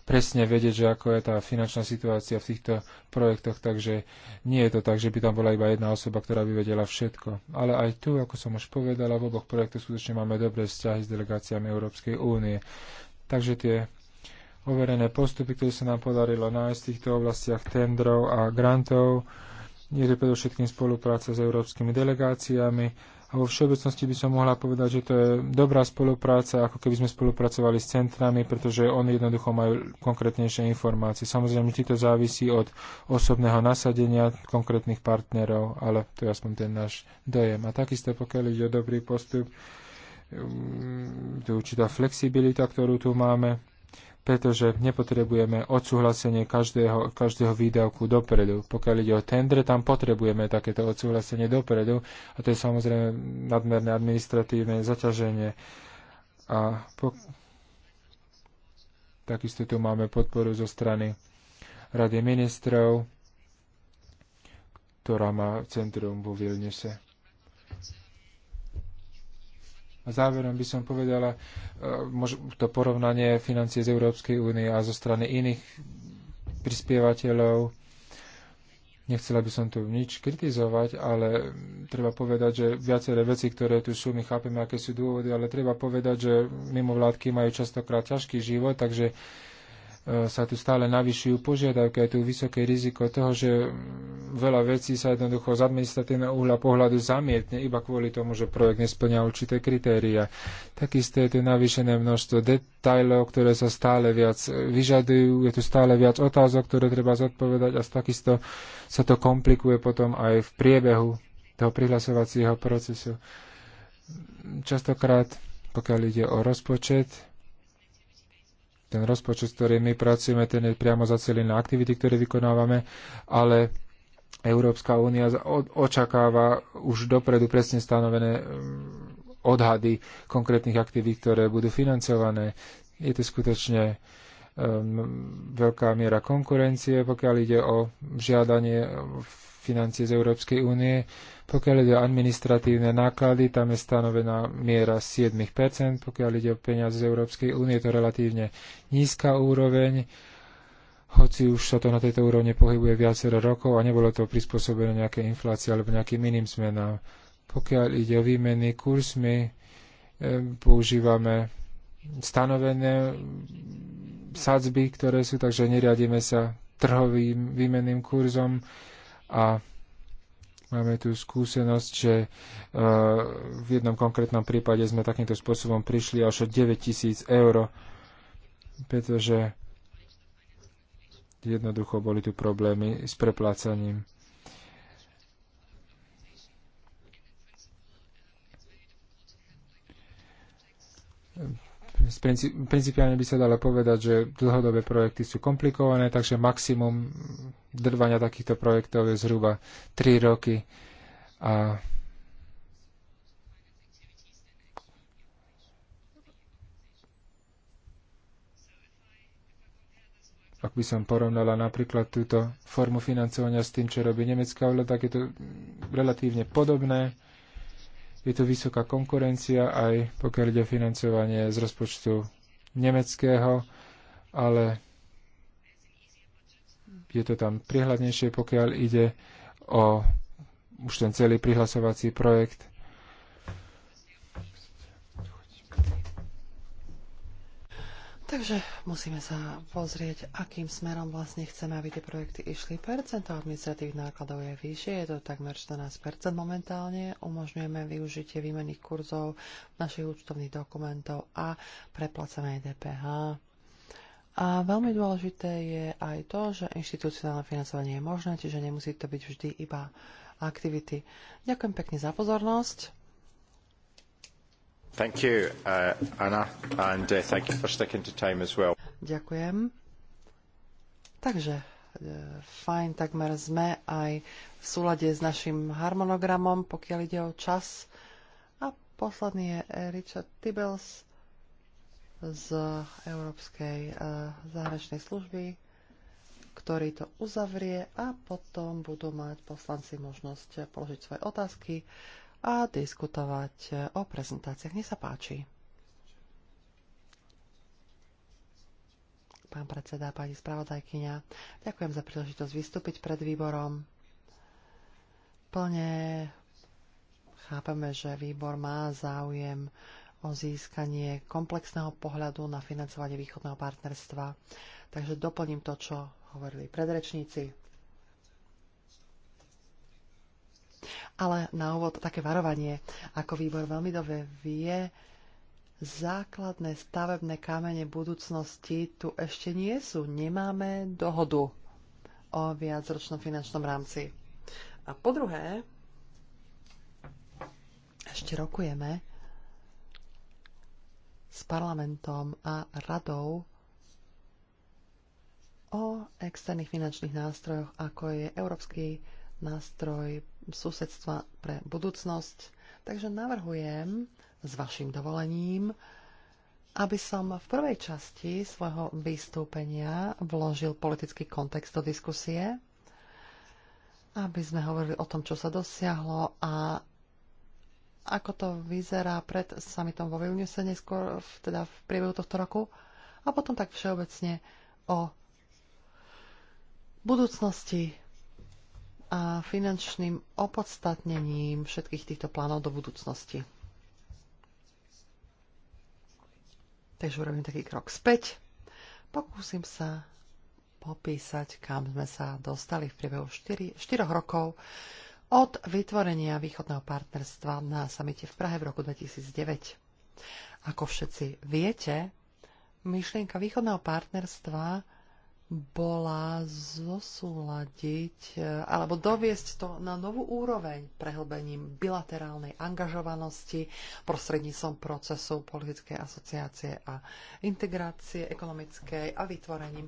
presne vedieť, že ako je tá finančná situácia v týchto projektoch, takže nie je to tak, že by tam bola iba jedna osoba, ktorá by vedela všetko. Ale aj tu, ako som už povedala, v oboch projektoch skutočne máme dobré vzťahy s delegáciami Európskej únie. Takže tie overené postupy, ktoré sa nám podarilo nájsť v týchto oblastiach tendrov a grantov, je to predovšetkým spolupráca s európskymi delegáciami a vo všeobecnosti by som mohla povedať, že to je dobrá spolupráca, ako keby sme spolupracovali s centrami, pretože oni jednoducho majú konkrétnejšie informácie. Samozrejme, či to závisí od osobného nasadenia konkrétnych partnerov, ale to je aspoň ten náš dojem. A takisto, pokiaľ ide o dobrý postup, mm, to je určitá flexibilita, ktorú tu máme pretože nepotrebujeme odsúhlasenie každého, každého výdavku dopredu. Pokiaľ ide o tendre, tam potrebujeme takéto odsúhlasenie dopredu a to je samozrejme nadmerné administratívne zaťaženie. A po... takisto tu máme podporu zo strany Rady ministrov, ktorá má centrum vo Vilniuse. A záverom by som povedala e, to porovnanie financie z Európskej únie a zo strany iných prispievateľov. Nechcela by som tu nič kritizovať, ale treba povedať, že viaceré veci, ktoré tu sú, my chápeme, aké sú dôvody, ale treba povedať, že mimovládky majú častokrát ťažký život, takže sa tu stále navyšujú požiadavky, je tu vysoké riziko toho, že veľa vecí sa jednoducho z administratívneho uhla pohľadu zamietne iba kvôli tomu, že projekt nesplňa určité kritéria. Takisto je tu navýšené množstvo detajlov, ktoré sa stále viac vyžadujú, je tu stále viac otázok, ktoré treba zodpovedať a takisto sa to komplikuje potom aj v priebehu toho prihlasovacieho procesu. Častokrát, pokiaľ ide o rozpočet, ten rozpočet, s ktorým my pracujeme, ten je priamo celé na aktivity, ktoré vykonávame, ale Európska únia očakáva už dopredu presne stanovené mm, odhady konkrétnych aktivít, ktoré budú financované. Je to skutočne um, veľká miera konkurencie, pokiaľ ide o žiadanie mm, financie z Európskej únie. Pokiaľ ide o administratívne náklady, tam je stanovená miera 7%, pokiaľ ide o peniaze z Európskej únie, je to relatívne nízka úroveň, hoci už sa to na tejto úrovni pohybuje viacero rokov a nebolo to prispôsobené nejaké inflácii alebo nejakým iným zmenám. Pokiaľ ide o výmeny kurz, my e, používame stanovené sadzby, ktoré sú, takže neriadíme sa trhovým výmenným kurzom a Máme tu skúsenosť, že e, v jednom konkrétnom prípade sme takýmto spôsobom prišli až o 9 tisíc eur, pretože jednoducho boli tu problémy s preplácaním principiálne by sa dalo povedať, že dlhodobé projekty sú komplikované, takže maximum drvania takýchto projektov je zhruba 3 roky. A ak by som porovnala napríklad túto formu financovania s tým, čo robí nemecká vláda, tak je to relatívne podobné. Je tu vysoká konkurencia aj pokiaľ ide o financovanie z rozpočtu nemeckého, ale je to tam prihľadnejšie, pokiaľ ide o už ten celý prihlasovací projekt. Takže musíme sa pozrieť, akým smerom vlastne chceme, aby tie projekty išli. Percento administratívnych nákladov je vyššie, je to takmer 14% momentálne. Umožňujeme využitie výmených kurzov našich účtovných dokumentov a preplacené DPH. A veľmi dôležité je aj to, že inštitucionálne financovanie je možné, čiže nemusí to byť vždy iba aktivity. Ďakujem pekne za pozornosť. Thank you, uh, Anna, and uh, thank you for sticking to time as well. Ďakujem. Takže uh, fajn, takmer sme aj v súlade s našim harmonogramom, pokiaľ ide o čas. A posledný je Richard Tibels z Európskej uh, zahraničnej služby, ktorý to uzavrie a potom budú mať poslanci možnosť položiť svoje otázky a diskutovať o prezentáciách. Nech sa páči. Pán predseda, pani spravodajkyňa, ďakujem za príležitosť vystúpiť pred výborom. Plne chápeme, že výbor má záujem o získanie komplexného pohľadu na financovanie východného partnerstva. Takže doplním to, čo hovorili predrečníci. Ale na úvod také varovanie. Ako výbor veľmi dobre vie, základné stavebné kamene budúcnosti tu ešte nie sú. Nemáme dohodu o viacročnom finančnom rámci. A po druhé, ešte rokujeme s parlamentom a radou o externých finančných nástrojoch, ako je Európsky nástroj susedstva pre budúcnosť. Takže navrhujem s vašim dovolením, aby som v prvej časti svojho vystúpenia vložil politický kontext do diskusie, aby sme hovorili o tom, čo sa dosiahlo a ako to vyzerá pred samitom vo Vilniuse neskôr, teda v priebehu tohto roku a potom tak všeobecne o budúcnosti a finančným opodstatnením všetkých týchto plánov do budúcnosti. Takže urobím taký krok späť. Pokúsim sa popísať, kam sme sa dostali v priebehu 4, 4 rokov od vytvorenia východného partnerstva na samite v Prahe v roku 2009. Ako všetci viete, myšlienka východného partnerstva bola zosúľadiť e, alebo doviesť to na novú úroveň prehlbením bilaterálnej angažovanosti prostredníctvom procesu politickej asociácie a integrácie ekonomickej a vytvorením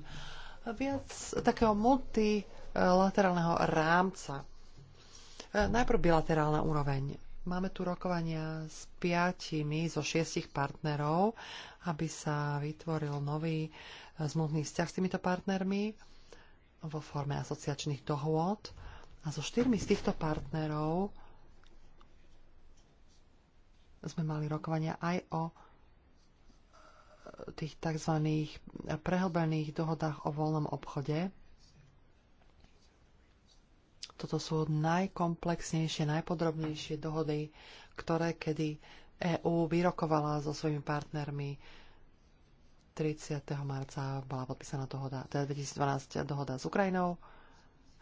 viac takého multilaterálneho rámca. E, najprv bilaterálna úroveň. Máme tu rokovania s piatimi zo šiestich partnerov, aby sa vytvoril nový e, zmluvný vzťah s týmito partnermi vo forme asociačných dohôd. A so štyrmi z týchto partnerov sme mali rokovania aj o e, tých tzv. prehlbených dohodách o voľnom obchode, toto sú najkomplexnejšie, najpodrobnejšie dohody, ktoré kedy EÚ vyrokovala so svojimi partnermi. 30. marca bola podpísaná dohoda, teda 2012 dohoda s Ukrajinou,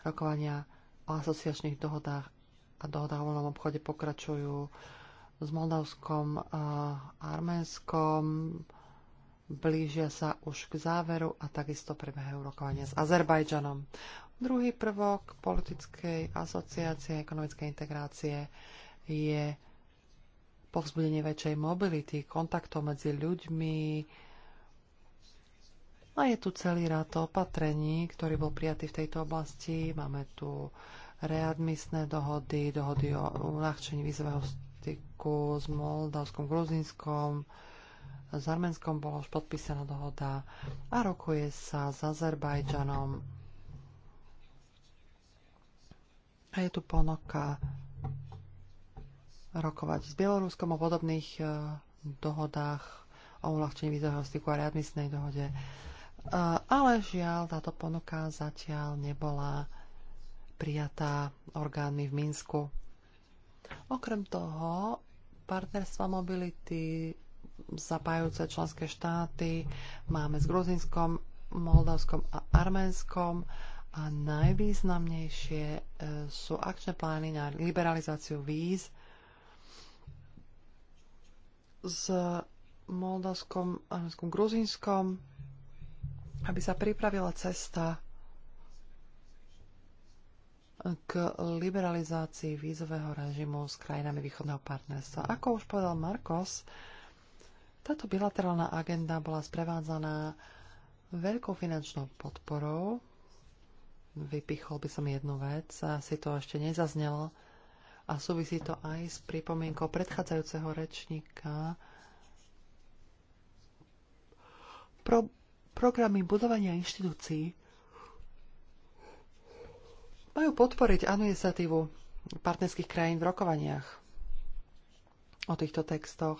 rokovania o asociačných dohodách a dohodách o voľnom obchode pokračujú s Moldavskom a Arménskom, blížia sa už k záveru a takisto prebiehajú rokovania s Azerbajdžanom. Druhý prvok politickej asociácie a ekonomickej integrácie je povzbudenie väčšej mobility, kontaktov medzi ľuďmi. A je tu celý rád opatrení, ktorý bol prijatý v tejto oblasti. Máme tu readmisné dohody, dohody o uľahčení vízového styku s Moldavskom, Gruzinskom, s Arménskom bola už podpísaná dohoda a rokuje sa s Azerbajdžanom A je tu ponuka rokovať s Bieloruskom o podobných uh, dohodách o uľahčení vízového styku a readmisnej dohode. Uh, ale žiaľ, táto ponuka zatiaľ nebola prijatá orgánmi v Minsku. Okrem toho, partnerstva mobility zapájajúce členské štáty máme s Gruzinskom, Moldavskom a Arménskom a najvýznamnejšie e, sú akčné plány na liberalizáciu víz s Moldavskom, a Gruzínskom, aby sa pripravila cesta k liberalizácii vízového režimu s krajinami východného partnerstva. Ako už povedal Markos, táto bilaterálna agenda bola sprevádzaná veľkou finančnou podporou Vypichol by som jednu vec, asi to ešte nezaznelo a súvisí to aj s pripomienkou predchádzajúceho rečníka. Pro, programy budovania inštitúcií majú podporiť administratívu partnerských krajín v rokovaniach o týchto textoch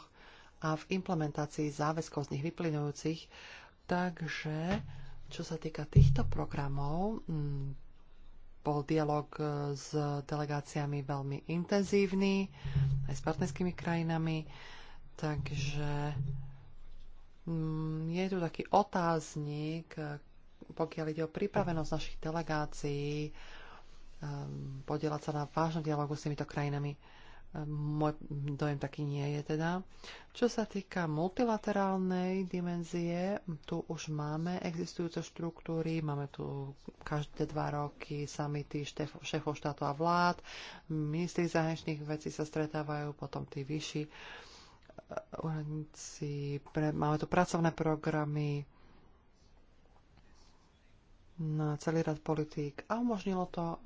a v implementácii záväzkov z nich vyplynujúcich. Takže čo sa týka týchto programov, mm, bol dialog e, s delegáciami veľmi intenzívny, aj s partnerskými krajinami, takže mm, je tu taký otáznik, e, pokiaľ ide o pripravenosť našich delegácií e, podielať sa na vážnom dialogu s týmito krajinami. Môj dojem taký nie je teda. Čo sa týka multilaterálnej dimenzie, tu už máme existujúce štruktúry, máme tu každé dva roky samity šéfov štátov a vlád, ministri zahraničných vecí sa stretávajú, potom tí vyšší eh, úradníci, máme tu pracovné programy, na celý rad politík a umožnilo to e,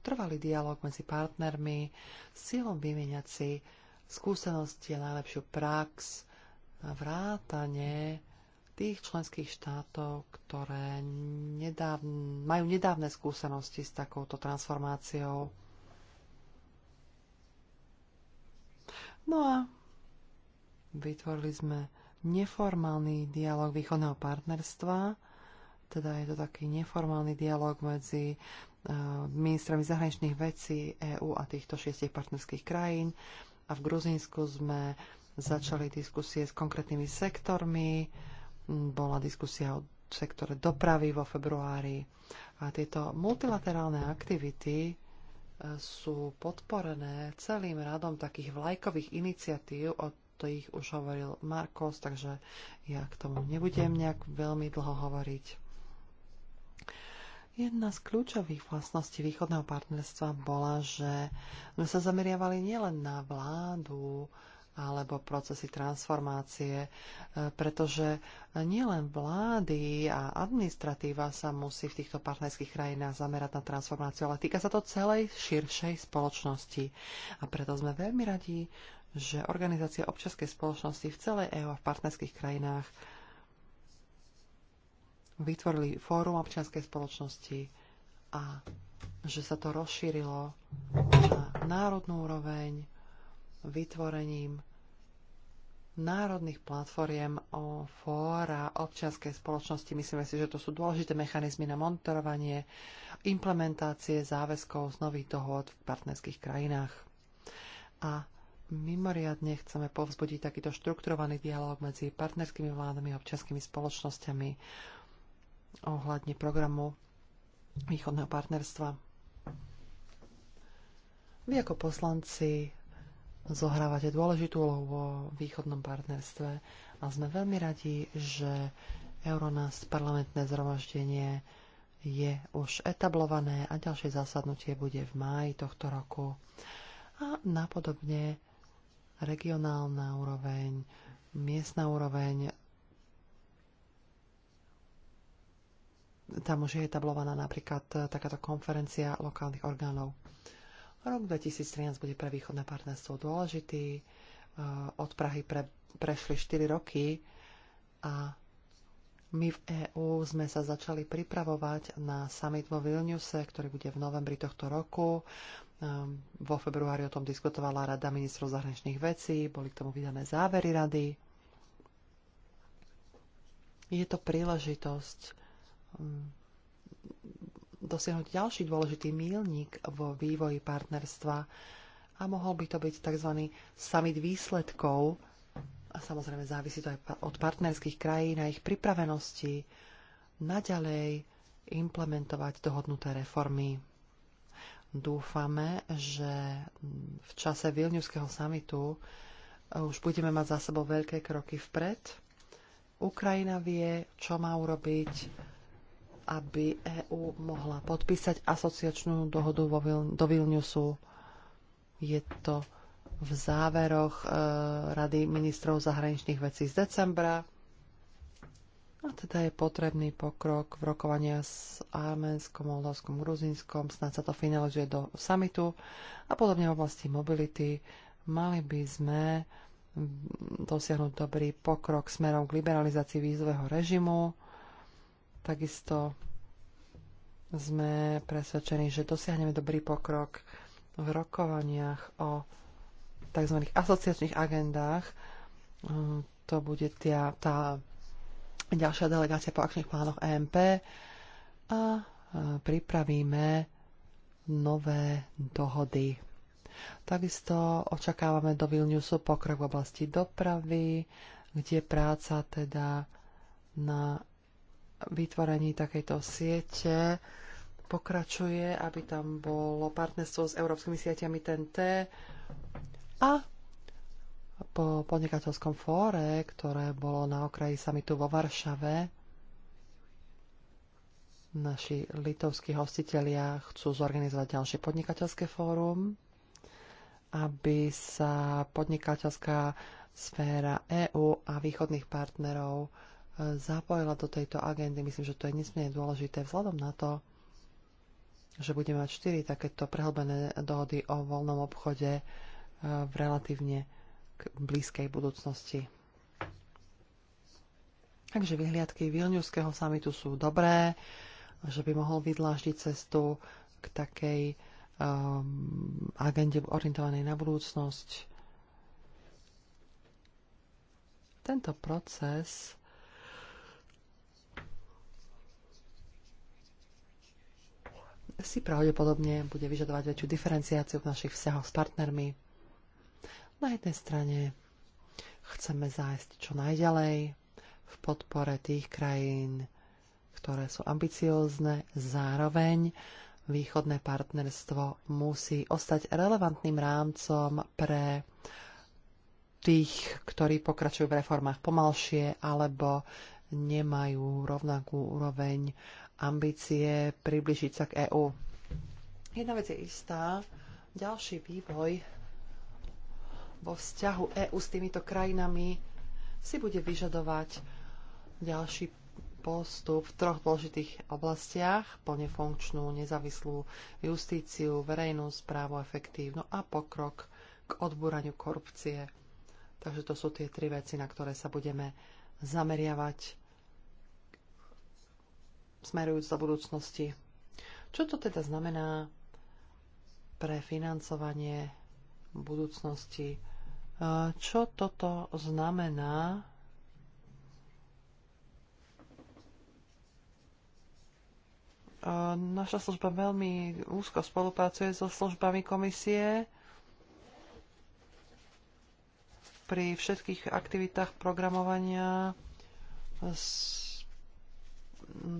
trvalý dialog medzi partnermi s cieľom vymieňať si skúsenosti a najlepšiu prax a vrátanie tých členských štátov, ktoré nedáv- majú nedávne skúsenosti s takouto transformáciou. No a vytvorili sme neformálny dialog východného partnerstva, teda je to taký neformálny dialog medzi eh, ministrami zahraničných vecí EÚ a týchto šiestich partnerských krajín. A v Gruzínsku sme začali diskusie s konkrétnymi sektormi. Bola diskusia o sektore dopravy vo februári. A tieto multilaterálne aktivity eh, sú podporené celým radom takých vlajkových iniciatív, o ktorých už hovoril Markos, takže ja k tomu nebudem nejak veľmi dlho hovoriť. Jedna z kľúčových vlastností východného partnerstva bola, že sme sa zameriavali nielen na vládu alebo procesy transformácie, e, pretože nielen vlády a administratíva sa musí v týchto partnerských krajinách zamerať na transformáciu, ale týka sa to celej širšej spoločnosti. A preto sme veľmi radi, že organizácie občianskej spoločnosti v celej EÚ a v partnerských krajinách vytvorili fórum občianskej spoločnosti a že sa to rozšírilo na národnú úroveň vytvorením národných platformiem o fóra občianskej spoločnosti. Myslíme si, že to sú dôležité mechanizmy na monitorovanie implementácie záväzkov z nových dohod v partnerských krajinách. A mimoriadne chceme povzbudiť takýto štrukturovaný dialog medzi partnerskými vládami a občianskými spoločnosťami ohľadne programu východného partnerstva. Vy ako poslanci zohrávate dôležitú úlohu vo východnom partnerstve a sme veľmi radi, že Euronast parlamentné zhromaždenie je už etablované a ďalšie zasadnutie bude v máji tohto roku. A napodobne regionálna úroveň, miestna úroveň tam už je etablovaná napríklad e, takáto konferencia lokálnych orgánov. Rok 2013 bude pre východné partnerstvo dôležitý. E, od Prahy pre, prešli 4 roky a my v EÚ sme sa začali pripravovať na summit vo Vilniuse, ktorý bude v novembri tohto roku. E, vo februári o tom diskutovala Rada ministrov zahraničných vecí, boli k tomu vydané závery rady. Je to príležitosť Mm, dosiahnuť ďalší dôležitý mílnik vo vývoji partnerstva a mohol by to byť tzv. summit výsledkov a samozrejme závisí to aj od partnerských krajín a ich pripravenosti naďalej implementovať dohodnuté reformy. Dúfame, že v čase Vilniuského samitu eh, už budeme mať za sebou veľké kroky vpred. Ukrajina vie, čo má urobiť, aby EÚ mohla podpísať asociačnú dohodu vo Vil- do Vilniusu. Je to v záveroch e, Rady ministrov zahraničných vecí z decembra. A teda je potrebný pokrok v rokovania s Arménskom, Moldavskom, Gruzínskom. Snad sa to finalizuje do samitu. A podobne v oblasti mobility mali by sme dosiahnuť dobrý pokrok smerom k liberalizácii vízového režimu Takisto sme presvedčení, že dosiahneme dobrý pokrok v rokovaniach o tzv. asociačných agendách. Mm, to bude tia, tá ďalšia delegácia po akčných plánoch EMP a e, pripravíme nové dohody. Takisto očakávame do Vilniusu pokrok v oblasti dopravy, kde práca teda na vytvorení takejto siete pokračuje, aby tam bolo partnerstvo s európskymi sieťami TNT a po podnikateľskom fóre, ktoré bolo na okraji samitu vo Varšave, naši litovskí hostitelia chcú zorganizovať ďalšie podnikateľské fórum, aby sa podnikateľská sféra EÚ a východných partnerov zapojila do tejto agendy. Myslím, že to je nesmierne dôležité vzhľadom na to, že budeme mať 4 takéto prehlbené dohody o voľnom obchode eh, v relatívne k blízkej budúcnosti. Takže vyhliadky Vilniuského samitu sú dobré, že by mohol vydláždiť cestu k takej um, agende orientovanej na budúcnosť. Tento proces si pravdepodobne bude vyžadovať väčšiu diferenciáciu v našich vzťahoch s partnermi. Na jednej strane chceme zájsť čo najďalej v podpore tých krajín, ktoré sú ambiciózne, zároveň východné partnerstvo musí ostať relevantným rámcom pre tých, ktorí pokračujú v reformách pomalšie alebo nemajú rovnakú úroveň ambície približiť sa k EÚ. Jedna vec je istá, ďalší vývoj vo vzťahu EÚ s týmito krajinami si bude vyžadovať ďalší postup v troch dôležitých oblastiach, plne funkčnú, nezávislú justíciu, verejnú správu efektívnu a pokrok k odbúraniu korupcie. Takže to sú tie tri veci, na ktoré sa budeme zameriavať smerujúc do budúcnosti. Čo to teda znamená pre financovanie budúcnosti? E, čo toto znamená e, Naša služba veľmi úzko spolupracuje so službami komisie pri všetkých aktivitách programovania s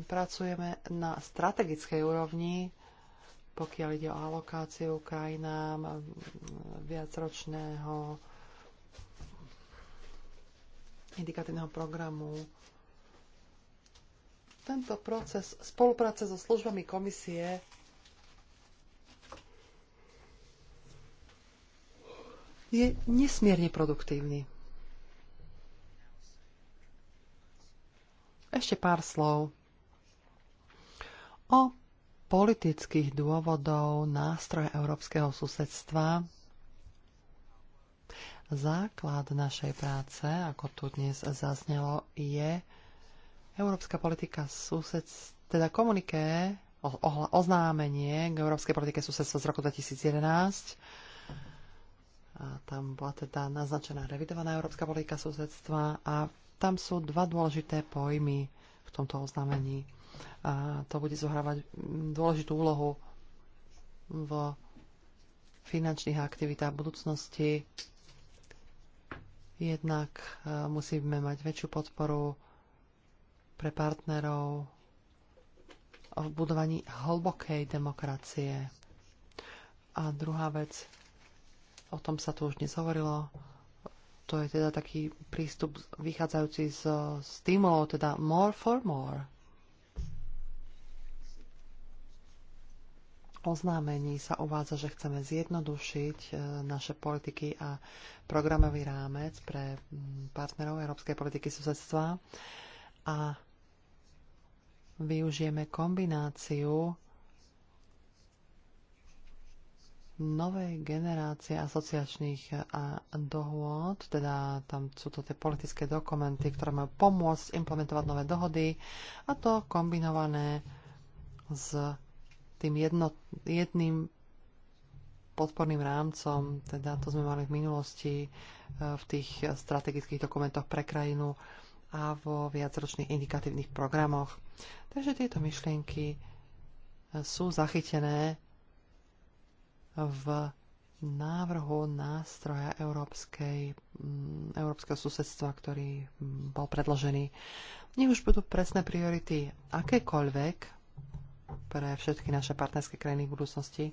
pracujeme na strategickej úrovni, pokiaľ ide o alokáciu krajinám viacročného indikatívneho programu. Tento proces spolupráce so službami komisie je nesmierne produktívny. Ešte pár slov o politických dôvodov nástroje európskeho susedstva. Základ našej práce, ako tu dnes zaznelo, je európska politika susedstva, teda komuniké, o, o, oznámenie k európskej politike susedstva z roku 2011. A tam bola teda naznačená revidovaná európska politika susedstva a tam sú dva dôležité pojmy v tomto oznámení. A to bude zohrávať dôležitú úlohu v finančných aktivitách budúcnosti. Jednak e, musíme mať väčšiu podporu pre partnerov v budovaní hlbokej demokracie. A druhá vec, o tom sa tu už dnes hovorilo, to je teda taký prístup vychádzajúci z stimulov, teda more for more. oznámení sa uvádza, že chceme zjednodušiť e, naše politiky a programový rámec pre mm, partnerov Európskej politiky susedstva a využijeme kombináciu novej generácie asociačných e, dohôd, teda tam sú to tie politické dokumenty, ktoré majú pomôcť implementovať nové dohody a to kombinované s tým jedno, jedným podporným rámcom, teda to sme mali v minulosti e, v tých strategických dokumentoch pre krajinu a vo viacročných indikatívnych programoch. Takže tieto myšlienky e, sú zachytené v návrhu nástroja európskej, mm, európskeho susedstva, ktorý mm, bol predložený. Nech už budú presné priority akékoľvek pre všetky naše partnerské krajiny v budúcnosti.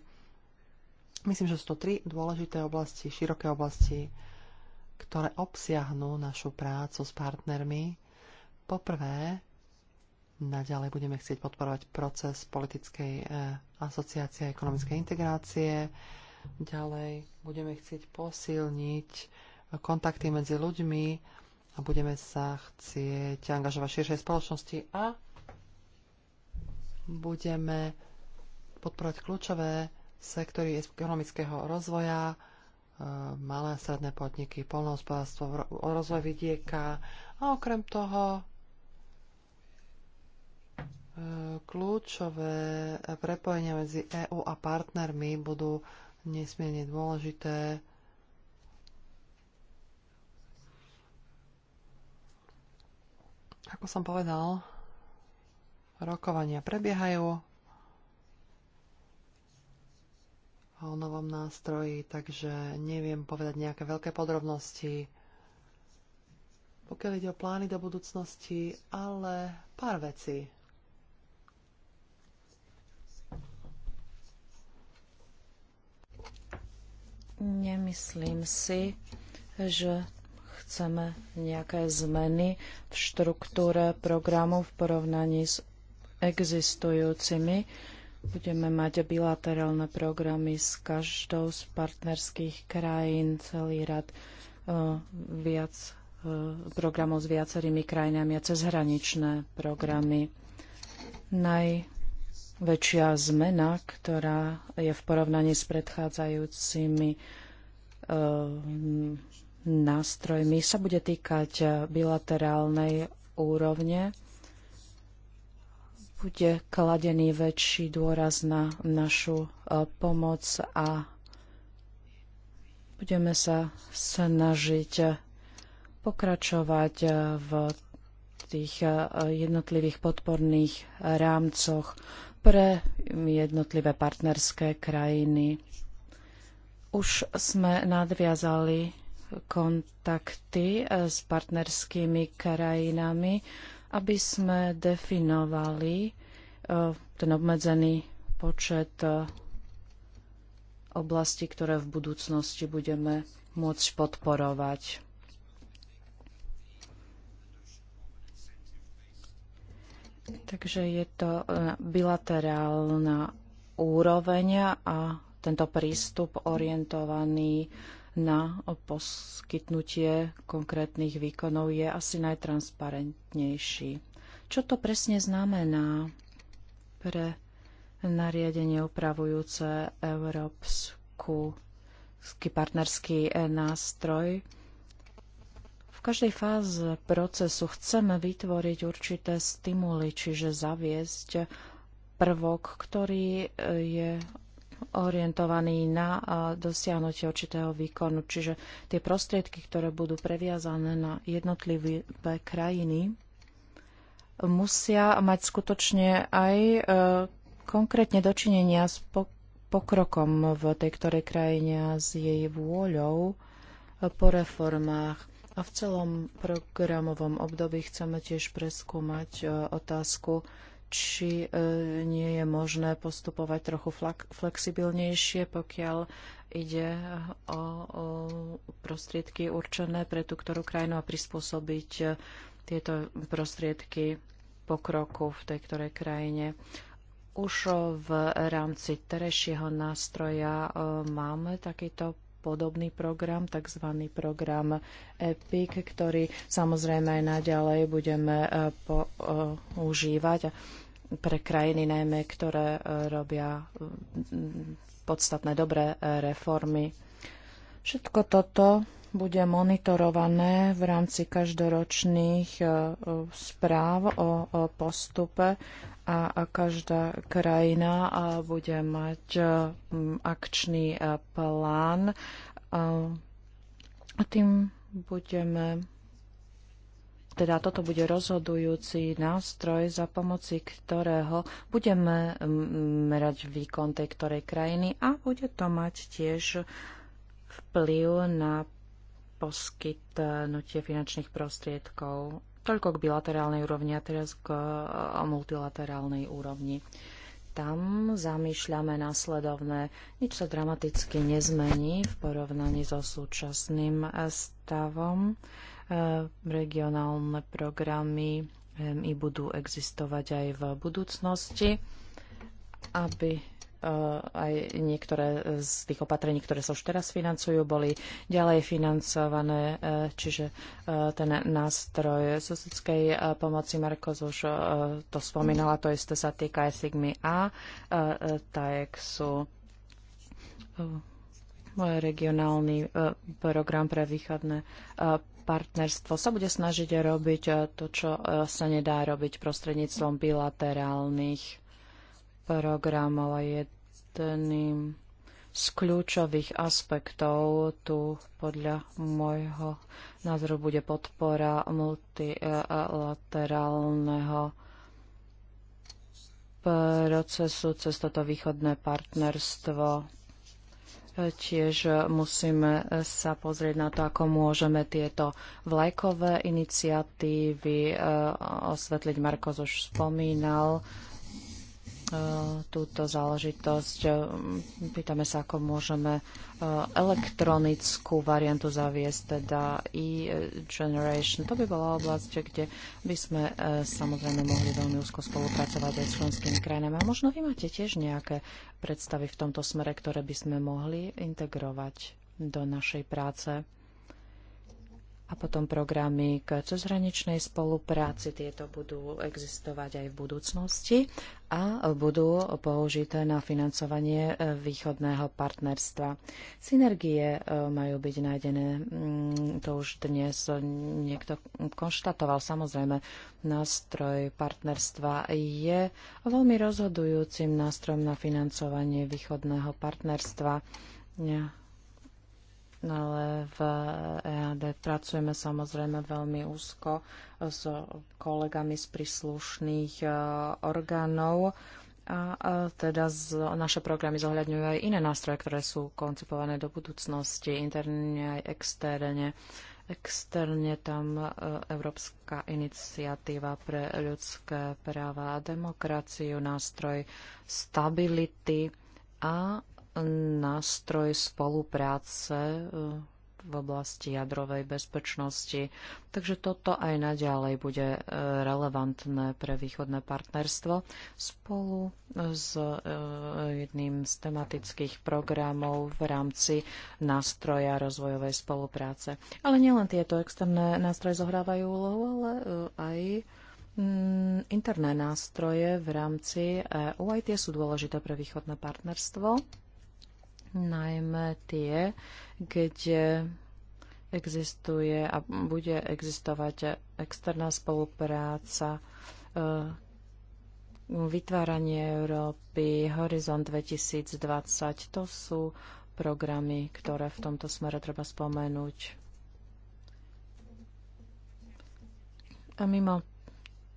Myslím, že sú to tri dôležité oblasti, široké oblasti, ktoré obsiahnu našu prácu s partnermi. Poprvé, Naďalej budeme chcieť podporovať proces politickej eh, asociácie a ekonomickej integrácie. Ďalej budeme chcieť posilniť kontakty medzi ľuďmi a budeme sa chcieť angažovať v širšej spoločnosti a budeme podporovať kľúčové sektory ekonomického rozvoja, eh, malé a stredné podniky, polnohospodárstvo, rozvoj vidieka a okrem toho kľúčové prepojenia medzi EÚ a partnermi budú nesmierne dôležité. Ako som povedal, rokovania prebiehajú o novom nástroji, takže neviem povedať nejaké veľké podrobnosti pokiaľ ide o plány do budúcnosti, ale pár vecí. Nemyslím si, že chceme nejaké zmeny v štruktúre programu v porovnaní s existujúcimi. Budeme mať bilaterálne programy s každou z partnerských krajín, celý rad uh, viac uh, programov s viacerými krajinami a cezhraničné programy. Naj väčšia zmena, ktorá je v porovnaní s predchádzajúcimi eh, nástrojmi, sa bude týkať bilaterálnej úrovne. Bude kladený väčší dôraz na našu eh, pomoc a budeme sa snažiť pokračovať eh, v tých jednotlivých podporných rámcoch pre jednotlivé partnerské krajiny. Už sme nadviazali kontakty eh, s partnerskými krajinami, aby sme definovali eh, ten obmedzený počet eh, oblastí, ktoré v budúcnosti budeme môcť podporovať. Takže je to e, bilaterálna úroveň a tento prístup orientovaný na poskytnutie konkrétnych výkonov je asi najtransparentnejší. Čo to presne znamená pre nariadenie upravujúce európsku partnerský e, nástroj? V každej fáze procesu chceme vytvoriť určité stimuly, čiže zaviesť prvok, ktorý eh, je orientovaný na eh, dosiahnutie určitého výkonu. Čiže tie prostriedky, ktoré budú previazané na jednotlivé krajiny, musia mať skutočne aj eh, konkrétne dočinenia s pokrokom v tej ktorej krajine a s jej vôľou po reformách. A v celom programovom období chceme tiež preskúmať e, otázku, či e, nie je možné postupovať trochu flexibilnejšie, pokiaľ ide o, prostriedky určené pre tú ktorú krajinu a prispôsobiť e, tieto prostriedky pokroku v tej ktorej krajine. Už v rámci terejšieho nástroja máme takýto podobný program, tzv. program EPIC, ktorý samozrejme aj naďalej budeme e, používať e, pre krajiny najmä, ktoré e, robia podstatné dobré reformy. Všetko toto bude monitorované v rámci každoročných správ o postupe a každá krajina bude mať akčný plán a tým budeme teda toto bude rozhodujúci nástroj, za pomoci ktorého budeme merať výkon tej ktorej krajiny a bude to mať tiež vplyv na poskytnutie finančných prostriedkov Toľko k bilaterálnej úrovni a teraz k eh, multilaterálnej úrovni. Tam zamýšľame následovné. Nič sa dramaticky nezmení v porovnaní so súčasným eh, stavom. Eh, regionálne programy i budú existovať aj v budúcnosti, aby Eh, aj niektoré z tých opatrení, ktoré sa už teraz financujú, boli ďalej financované, eh, čiže eh, ten nástroj susedskej pomoci Markos už to spomínala, to isté sa týka aj Sigmy A, TAEXu regionálny program pre východné partnerstvo sa bude snažiť robiť to, čo sa nedá robiť prostredníctvom bilaterálnych program a jedným z kľúčových aspektov tu podľa môjho názoru bude podpora multilaterálneho procesu cez toto východné partnerstvo. Tiež musíme sa pozrieť na to, ako môžeme tieto vlajkové iniciatívy eh, osvetliť. Marko už spomínal, E, túto záležitosť. E, pýtame sa, ako môžeme e, elektronickú variantu zaviesť, teda e-generation. To by bola oblasť, kde by sme samozrejme mohli veľmi úzko spolupracovať aj s členskými krajinami. A možno vy máte tiež nejaké predstavy v tomto smere, ktoré by sme mohli integrovať do našej práce a potom programy k cezhraničnej spolupráci. Tieto budú existovať aj v budúcnosti a budú použité na financovanie e, východného partnerstva. Synergie e, majú byť nájdené, mm, to už dnes niekto konštatoval. Samozrejme, nástroj partnerstva je veľmi rozhodujúcim nástrojom na financovanie východného partnerstva. No, ale v EAD pracujeme samozrejme veľmi úzko s kolegami z príslušných e, orgánov. A e, teda z, naše programy zohľadňujú aj iné nástroje, ktoré sú koncipované do budúcnosti, interne aj externe. Externe tam e, Európska iniciatíva pre ľudské práva a demokraciu, nástroj stability a nástroj spolupráce e, v oblasti jadrovej bezpečnosti. Takže toto aj naďalej bude e, relevantné pre východné partnerstvo spolu e, s jedným z tematických programov v rámci nástroja rozvojovej spolupráce. Ale nielen tieto externé nástroje zohrávajú úlohu, ale aj mm, interné nástroje v rámci EU, aj tie sú dôležité pre východné partnerstvo najmä tie, kde existuje a bude existovať externá spolupráca, e, vytváranie Európy, Horizont 2020. To sú programy, ktoré v tomto smere treba spomenúť. A mimo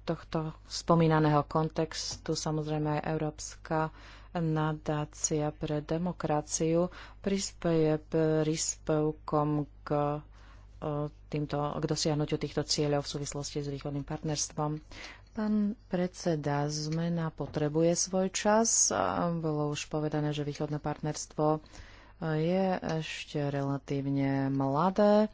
tohto spomínaného kontextu samozrejme aj Európska nadácia pre demokraciu prispieje príspevkom k e, týmto, k dosiahnutiu týchto cieľov v súvislosti s východným partnerstvom. Pán predseda, zmena potrebuje svoj čas. Bolo už povedané, že východné partnerstvo e, je ešte relatívne mladé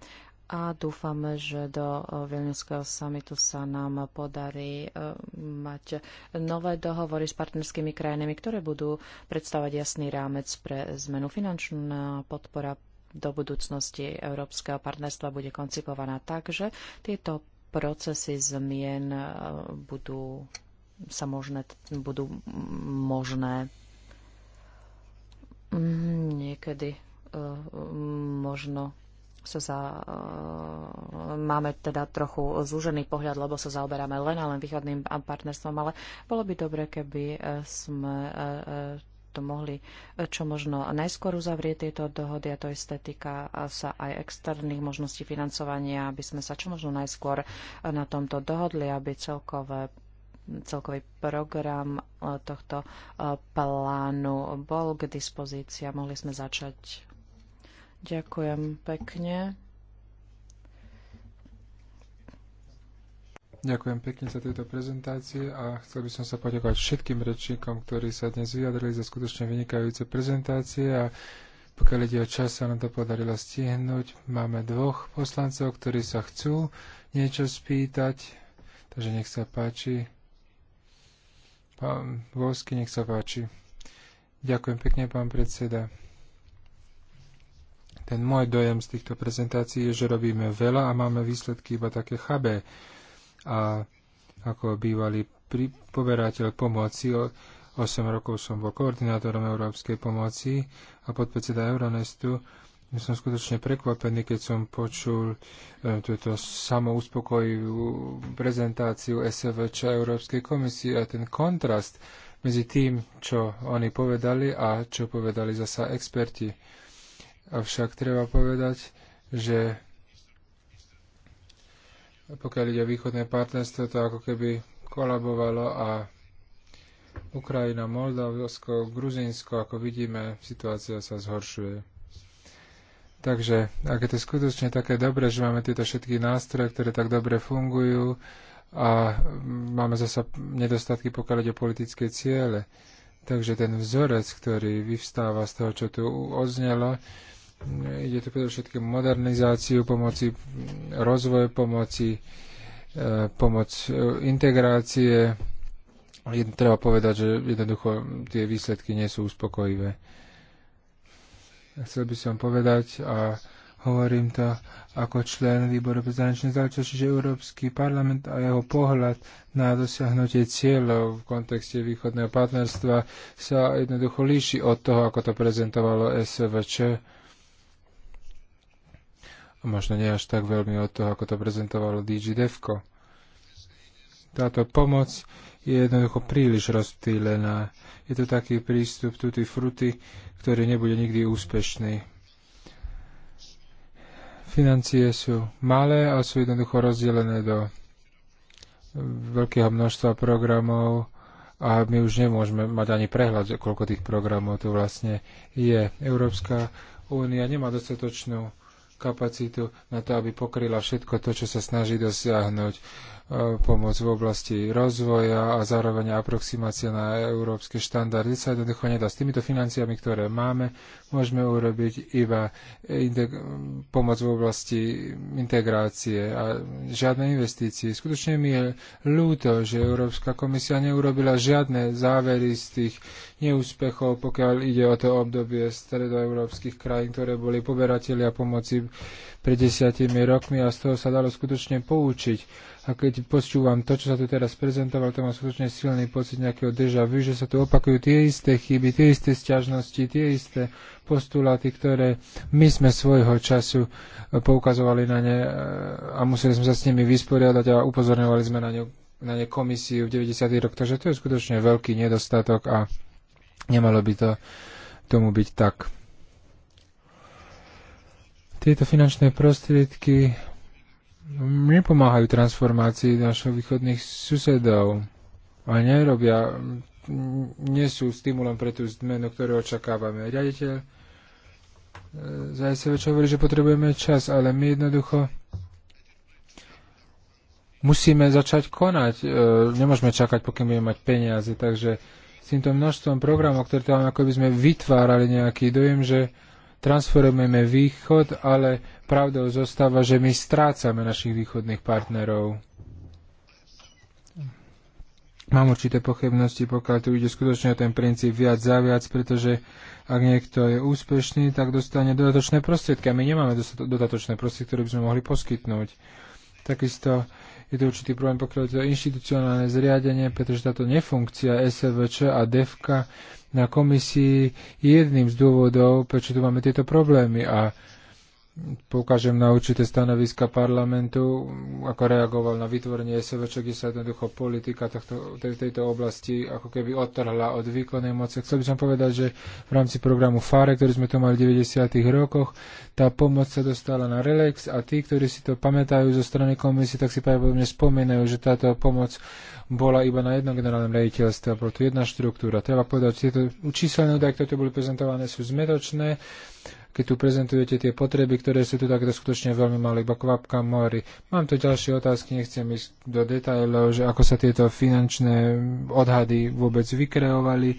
a dúfame, že do e, Vilniuského samitu sa nám podarí e, mať nové dohovory s partnerskými krajinami, ktoré budú predstavať jasný rámec pre zmenu finančná podpora do budúcnosti Európskeho partnerstva bude koncipovaná tak, že tieto procesy zmien e, budú sa možné, budú možné mm, niekedy možno sa za, e, máme teda trochu zúžený pohľad, lebo sa zaoberáme len a len východným partnerstvom, ale bolo by dobre, keby eh, sme e, to mohli čo možno najskôr uzavrieť tieto dohody a to estetika a sa aj externých možností financovania, aby sme sa čo možno najskôr na tomto dohodli, aby celkové celkový program tohto plánu bol k dispozícii a mohli sme začať Ďakujem pekne. Ďakujem pekne za tieto prezentácie a chcel by som sa poďakovať všetkým rečníkom, ktorí sa dnes vyjadrili za skutočne vynikajúce prezentácie a pokiaľ ide o čas, sa nám to podarilo stihnúť. Máme dvoch poslancov, ktorí sa chcú niečo spýtať, takže nech sa páči. Pán Volsky, nech sa páči. Ďakujem pekne, pán predseda. Ten môj dojem z týchto prezentácií je, že robíme veľa a máme výsledky iba také chabé. A ako bývalý poberateľ pomoci, 8 rokov som bol koordinátorom Európskej pomoci a podpredseda Euronestu, My som skutočne prekvapený, keď som počul e, túto samouspokojivú prezentáciu SVČ Európskej komisie a ten kontrast medzi tým, čo oni povedali a čo povedali zasa experti. Avšak treba povedať, že pokiaľ ide o východné partnerstvo, to ako keby kolabovalo a Ukrajina, Moldavsko, Gruzinsko, ako vidíme, situácia sa zhoršuje. Takže ak je to skutočne také dobré, že máme tieto všetky nástroje, ktoré tak dobre fungujú a máme zasa nedostatky, pokiaľ ide o politické ciele. Takže ten vzorec, ktorý vyvstáva z toho, čo tu odznelo, Ide tu predovšetkým modernizáciu pomoci, rozvoj pomoci, e, pomoc e, integrácie. Treba povedať, že jednoducho tie výsledky nie sú uspokojivé. Chcel by som povedať a hovorím to ako člen výboru pre zahraničné záležitosti, že Európsky parlament a jeho pohľad na dosiahnutie cieľov v kontexte východného partnerstva sa jednoducho líši od toho, ako to prezentovalo SVČ a možno nie až tak veľmi od toho, ako to prezentovalo DG Devko. Táto pomoc je jednoducho príliš rozptýlená. Je to taký prístup tutti frutti, ktorý nebude nikdy úspešný. Financie sú malé a sú jednoducho rozdelené do veľkého množstva programov a my už nemôžeme mať ani prehľad, koľko tých programov tu vlastne je. Európska únia nemá dostatočnú kapacitu na to, aby pokryla všetko to, čo sa snaží dosiahnuť pomoc v oblasti rozvoja a zároveň aproximácia na európske štandardy sa jednoducho nedá. S týmito financiami, ktoré máme, môžeme urobiť iba pomoc v oblasti integrácie a žiadne investície. Skutočne mi je ľúto, že Európska komisia neurobila žiadne závery z tých neúspechov, pokiaľ ide o to obdobie stredoeurópskych krajín, ktoré boli poberatelia pomoci pred desiatimi rokmi a z toho sa dalo skutočne poučiť a keď počúvam to, čo sa tu teraz prezentovalo, to má skutočne silný pocit nejakého deja vu, že sa tu opakujú tie isté chyby, tie isté sťažnosti, tie isté postuláty, ktoré my sme svojho času e, poukazovali na ne e, a museli sme sa s nimi vysporiadať a upozorňovali sme na ne, na ne komisiu v 90. rok. Takže to je skutočne veľký nedostatok a nemalo by to tomu byť tak. Tieto finančné prostriedky nepomáhajú transformácii našich východných susedov a nerobia, nie sú stimulom pre tú zmenu, ktorú očakávame. Riaditeľ e, Zajsevič hovorí, že potrebujeme čas, ale my jednoducho musíme začať konať. E, nemôžeme čakať, pokým budeme mať peniaze, takže s týmto množstvom programov, ktoré tam ako by sme vytvárali nejaký dojem, že transformujeme východ, ale pravdou zostáva, že my strácame našich východných partnerov. Mám určité pochybnosti, pokiaľ tu ide skutočne o ten princíp viac za viac, pretože ak niekto je úspešný, tak dostane dodatočné prostriedky. A my nemáme dodatočné prostriedky, ktoré by sme mohli poskytnúť. Takisto je to určitý problém, pokiaľ je to inštitucionálne zriadenie, pretože táto nefunkcia SVČ a DEFKA na komisii jedným z dôvodov, prečo tu máme tieto problémy a poukážem na určité stanoviska parlamentu, ako reagoval na vytvorenie SVČ, kde sa jednoducho politika tohto, tej, tejto oblasti ako keby odtrhla od výkonnej moci. Chcel by som povedať, že v rámci programu FARE, ktorý sme tu mali v 90. rokoch, tá pomoc sa dostala na relax a tí, ktorí si to pamätajú zo strany komisie, tak si pravdepodobne spomínajú, že táto pomoc bola iba na jednom generálnom rejiteľstve, bolo to jedna štruktúra. Treba povedať, že tieto číselné údaje, ktoré tu boli prezentované, sú zmetočné. Keď tu prezentujete tie potreby, ktoré sú tu, tak skutočne veľmi malé, iba kvapka mori. Mám tu ďalšie otázky, nechcem ísť do detajlov, že ako sa tieto finančné odhady vôbec vykreovali.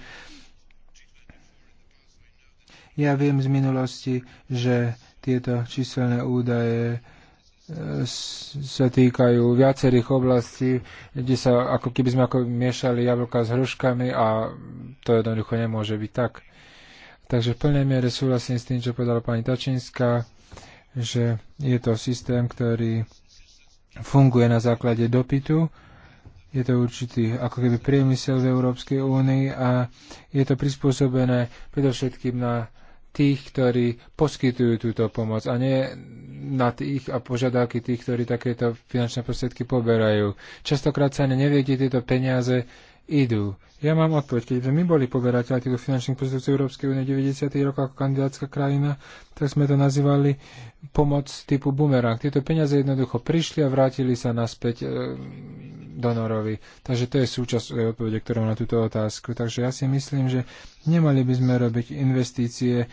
Ja viem z minulosti, že tieto číselné údaje sa týkajú viacerých oblastí, kde sa ako keby sme ako miešali jablka s hruškami a to jednoducho nemôže byť tak. Takže v plnej miere súhlasím s tým, čo povedala pani Tačinská, že je to systém, ktorý funguje na základe dopytu. Je to určitý ako keby priemysel v Európskej únii a je to prispôsobené predovšetkým na tých, ktorí poskytujú túto pomoc a nie na tých a požiadavky tých, ktorí takéto finančné prostriedky poberajú. Častokrát sa nevie, kde tieto peniaze idú. Ja mám odpoveď. Keď sme my boli poberateľ týchto finančných prostriedkov Európskej únie 90. rokov ako kandidátska krajina, tak sme to nazývali pomoc typu bumerang. Tieto peniaze jednoducho prišli a vrátili sa naspäť e, donorovi. Takže to je súčasť odpovede, ktorú na túto otázku. Takže ja si myslím, že nemali by sme robiť investície e,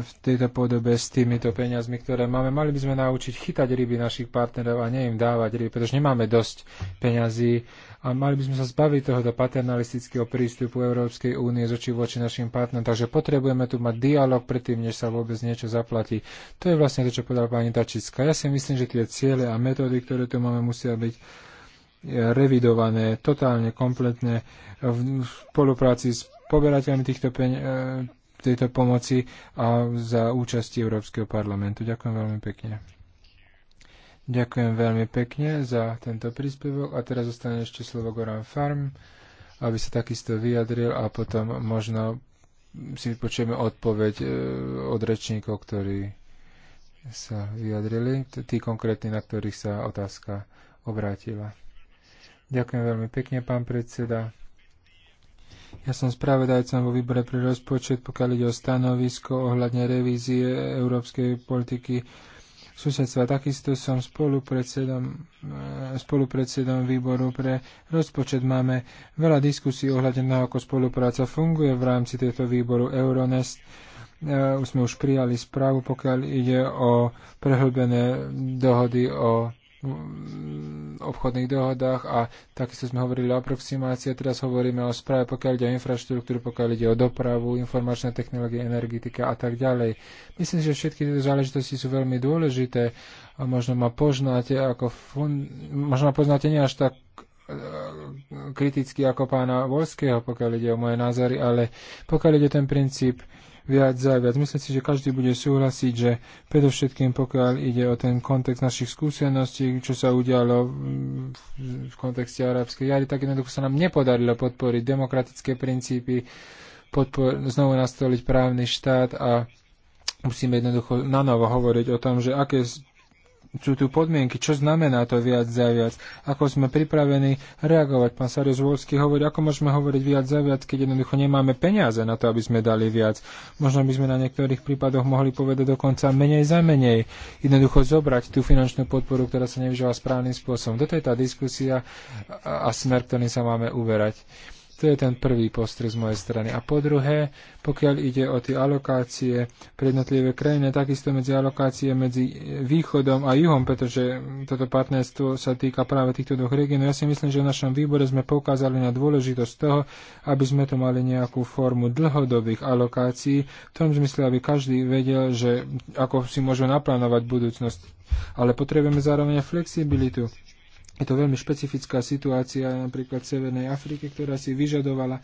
v tejto podobe s týmito peniazmi, ktoré máme. Mali by sme naučiť chytať ryby našich partnerov a ne im dávať ryby, pretože nemáme dosť peňazí a mali by sme sa zbaviť tohoto paternalistického prístupu Európskej únie z očí voči našim partnerom. Takže potrebujeme tu mať dialog predtým, než sa vôbec niečo zaplatí. To je vlastne to, čo povedala pani Tačická. Ja si myslím, že tie ciele a metódy, ktoré tu máme, musia byť e, revidované totálne, kompletne v spolupráci s poberateľmi týchto peň, e, tejto pomoci a za účasti Európskeho parlamentu. Ďakujem veľmi pekne. Ďakujem veľmi pekne za tento príspevok a teraz zostane ešte slovo Goran Farm, aby sa takisto vyjadril a potom možno si počujeme odpoveď e, od rečníkov, ktorí sa vyjadrili, tí konkrétni, na ktorých sa otázka obrátila. Ďakujem veľmi pekne, pán predseda. Ja som spravodajcom vo výbore pre rozpočet, pokiaľ ide o stanovisko ohľadne revízie európskej politiky susedstva. Takisto som spolupredsedom, eh, spolupredsedom výboru pre rozpočet. Máme veľa diskusí ohľadne na, ako spolupráca funguje v rámci tejto výboru Euronest. Eh, už sme už prijali správu, pokiaľ ide o prehlbené dohody o Mm, obchodných dohodách a takisto sme hovorili o aproximácii a teraz hovoríme o správe, pokiaľ ide o infraštruktúru, pokiaľ ide o dopravu, informačné technológie, energetika a tak ďalej. Myslím, že všetky tieto záležitosti sú veľmi dôležité a možno ma poznáte ako fun... možno ma poznáte nie až tak e, kriticky ako pána Volského, pokiaľ ide o moje názory, ale pokiaľ ide o ten princíp viac za viac. Myslím si, že každý bude súhlasiť, že predovšetkým pokiaľ ide o ten kontext našich skúseností, čo sa udialo v kontexte arabskej jary, tak jednoducho sa nám nepodarilo podporiť demokratické princípy, podpor- znovu nastoliť právny štát a musíme jednoducho na novo hovoriť o tom, že aké sú tu podmienky, čo znamená to viac za viac, ako sme pripravení reagovať. Pán Sarius Volsky hovorí, ako môžeme hovoriť viac za viac, keď jednoducho nemáme peniaze na to, aby sme dali viac. Možno by sme na niektorých prípadoch mohli povedať dokonca menej za menej. Jednoducho zobrať tú finančnú podporu, ktorá sa nevyžila správnym spôsobom. Toto je tá diskusia a smer, ktorým sa máme uverať. To je ten prvý postreh z mojej strany. A po druhé, pokiaľ ide o tie alokácie pre jednotlivé krajiny, takisto medzi alokácie medzi východom a juhom, pretože toto partnerstvo sa týka práve týchto dvoch regiónov. Ja si myslím, že v našom výbore sme poukázali na dôležitosť toho, aby sme tu mali nejakú formu dlhodobých alokácií, v tom zmysle, aby každý vedel, že ako si môžu naplánovať budúcnosť. Ale potrebujeme zároveň flexibilitu je to veľmi špecifická situácia napríklad v Severnej Afrike, ktorá si vyžadovala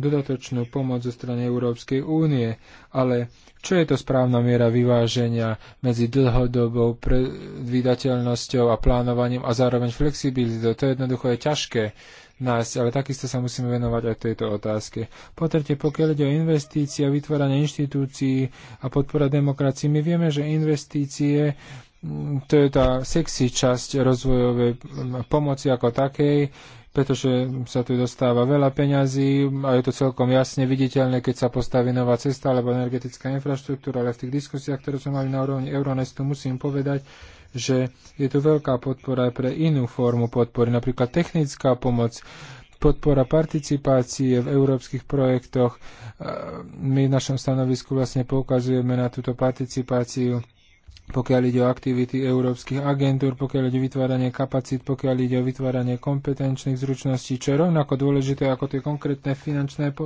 dodatočnú pomoc zo strany Európskej únie, ale čo je to správna miera vyváženia medzi dlhodobou predvídateľnosťou a plánovaním a zároveň flexibilitou? To jednoducho je ťažké nájsť, ale takisto sa musíme venovať aj tejto otázke. Po tretie, pokiaľ ide o investície a vytváranie inštitúcií a podpora demokracii, my vieme, že investície to je tá sexy časť rozvojovej pomoci ako takej, pretože sa tu dostáva veľa peňazí a je to celkom jasne viditeľné, keď sa postaví nová cesta alebo energetická infraštruktúra, ale v tých diskusiách, ktoré sme mali na úrovni Euronestu, musím povedať, že je tu veľká podpora aj pre inú formu podpory, napríklad technická pomoc, podpora participácie v európskych projektoch. My v našom stanovisku vlastne poukazujeme na túto participáciu pokiaľ ide o aktivity európskych agentúr, pokiaľ ide o vytváranie kapacít, pokiaľ ide o vytváranie kompetenčných zručností, čo je rovnako dôležité ako tie konkrétne finančné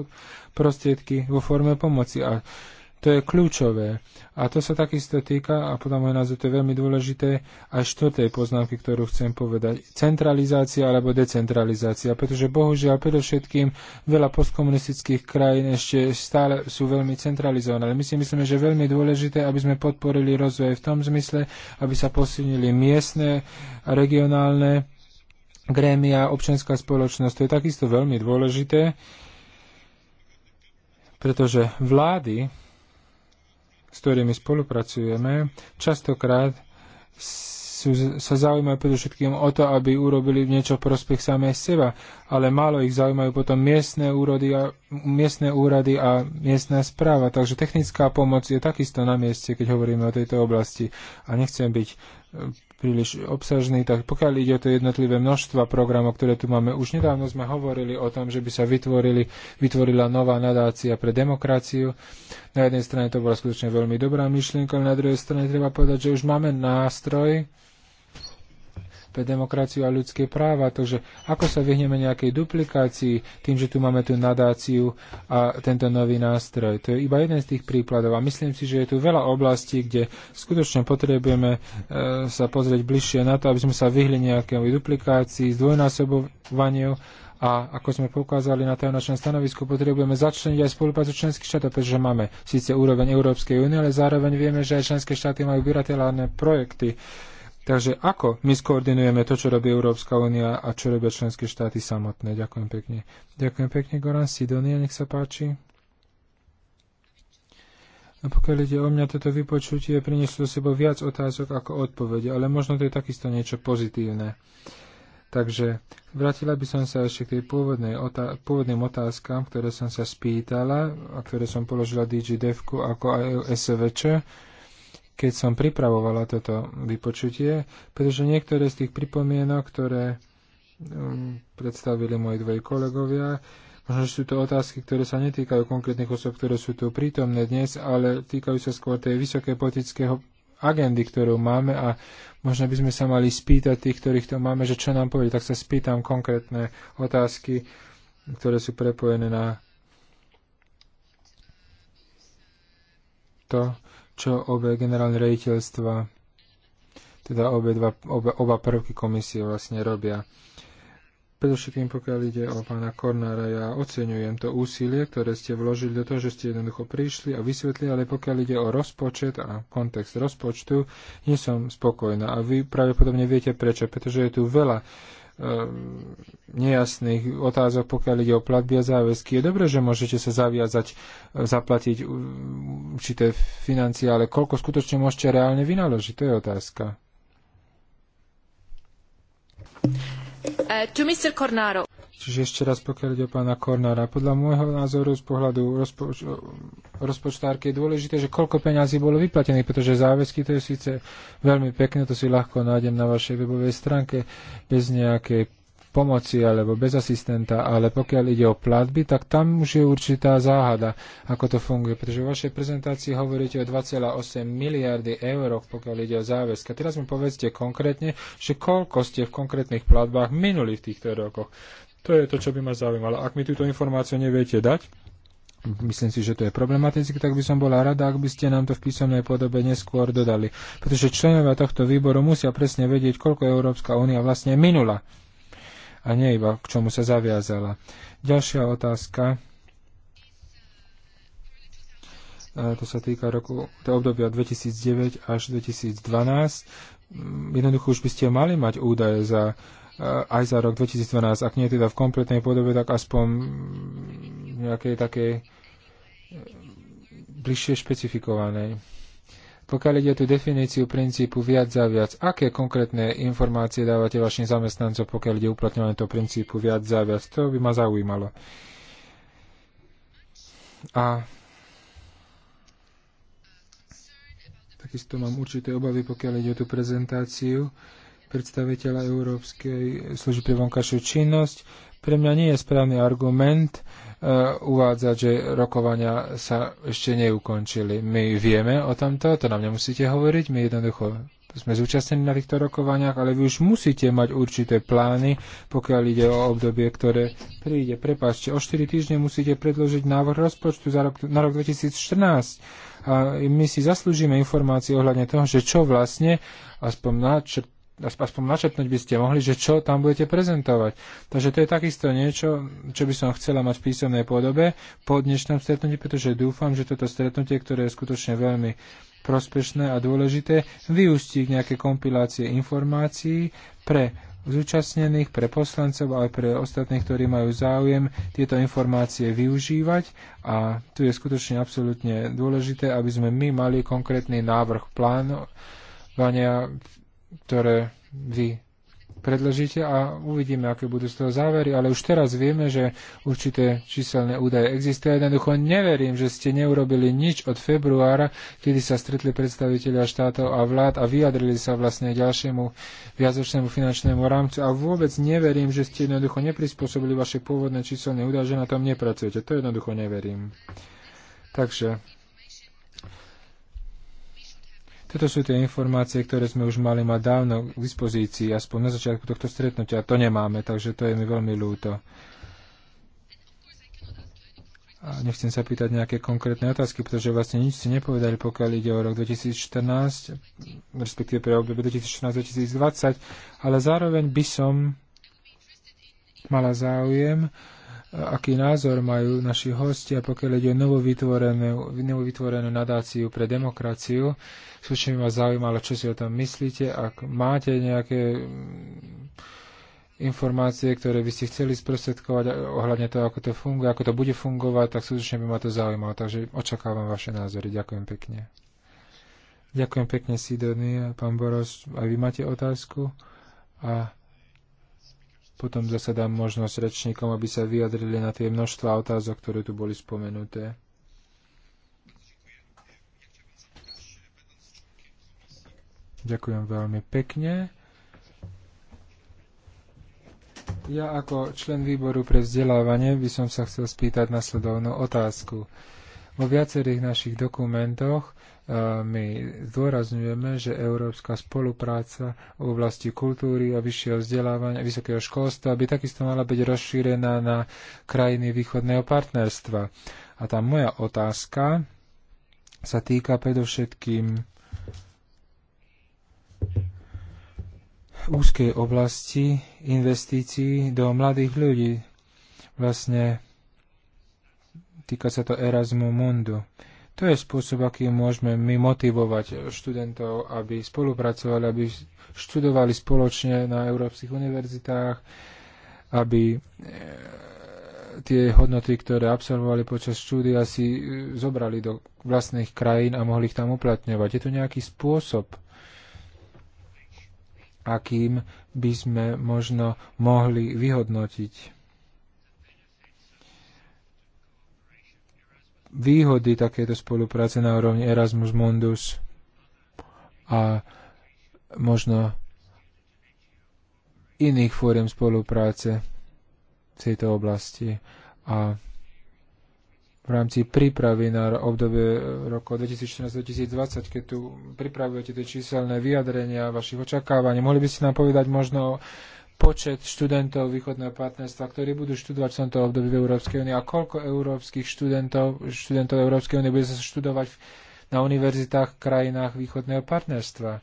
prostriedky vo forme pomoci. A to je kľúčové. A to sa takisto týka, a podľa môjho názoru to je veľmi dôležité, aj štvrtej poznámky, ktorú chcem povedať. Centralizácia alebo decentralizácia. Pretože bohužiaľ predovšetkým veľa postkomunistických krajín ešte stále sú veľmi centralizované. Ale my si myslíme, že je veľmi dôležité, aby sme podporili rozvoj v tom zmysle, aby sa posilnili miestne a regionálne grémia, občianská spoločnosť. To je takisto veľmi dôležité, pretože vlády s ktorými spolupracujeme, častokrát sú, sa zaujímajú predovšetkým o to, aby urobili niečo v prospech samé seba, ale málo ich zaujímajú potom miestne, úrody a, miestne úrady a miestna správa. Takže technická pomoc je takisto na mieste, keď hovoríme o tejto oblasti. A nechcem byť príliš obsažný, tak pokiaľ ide o to jednotlivé množstva programov, ktoré tu máme, už nedávno sme hovorili o tom, že by sa vytvorili, vytvorila nová nadácia pre demokraciu. Na jednej strane to bola skutočne veľmi dobrá myšlienka, ale na druhej strane treba povedať, že už máme nástroj, pre demokraciu a ľudské práva. Takže ako sa vyhneme nejakej duplikácii tým, že tu máme tú nadáciu a tento nový nástroj. To je iba jeden z tých príkladov a myslím si, že je tu veľa oblastí, kde skutočne potrebujeme e, sa pozrieť bližšie na to, aby sme sa vyhli nejakej duplikácii, zdvojnásobovaniu a ako sme poukázali na našom stanovisku, potrebujeme začleniť aj spoluprácu členských štátov, pretože máme síce úroveň Európskej únie, ale zároveň vieme, že aj členské štáty majú bilaterálne projekty Takže ako my skoordinujeme to, čo robí Európska únia a čo robia členské štáty samotné? Ďakujem pekne. Ďakujem pekne, Goran Sidonia, nech sa páči. A pokiaľ ide o mňa, toto vypočutie prinieslo sebo viac otázok ako odpovede, ale možno to je takisto niečo pozitívne. Takže vrátila by som sa ešte k tej pôvodnej otá- pôvodným otázkam, ktoré som sa spýtala a ktoré som položila DG Devku ako aj SVČ keď som pripravovala toto vypočutie, pretože niektoré z tých pripomienok, ktoré um, predstavili moji dvoji kolegovia, možno, že sú to otázky, ktoré sa netýkajú konkrétnych osob, ktoré sú tu prítomné dnes, ale týkajú sa skôr tej vysoké politického agendy, ktorú máme a možno by sme sa mali spýtať tých, ktorých to máme, že čo nám povie, tak sa spýtam konkrétne otázky, ktoré sú prepojené na to, čo obe generálne rejiteľstva, teda obe dva, oba, oba prvky komisie vlastne robia. Predovšetkým pokiaľ ide o pána Kornára, ja oceňujem to úsilie, ktoré ste vložili do toho, že ste jednoducho prišli a vysvetli, ale pokiaľ ide o rozpočet a kontext rozpočtu, nie som spokojná. A vy pravdepodobne viete prečo, pretože je tu veľa Ehm, nejasných otázok, pokiaľ ide o platby a záväzky. Je dobré, že môžete sa zaviazať, e, zaplatiť určité financie, ale koľko skutočne môžete reálne vynaložiť, to je otázka. Uh, to Mr. Cornaro. Čiže ešte raz pokiaľ ide o pána Kornára. Podľa môjho názoru z pohľadu rozpoč- rozpočtárky je dôležité, že koľko peňazí bolo vyplatených, pretože záväzky to je síce veľmi pekné, to si ľahko nájdem na vašej webovej stránke bez nejakej pomoci alebo bez asistenta, ale pokiaľ ide o platby, tak tam už je určitá záhada, ako to funguje, pretože v vašej prezentácii hovoríte o 2,8 miliardy eur, pokiaľ ide o záväzka. Teraz mi povedzte konkrétne, že koľko ste v konkrétnych platbách minuli v týchto rokoch. To je to, čo by ma zaujímalo. Ak mi túto informáciu neviete dať, Myslím si, že to je problematické, tak by som bola rada, ak by ste nám to v písomnej podobe neskôr dodali. Pretože členovia tohto výboru musia presne vedieť, koľko Európska únia vlastne minula a nie iba k čomu sa zaviazala. Ďalšia otázka. To sa týka roku, to obdobia 2009 až 2012. Mm, jednoducho už by ste mali mať údaje za aj za rok 2012, ak nie teda v kompletnej podobe, tak aspoň nejakej takej e, bližšie špecifikovanej. Pokiaľ ide tu tú definíciu princípu viac za viac, aké konkrétne informácie dávate vašim zamestnancom, pokiaľ ide uplatňovanie toho princípu viac za viac? To by ma zaujímalo. A takisto mám určité obavy, pokiaľ ide o tú prezentáciu predstaviteľa Európskej služby vonkajšiu činnosť. Pre mňa nie je správny argument, Eh, uvádzať, že rokovania sa ešte neukončili. My vieme o tomto, to nám nemusíte hovoriť, my jednoducho sme zúčastnení na týchto rokovaniach, ale vy už musíte mať určité plány, pokiaľ ide o obdobie, ktoré príde. Prepačte, o 4 týždne musíte predložiť návrh rozpočtu za rok, na rok 2014. A my si zaslúžime informácie ohľadne toho, že čo vlastne, aspoň čo aspoň načetnúť by ste mohli, že čo tam budete prezentovať. Takže to je takisto niečo, čo by som chcela mať v písomnej podobe po dnešnom stretnutí, pretože dúfam, že toto stretnutie, ktoré je skutočne veľmi prospešné a dôležité, vyústí k nejaké kompilácie informácií pre zúčastnených, pre poslancov, ale aj pre ostatných, ktorí majú záujem tieto informácie využívať. A tu je skutočne absolútne dôležité, aby sme my mali konkrétny návrh plánu, plánovania ktoré vy predložíte a uvidíme, aké budú z toho závery, ale už teraz vieme, že určité číselné údaje existujú. Jednoducho neverím, že ste neurobili nič od februára, kedy sa stretli predstavitelia štátov a vlád a vyjadrili sa vlastne ďalšiemu viazočnému finančnému rámcu a vôbec neverím, že ste jednoducho neprispôsobili vaše pôvodné číselné údaje, že na tom nepracujete. To jednoducho neverím. Takže toto sú tie informácie, ktoré sme už mali mať dávno k dispozícii, aspoň na začiatku tohto stretnutia. To nemáme, takže to je mi veľmi ľúto. A nechcem sa pýtať nejaké konkrétne otázky, pretože vlastne nič ste nepovedali, pokiaľ ide o rok 2014, respektíve pre obdobie 2014-2020, ale zároveň by som mala záujem aký názor majú naši hostia, pokiaľ ide o novovytvorenú, nadáciu pre demokraciu. Skutočne ma zaujímalo, čo si o tom myslíte. Ak máte nejaké mm, informácie, ktoré by ste chceli sprostredkovať eh, ohľadne toho, ako to funguje, ako to bude fungovať, tak súčne by ma to zaujímalo. Takže očakávam vaše názory. Ďakujem pekne. Ďakujem pekne, Sidonia. Pán Boros, aj vy máte otázku? A potom zase dám možnosť rečníkom, aby sa vyjadrili na tie množstva otázok, ktoré tu boli spomenuté. Ďakujem veľmi pekne. Ja ako člen výboru pre vzdelávanie by som sa chcel spýtať nasledovnú otázku. Vo viacerých našich dokumentoch my zdôrazňujeme, že európska spolupráca v oblasti kultúry a vyššieho vzdelávania, vysokého školstva by takisto mala byť rozšírená na krajiny východného partnerstva. A tá moja otázka sa týka predovšetkým úzkej oblasti investícií do mladých ľudí. Vlastne týka sa to Erasmu Mundu. Uh, to je spôsob, akým môžeme my motivovať študentov, aby spolupracovali, aby študovali spoločne na európskych univerzitách, aby e, tie hodnoty, ktoré absolvovali počas štúdia, si e, zobrali do vlastných krajín a mohli ich tam uplatňovať. Je to nejaký spôsob, akým by sme možno mohli vyhodnotiť výhody takéto spolupráce na úrovni Erasmus Mundus a možno iných fóriem spolupráce v tejto oblasti. A v rámci prípravy na obdobie roku 2014-2020, keď tu pripravujete tie číselné vyjadrenia vašich očakávaní, mohli by ste nám povedať možno počet študentov východného partnerstva, ktorí budú študovať v tomto období v Európskej únii a koľko európskych študentov, študentov Európskej únie bude sa študovať na univerzitách v krajinách východného partnerstva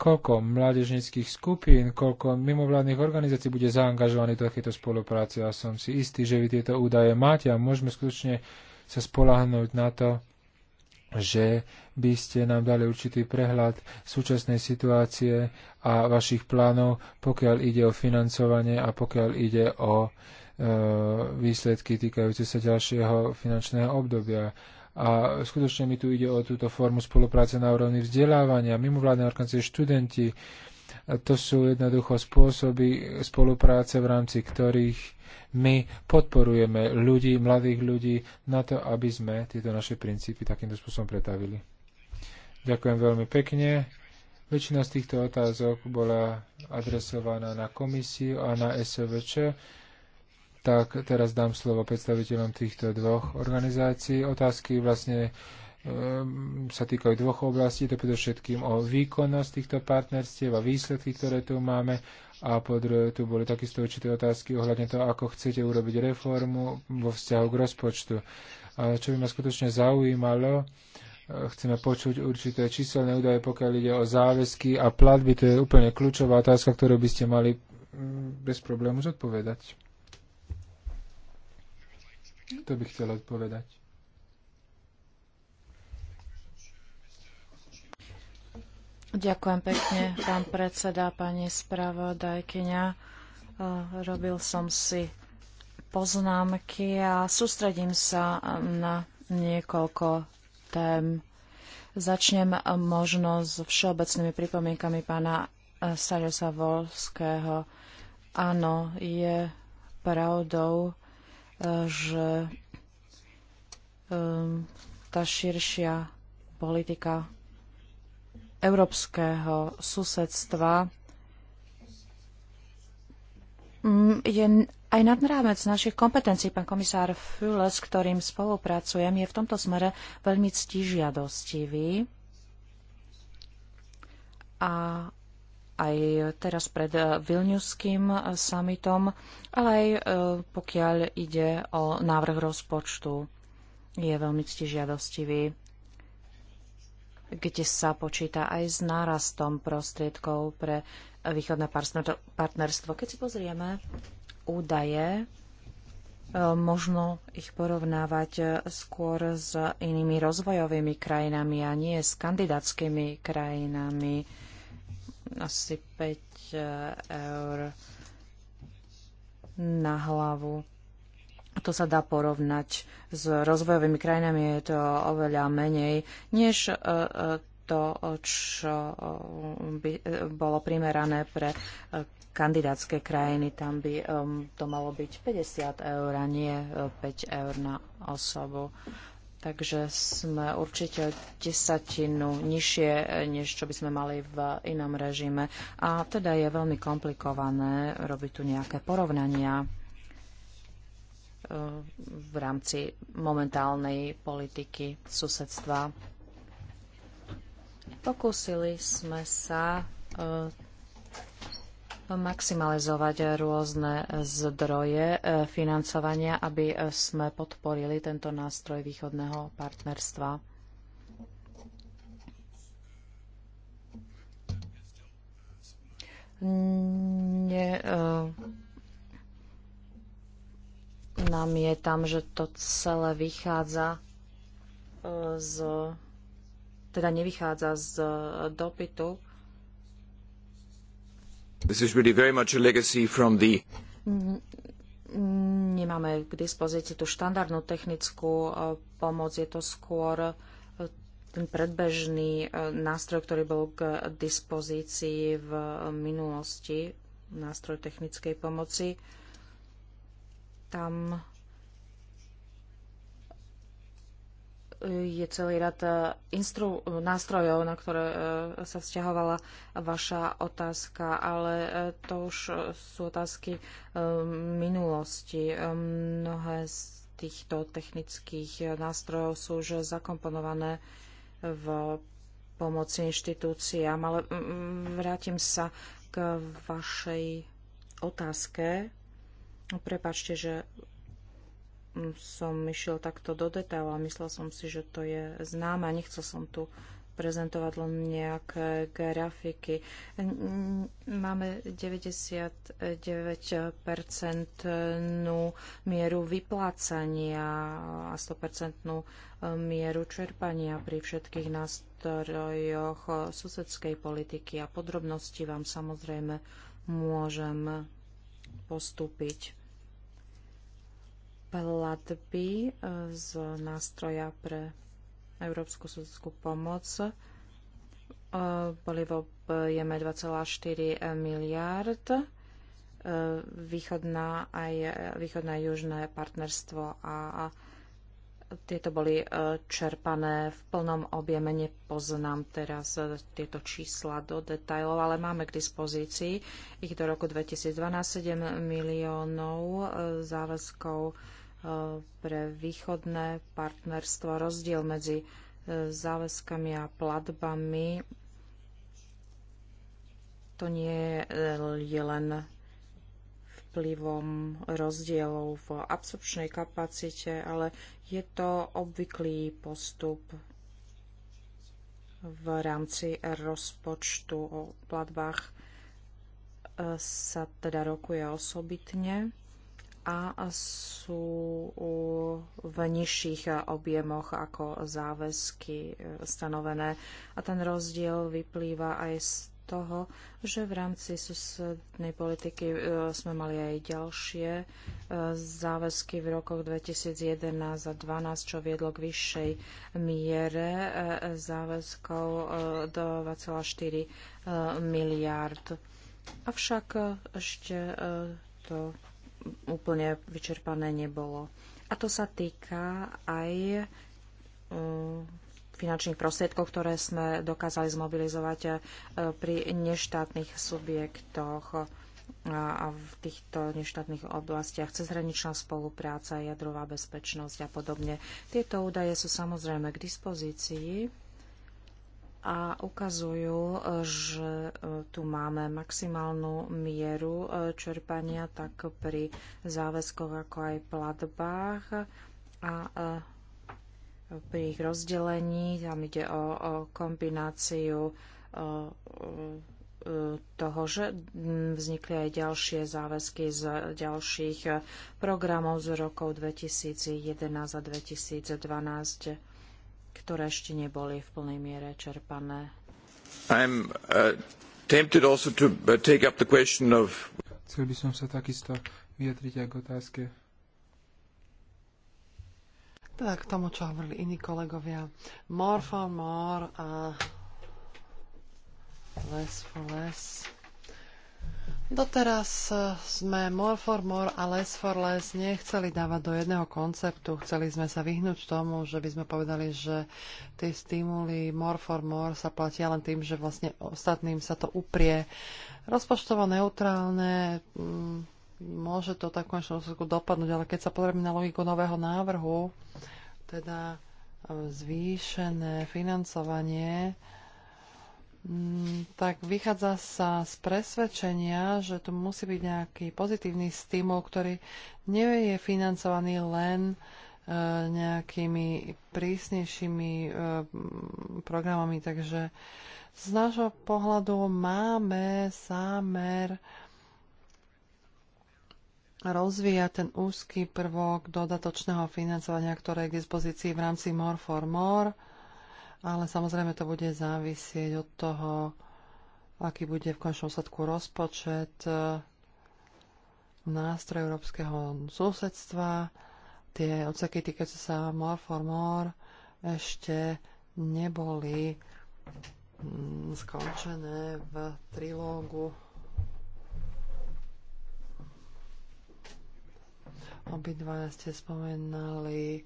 koľko mládežnických skupín, koľko mimovládnych organizácií bude zaangažovaných do takéto spolupráce. A som si istý, že vy tieto údaje máte a môžeme skutočne sa spolahnúť na to, že by ste nám dali určitý prehľad súčasnej situácie a vašich plánov, pokiaľ ide o financovanie a pokiaľ ide o e, výsledky týkajúce sa ďalšieho finančného obdobia. A skutočne mi tu ide o túto formu spolupráce na úrovni vzdelávania, mimovládne organizácie, študenti, to sú jednoducho spôsoby spolupráce, v rámci ktorých my podporujeme ľudí, mladých ľudí, na to, aby sme tieto naše princípy takýmto spôsobom pretavili. Ďakujem veľmi pekne. Väčšina z týchto otázok bola adresovaná na komisiu a na SVČ. Tak teraz dám slovo predstaviteľom týchto dvoch organizácií. Otázky vlastne Ehm, sa týkajú dvoch oblastí, to predovšetkým o výkonnosť týchto partnerstiev a výsledky, ktoré tu máme. A po druhé, tu boli takisto určité otázky ohľadne toho, ako chcete urobiť reformu vo vzťahu k rozpočtu. A čo by ma skutočne zaujímalo, e, chceme počuť určité číselné údaje, pokiaľ ide o záväzky a platby. To je úplne kľúčová otázka, ktorú by ste mali mm, bez problému zodpovedať. To by chcel odpovedať. Ďakujem pekne, pán predseda, pani spravodajkyňa. Eh, robil som si poznámky a sústredím sa na niekoľko tém. Začnem možno s všeobecnými pripomienkami pána eh, Sariosa Volského. Áno, je pravdou, eh, že tá širšia politika európskeho susedstva mm, je aj nad rámec našich kompetencií. Pán komisár Füle, s ktorým spolupracujem, je v tomto smere veľmi ctižiadostivý. A aj teraz pred eh, Vilniuským eh, summitom, ale aj eh, pokiaľ ide o návrh rozpočtu, je veľmi ctižiadostivý kde sa počíta aj s nárastom prostriedkov pre východné partnerstvo. Keď si pozrieme údaje, e, možno ich porovnávať e, skôr s inými rozvojovými krajinami a nie s kandidátskymi krajinami. Asi 5 e, eur na hlavu to sa dá porovnať s rozvojovými krajinami, je to oveľa menej, než e, e, to, čo e, by bolo primerané pre kandidátske krajiny. Tam by to malo byť 50 eur, a nie 5 eur na osobu. Takže sme určite desatinu nižšie, než čo by sme mali v inom režime. A teda je veľmi komplikované robiť tu nejaké porovnania v rámci momentálnej politiky susedstva. Pokúsili sme sa e, maximalizovať rôzne zdroje e, financovania, aby e, sme podporili tento nástroj východného partnerstva. Ne, namietam, že to celé vychádza e, z, teda nevychádza z e, dopytu. This is really very much a legacy from the... Nemáme k dispozícii tú štandardnú technickú e, pomoc, je to skôr ten predbežný nástroj, ktorý bol k dispozícii v minulosti, nástroj technickej pomoci. Tam je celý rad e, instru- nástrojov, na ktoré e, sa vzťahovala vaša otázka, ale e, to už sú otázky minulosti. Mnohé z týchto technických nástrojov sú už zakomponované v pomoci inštitúciám, ale vrátim sa k vašej otázke Prepačte, že som išiel takto do detailu a myslel som si, že to je známe. Nechcel som tu prezentovať len nejaké grafiky. Máme 99-percentnú mieru vyplácania a 100-percentnú mieru čerpania pri všetkých nástrojoch susedskej politiky a podrobnosti vám samozrejme môžem postúpiť platby e, z nástroja pre Európsku sudskú pomoc e, boli v objeme 2,4 miliard. E, východná aj východné južné partnerstvo a, a tieto boli e, čerpané v plnom objeme. Nepoznám teraz e, tieto čísla do detajlov, ale máme k dispozícii ich do roku 2012 7 miliónov e, záväzkov pre východné partnerstvo. Rozdiel medzi záväzkami a platbami to nie je len vplyvom rozdielov v absorpčnej kapacite, ale je to obvyklý postup v rámci rozpočtu o platbách e, sa teda rokuje osobitne a sú v nižších objemoch ako záväzky e, stanovené. A ten rozdiel vyplýva aj z toho, že v rámci susednej politiky e, sme mali aj ďalšie e, záväzky v rokoch 2011 a 2012, čo viedlo k vyššej miere e, záväzkov do 2,4 miliárd. Avšak ešte to úplne vyčerpané nebolo. A to sa týka aj finančných prostriedkov, ktoré sme dokázali zmobilizovať eh, pri neštátnych subjektoch eh, a v týchto neštátnych oblastiach, cezhraničná spolupráca, jadrová bezpečnosť a podobne. Tieto údaje sú samozrejme k dispozícii a ukazujú, eh, že tu máme maximálnu mieru čerpania tak pri záväzkoch ako aj platbách a pri ich rozdelení. Tam ide o, o kombináciu o, o, toho, že vznikli aj ďalšie záväzky z ďalších programov z rokov 2011 a 2012, ktoré ešte neboli v plnej miere čerpané. I'm, uh, tempted also to uh, take up the question of... Chcel by som sa takisto vyjadriť aj k otázke teda k tomu, čo hovorili iní kolegovia. More for more a less for less. Doteraz sme more for more a less for less nechceli dávať do jedného konceptu. Chceli sme sa vyhnúť tomu, že by sme povedali, že tie stimuly more for more sa platia len tým, že vlastne ostatným sa to uprie. Rozpočtovo neutrálne mm, môže to tak konečnom dôsledku dopadnúť, ale keď sa pozrieme na logiku nového návrhu, teda e, zvýšené financovanie, mm, tak vychádza sa z presvedčenia, že tu musí byť nejaký pozitívny stimul, ktorý nie je financovaný len e, nejakými prísnejšími e, programami. Takže z nášho pohľadu máme zámer rozvíja ten úzky prvok dodatočného financovania, ktoré je k dispozícii v rámci More for More, ale samozrejme to bude závisieť od toho, aký bude v končnom sledku rozpočet e, nástroj európskeho susedstva. Tie odseky týkajúce sa More for More ešte neboli mm, skončené v trilógu Obidva ste spomenali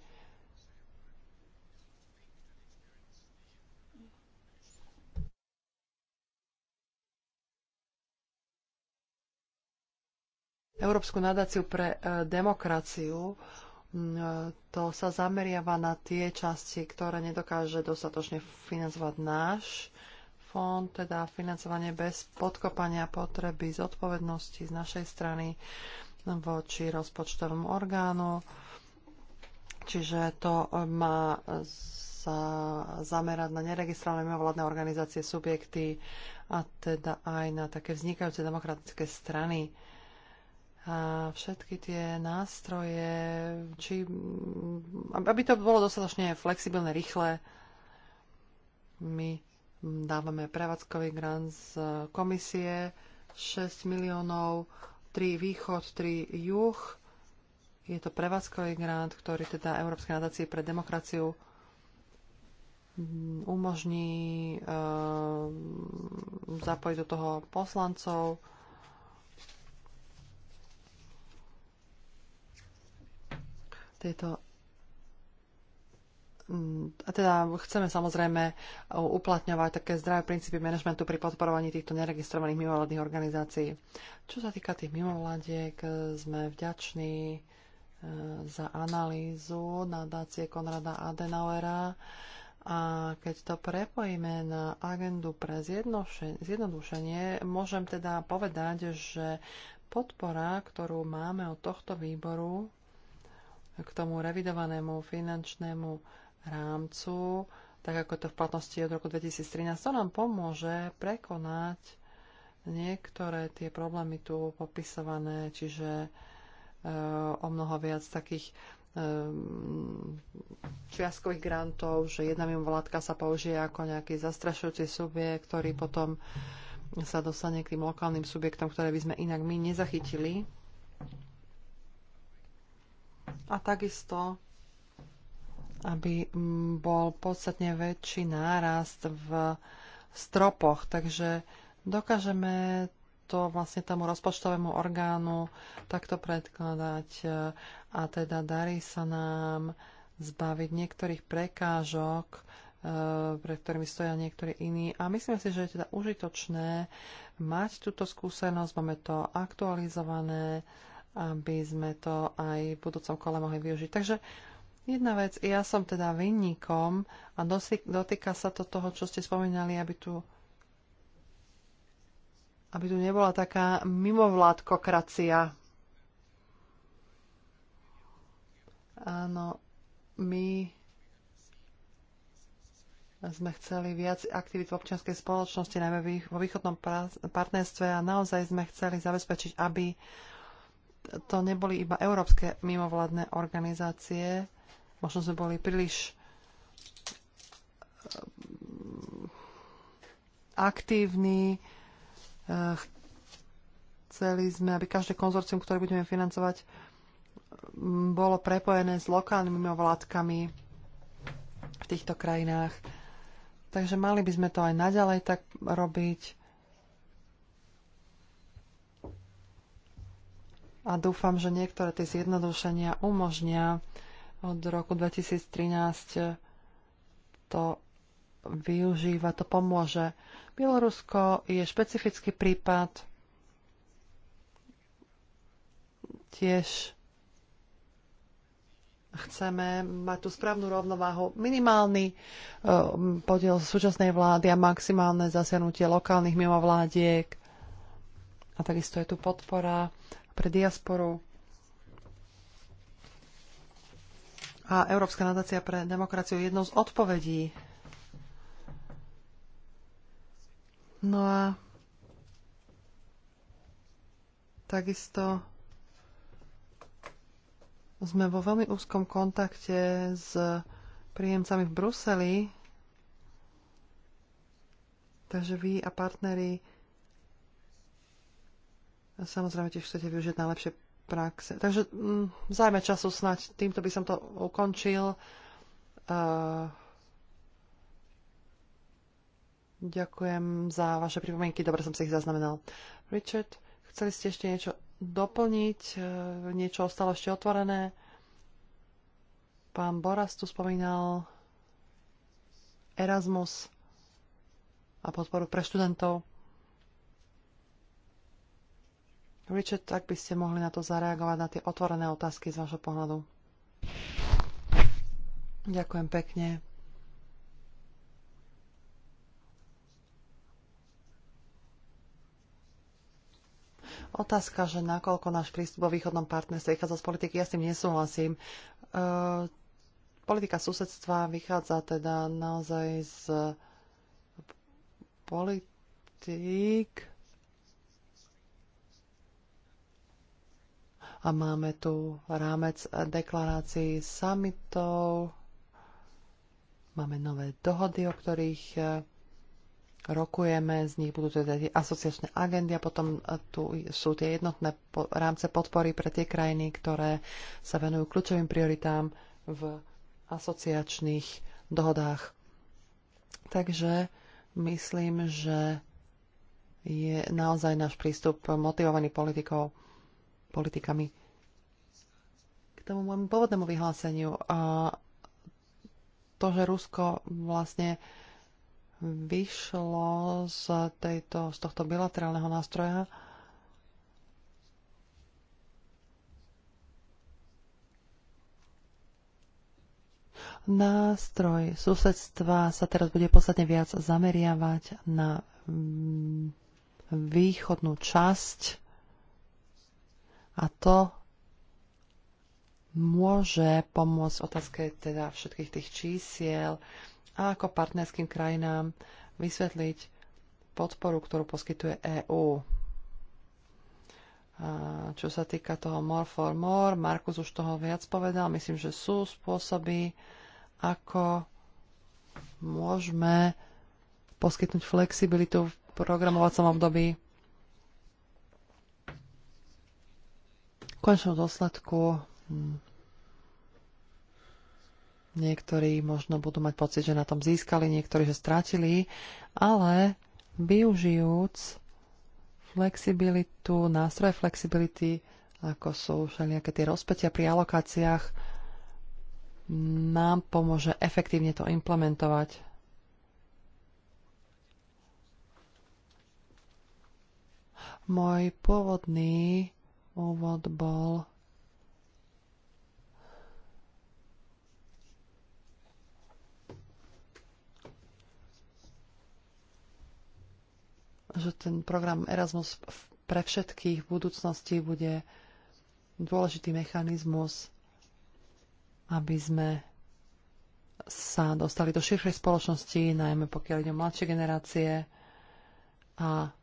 Európsku nadáciu pre e, demokraciu. E, to sa zameriava na tie časti, ktoré nedokáže dostatočne financovať náš fond, teda financovanie bez podkopania potreby zodpovednosti z našej strany voči rozpočtovému orgánu. Čiže to e, má sa zamerať na neregistrované mimovládne organizácie, subjekty a teda aj na také vznikajúce demokratické strany. A všetky tie nástroje, či, aby to bolo dostatočne flexibilné, rýchle, my dávame prevádzkový grant z komisie 6 miliónov 3 východ, 3 juh. Je to prevádzkový grant, ktorý teda Európskej nadácie pre demokraciu mm, umožní e, zapojiť do toho poslancov. Tieto a teda chceme samozrejme uplatňovať také zdravé princípy manažmentu pri podporovaní týchto neregistrovaných mimovládnych organizácií. Čo sa týka tých mimovládiek, sme vďační e, za analýzu nadácie Konrada Adenauera a keď to prepojíme na agendu pre zjednodušenie, môžem teda povedať, že podpora, ktorú máme od tohto výboru k tomu revidovanému finančnému rámcu, tak ako je to v platnosti od roku 2013. To nám pomôže prekonať niektoré tie problémy tu popisované, čiže e, o mnoho viac takých e, čiastkových grantov, že jedna mimovládka sa použije ako nejaký zastrašujúci subjekt, ktorý potom sa dostane k tým lokálnym subjektom, ktoré by sme inak my nezachytili. A takisto aby mm, bol podstatne väčší nárast v stropoch. Takže dokážeme to vlastne tomu rozpočtovému orgánu takto predkladať e, a teda darí sa nám zbaviť niektorých prekážok, e, pre ktorými stoja niektorí iní. A myslím si, že je teda užitočné mať túto skúsenosť, máme to aktualizované, aby sme to aj v budúcom kole mohli využiť. Takže Jedna vec, ja som teda vinníkom a dotýka sa to toho, čo ste spomínali, aby tu aby tu nebola taká mimovládkokracia. Áno, my sme chceli viac aktivít v občianskej spoločnosti, najmä vo východnom partnerstve a naozaj sme chceli zabezpečiť, aby to neboli iba európske mimovládne organizácie, Možno sme boli príliš eh, aktívni. Eh, chceli sme, aby každé konzorcium, ktoré budeme financovať, mm, bolo prepojené s lokálnymi vládkami v týchto krajinách. Takže mali by sme to aj naďalej tak robiť. A dúfam, že niektoré tie zjednodušenia umožnia od roku 2013 to využíva, to pomôže. Bielorusko je špecifický prípad. Tiež chceme mať tú správnu rovnováhu. Minimálny e, podiel súčasnej vlády a maximálne zasiahnutie lokálnych mimovládiek. A takisto je tu podpora pre diasporu a Európska nadácia pre demokraciu je jednou z odpovedí. No a takisto sme vo veľmi úzkom kontakte s príjemcami v Bruseli, takže vy a partneri samozrejme tiež chcete využiť najlepšie praxe. Takže mm, zájme času snať. Týmto by som to ukončil. Uh, ďakujem za vaše pripomienky. Dobre som si ich zaznamenal. Richard, chceli ste ešte niečo doplniť? Uh, niečo ostalo ešte otvorené? Pán Boras tu spomínal Erasmus a podporu pre študentov. Richard, tak by ste mohli na to zareagovať, na tie otvorené otázky z vášho pohľadu. Ďakujem pekne. Otázka, že nakoľko náš prístup vo východnom partnerstve vychádza z politiky, ja s tým nesúhlasím. E, politika susedstva vychádza teda naozaj z politik, a máme tu rámec deklarácií summitov, máme nové dohody, o ktorých eh, rokujeme, z nich budú teda tie asociačné agendy a potom eh, tu sú tie jednotné rámce podpory pre tie krajiny, ktoré sa venujú kľúčovým prioritám v asociačných dohodách. Takže myslím, že je naozaj náš prístup motivovaný politikou politikami. K tomu môjmu pôvodnému vyhláseniu. A to, že Rusko vlastne vyšlo z, tejto, z tohto bilaterálneho nástroja, nástroj susedstva sa teraz bude podstatne viac zameriavať na mm, východnú časť a to môže pomôcť otázke teda všetkých tých čísiel a ako partnerským krajinám vysvetliť podporu, ktorú poskytuje EÚ. Čo sa týka toho More for More, Markus už toho viac povedal, myslím, že sú spôsoby, ako môžeme poskytnúť flexibilitu v programovacom období končnom dôsledku hm, niektorí možno budú mať pocit, že na tom získali, niektorí, že strátili, ale využijúc flexibilitu, nástroje flexibility, ako sú všelijaké tie rozpetia pri alokáciách, nám pomôže efektívne to implementovať. Môj pôvodný úvod bol že ten program Erasmus pre všetkých v budúcnosti bude dôležitý mechanizmus, aby sme sa dostali do širšej spoločnosti, najmä pokiaľ ide o mladšie generácie a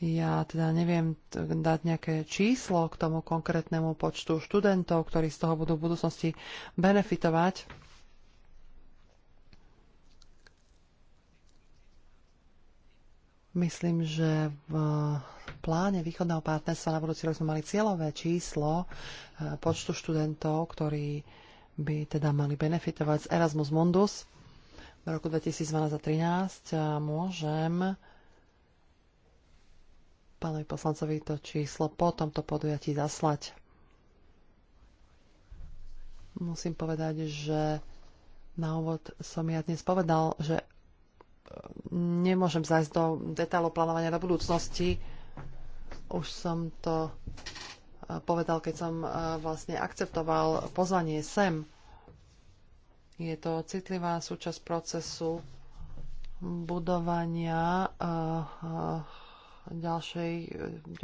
ja teda neviem dať nejaké číslo k tomu konkrétnemu počtu študentov, ktorí z toho budú v budúcnosti benefitovať. Myslím, že v pláne východného partnerstva na budúci rok sme mali cieľové číslo e, počtu študentov, ktorí by teda mali benefitovať z Erasmus Mundus v roku 2012 a 2013. Môžem pánovi poslancovi to číslo po tomto podujatí zaslať. Musím povedať, že na úvod som ja dnes povedal, že e, nemôžem zajsť do detailov plánovania do budúcnosti. Už som to e, povedal, keď som e, vlastne akceptoval pozvanie sem. Je to citlivá súčasť procesu budovania uh, uh, ďalšej,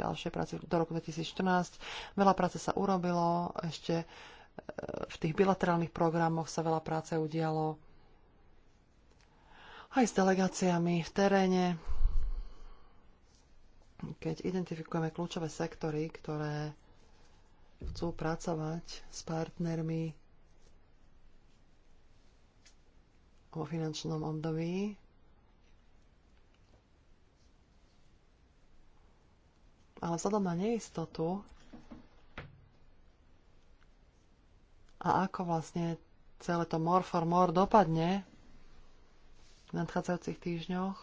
ďalšej práci do roku 2014. Veľa práce sa urobilo, ešte e, v tých bilaterálnych programoch sa veľa práce udialo aj s delegáciami v teréne. Keď identifikujeme kľúčové sektory, ktoré chcú pracovať s partnermi vo finančnom období, ale vzhľadom na neistotu a ako vlastne celé to more for more dopadne v nadchádzajúcich týždňoch,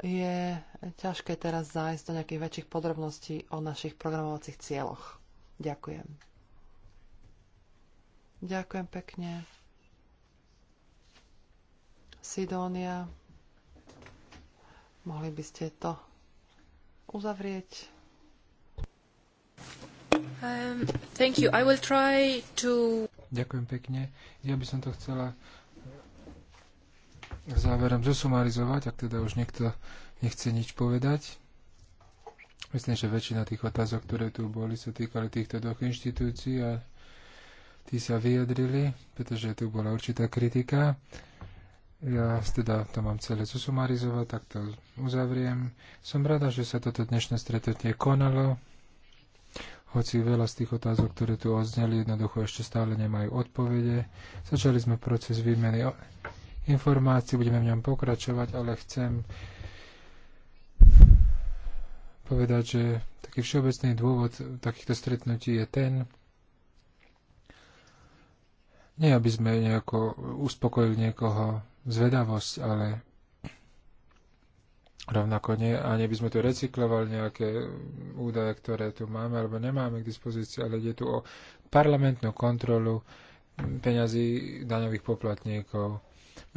je ťažké teraz zájsť do nejakých väčších podrobností o našich programovacích cieľoch. Ďakujem. Ďakujem pekne. Sidónia, mohli by ste to uzavrieť? Um, thank you. I will try to... Ďakujem pekne. Ja by som to chcela záverom zosumarizovať, ak teda už niekto nechce nič povedať. Myslím, že väčšina tých otázok, ktoré tu boli, sa týkali týchto dvoch inštitúcií a tí sa vyjadrili, pretože tu bola určitá kritika. Ja teda to mám celé zosumarizovať, tak to uzavriem. Som rada, že sa toto dnešné stretnutie konalo hoci veľa z tých otázok, ktoré tu ozneli, jednoducho ešte stále nemajú odpovede. Začali sme proces výmeny informácií, budeme v ňom pokračovať, ale chcem povedať, že taký všeobecný dôvod takýchto stretnutí je ten, nie aby sme nejako uspokojili niekoho zvedavosť, ale Rovnako nie, ani by sme tu recyklovali nejaké údaje, ktoré tu máme alebo nemáme k dispozícii, ale ide tu o parlamentnú kontrolu peňazí daňových poplatníkov.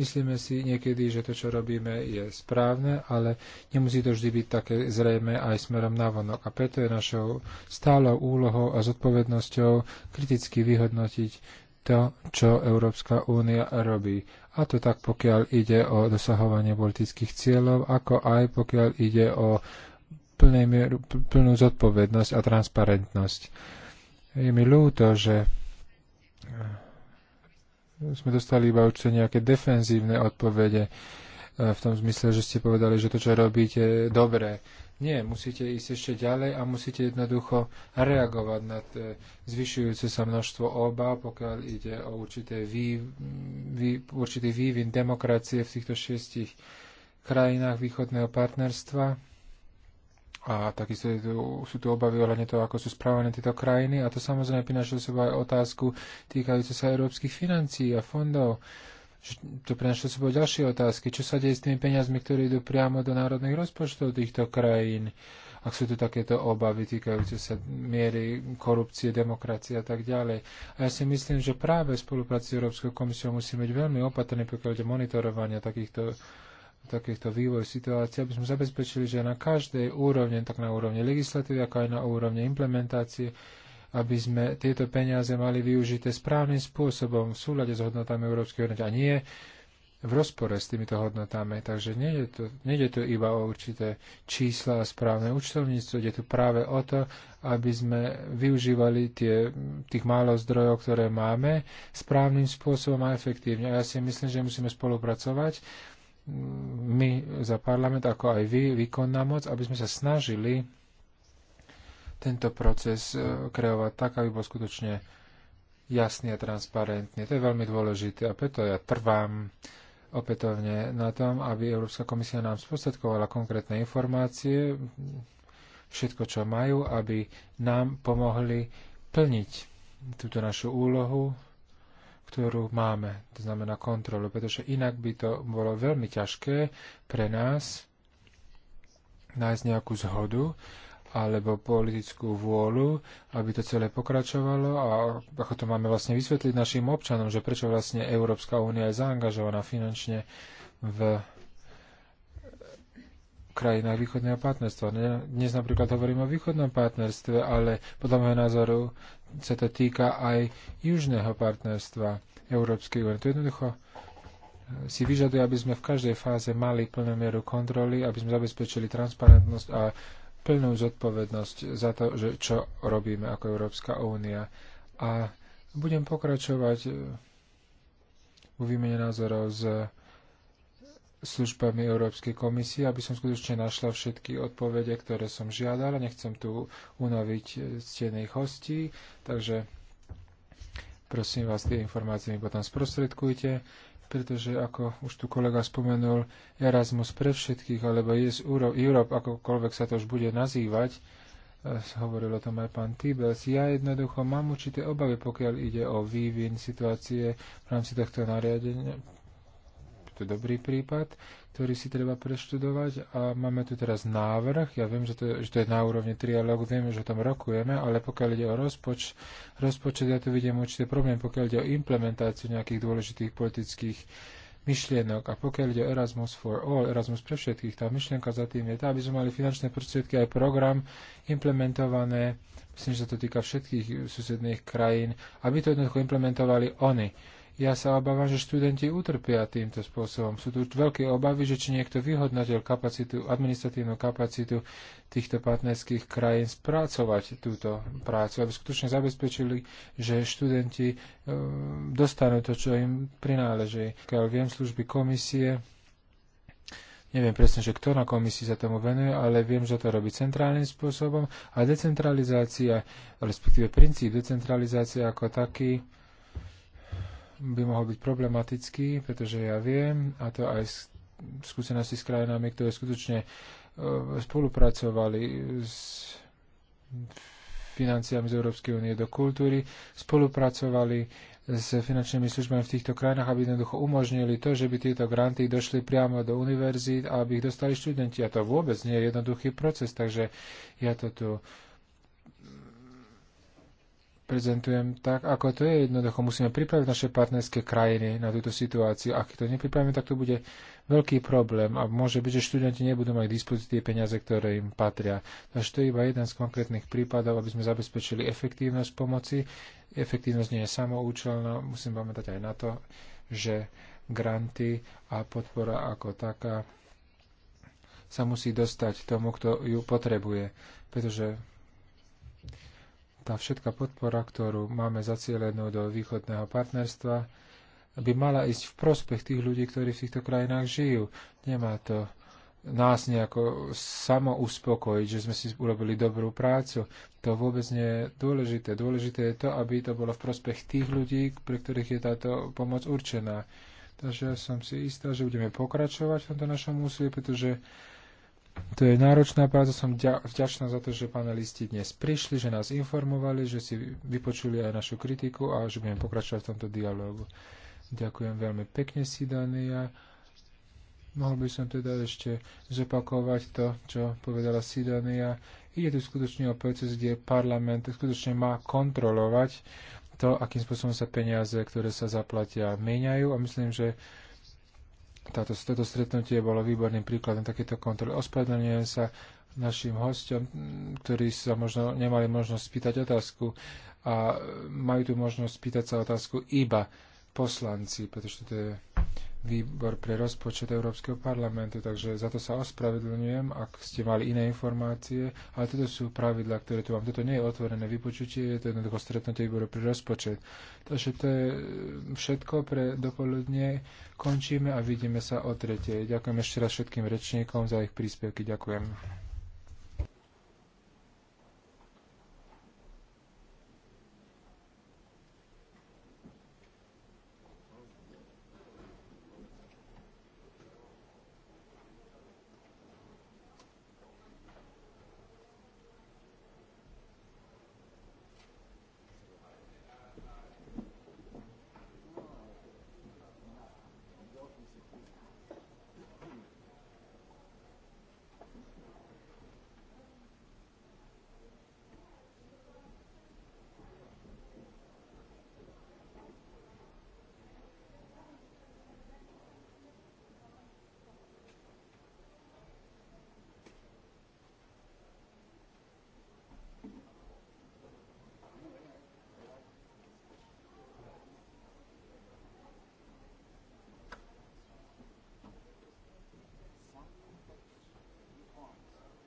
Myslíme si niekedy, že to, čo robíme, je správne, ale nemusí to vždy byť také zrejme aj smerom na vonok. A preto je našou stálou úlohou a zodpovednosťou kriticky vyhodnotiť to, čo Európska únia robí a to tak pokiaľ ide o dosahovanie politických cieľov, ako aj pokiaľ ide o mieru, plnú zodpovednosť a transparentnosť. Je mi ľúto, že e, sme dostali iba určite nejaké defenzívne odpovede e, v tom zmysle, že ste povedali, že to, čo robíte, je dobré. Nie, musíte ísť ešte ďalej a musíte jednoducho reagovať na zvyšujúce sa množstvo oba, pokiaľ ide o určité vý, vý, určitý vývin demokracie v týchto šiestich krajinách východného partnerstva. A takisto tu, sú tu obavy ohľadne toho, ako sú správané tieto krajiny. A to samozrejme prináša sebou aj otázku týkajúcu sa európskych financií a fondov tu prinašlo sebou ďalšie otázky. Čo sa deje s tými peniazmi, ktoré idú priamo do národných rozpočtov týchto krajín? Ak sú tu takéto obavy týkajúce sa miery korupcie, demokracie a tak ďalej. A ja si myslím, že práve v spolupráci s Európskou komisiou musíme byť veľmi opatrný pokiaľ ide monitorovania takýchto takýchto vývoj situácií, aby sme zabezpečili, že na každej úrovni, tak na úrovni legislatívy, ako aj na úrovni implementácie, aby sme tieto peniaze mali využité správnym spôsobom v súlade s hodnotami Európskej únie a nie v rozpore s týmito hodnotami. Takže nejde tu, nejde iba o určité čísla a správne účtovníctvo, ide tu práve o to, aby sme využívali tie, tých málo zdrojov, ktoré máme, správnym spôsobom a efektívne. A ja si myslím, že musíme spolupracovať mm, my za parlament, ako aj vy, výkonná moc, aby sme sa snažili tento proces e, kreovať tak, aby bol skutočne jasný a transparentný. To je veľmi dôležité a preto ja trvám opätovne na tom, aby Európska komisia nám sprostredkovala konkrétne informácie, všetko, čo majú, aby nám pomohli plniť túto našu úlohu, ktorú máme, to znamená kontrolu, pretože inak by to bolo veľmi ťažké pre nás nájsť nejakú zhodu alebo politickú vôľu, aby to celé pokračovalo a ako to máme vlastne vysvetliť našim občanom, že prečo vlastne Európska únia je zaangažovaná finančne v krajinách východného partnerstva. Dnes napríklad hovorím o východnom partnerstve, ale podľa môjho názoru sa to týka aj južného partnerstva Európskej únie. To jednoducho eh, si vyžaduje, aby sme v každej fáze mali plnú mieru kontroly, aby sme zabezpečili transparentnosť a plnú zodpovednosť za to, že čo robíme ako Európska únia. A budem pokračovať e, vo výmene názorov s službami Európskej komisie, aby som skutočne našla všetky odpovede, ktoré som žiadala. Nechcem tu unaviť e, ctenej hostí, takže prosím vás, tie informácie mi potom sprostredkujte pretože ako už tu kolega spomenul, Erasmus pre všetkých, alebo Yes Europe, akokoľvek sa to už bude nazývať, eh, hovoril o tom aj pán Tibels, ja jednoducho mám určité obavy, pokiaľ ide o vývin situácie v rámci tohto nariadenia, to dobrý prípad, ktorý si treba preštudovať a máme tu teraz návrh. Ja viem, že to, že to je na úrovni trialógu, vieme, že o tom rokujeme, ale pokiaľ ide o rozpoč, rozpočet, ja tu vidím určité problém, pokiaľ ide o implementáciu nejakých dôležitých politických myšlienok. A pokiaľ ide o Erasmus for All, Erasmus pre všetkých, tá myšlienka za tým je tá, aby sme mali finančné prostriedky aj program implementované, myslím, že sa to týka všetkých susedných krajín, aby to jednoducho implementovali oni ja sa obávam, že študenti utrpia týmto spôsobom. Sú tu veľké obavy, že či niekto vyhodnotil kapacitu, administratívnu kapacitu týchto partnerských krajín spracovať túto prácu, aby skutočne zabezpečili, že študenti e, dostanú to, čo im prináleží. Keď viem služby komisie, Neviem presne, že kto na komisii sa tomu venuje, ale viem, že to robí centrálnym spôsobom a decentralizácia, respektíve princíp decentralizácie ako taký, by mohol byť problematický, pretože ja viem, a to aj z skúsenosti s krajinami, ktoré skutočne e, spolupracovali s financiami z Európskej únie do kultúry, spolupracovali s finančnými službami v týchto krajinách, aby jednoducho umožnili to, že by tieto granty došli priamo do univerzít a aby ich dostali študenti. A to vôbec nie je jednoduchý proces, takže ja to tu prezentujem tak, ako to je. Jednoducho musíme pripraviť naše partnerské krajiny na túto situáciu. Ak to nepripravíme, tak to bude veľký problém a môže byť, že študenti nebudú mať k dispozícii peniaze, ktoré im patria. Takže to je iba jeden z konkrétnych prípadov, aby sme zabezpečili efektívnosť pomoci. Efektívnosť nie je samoučelná, musím pamätať aj na to, že granty a podpora ako taká sa musí dostať tomu, kto ju potrebuje, pretože tá všetká podpora, ktorú máme zacielenú do východného partnerstva, by mala ísť v prospech tých ľudí, ktorí v týchto krajinách žijú. Nemá to nás nejako samo uspokojiť, že sme si urobili dobrú prácu. To vôbec nie je dôležité. Dôležité je to, aby to bolo v prospech tých ľudí, pre ktorých je táto pomoc určená. Takže ja som si istá, že budeme pokračovať v tomto našom úsilí, pretože to je náročná práca, som vďačná za to, že panelisti dnes prišli, že nás informovali, že si vypočuli aj našu kritiku a že budeme pokračovať v tomto dialogu. Ďakujem veľmi pekne, Sidania. Mohol by som teda ešte zopakovať to, čo povedala Sidania. Ide tu skutočne o proces, kde parlament skutočne má kontrolovať to, akým spôsobom sa peniaze, ktoré sa zaplatia, meniajú a myslím, že táto, toto stretnutie bolo výborným príkladom takéto kontroly. Ospravedlňujem sa našim hostom, ktorí sa možno nemali možnosť spýtať otázku a majú tu možnosť spýtať sa otázku iba poslanci, pretože to je výbor pre rozpočet Európskeho parlamentu, takže za to sa ospravedlňujem, ak ste mali iné informácie, ale toto sú pravidla, ktoré tu mám. Toto nie je otvorené vypočutie, je to jednoducho stretnutie výboru pre rozpočet. Takže to je mm, všetko pre dopoludne. Končíme a vidíme sa o tretej. Ďakujem ešte raz všetkým rečníkom za ich príspevky. Ďakujem.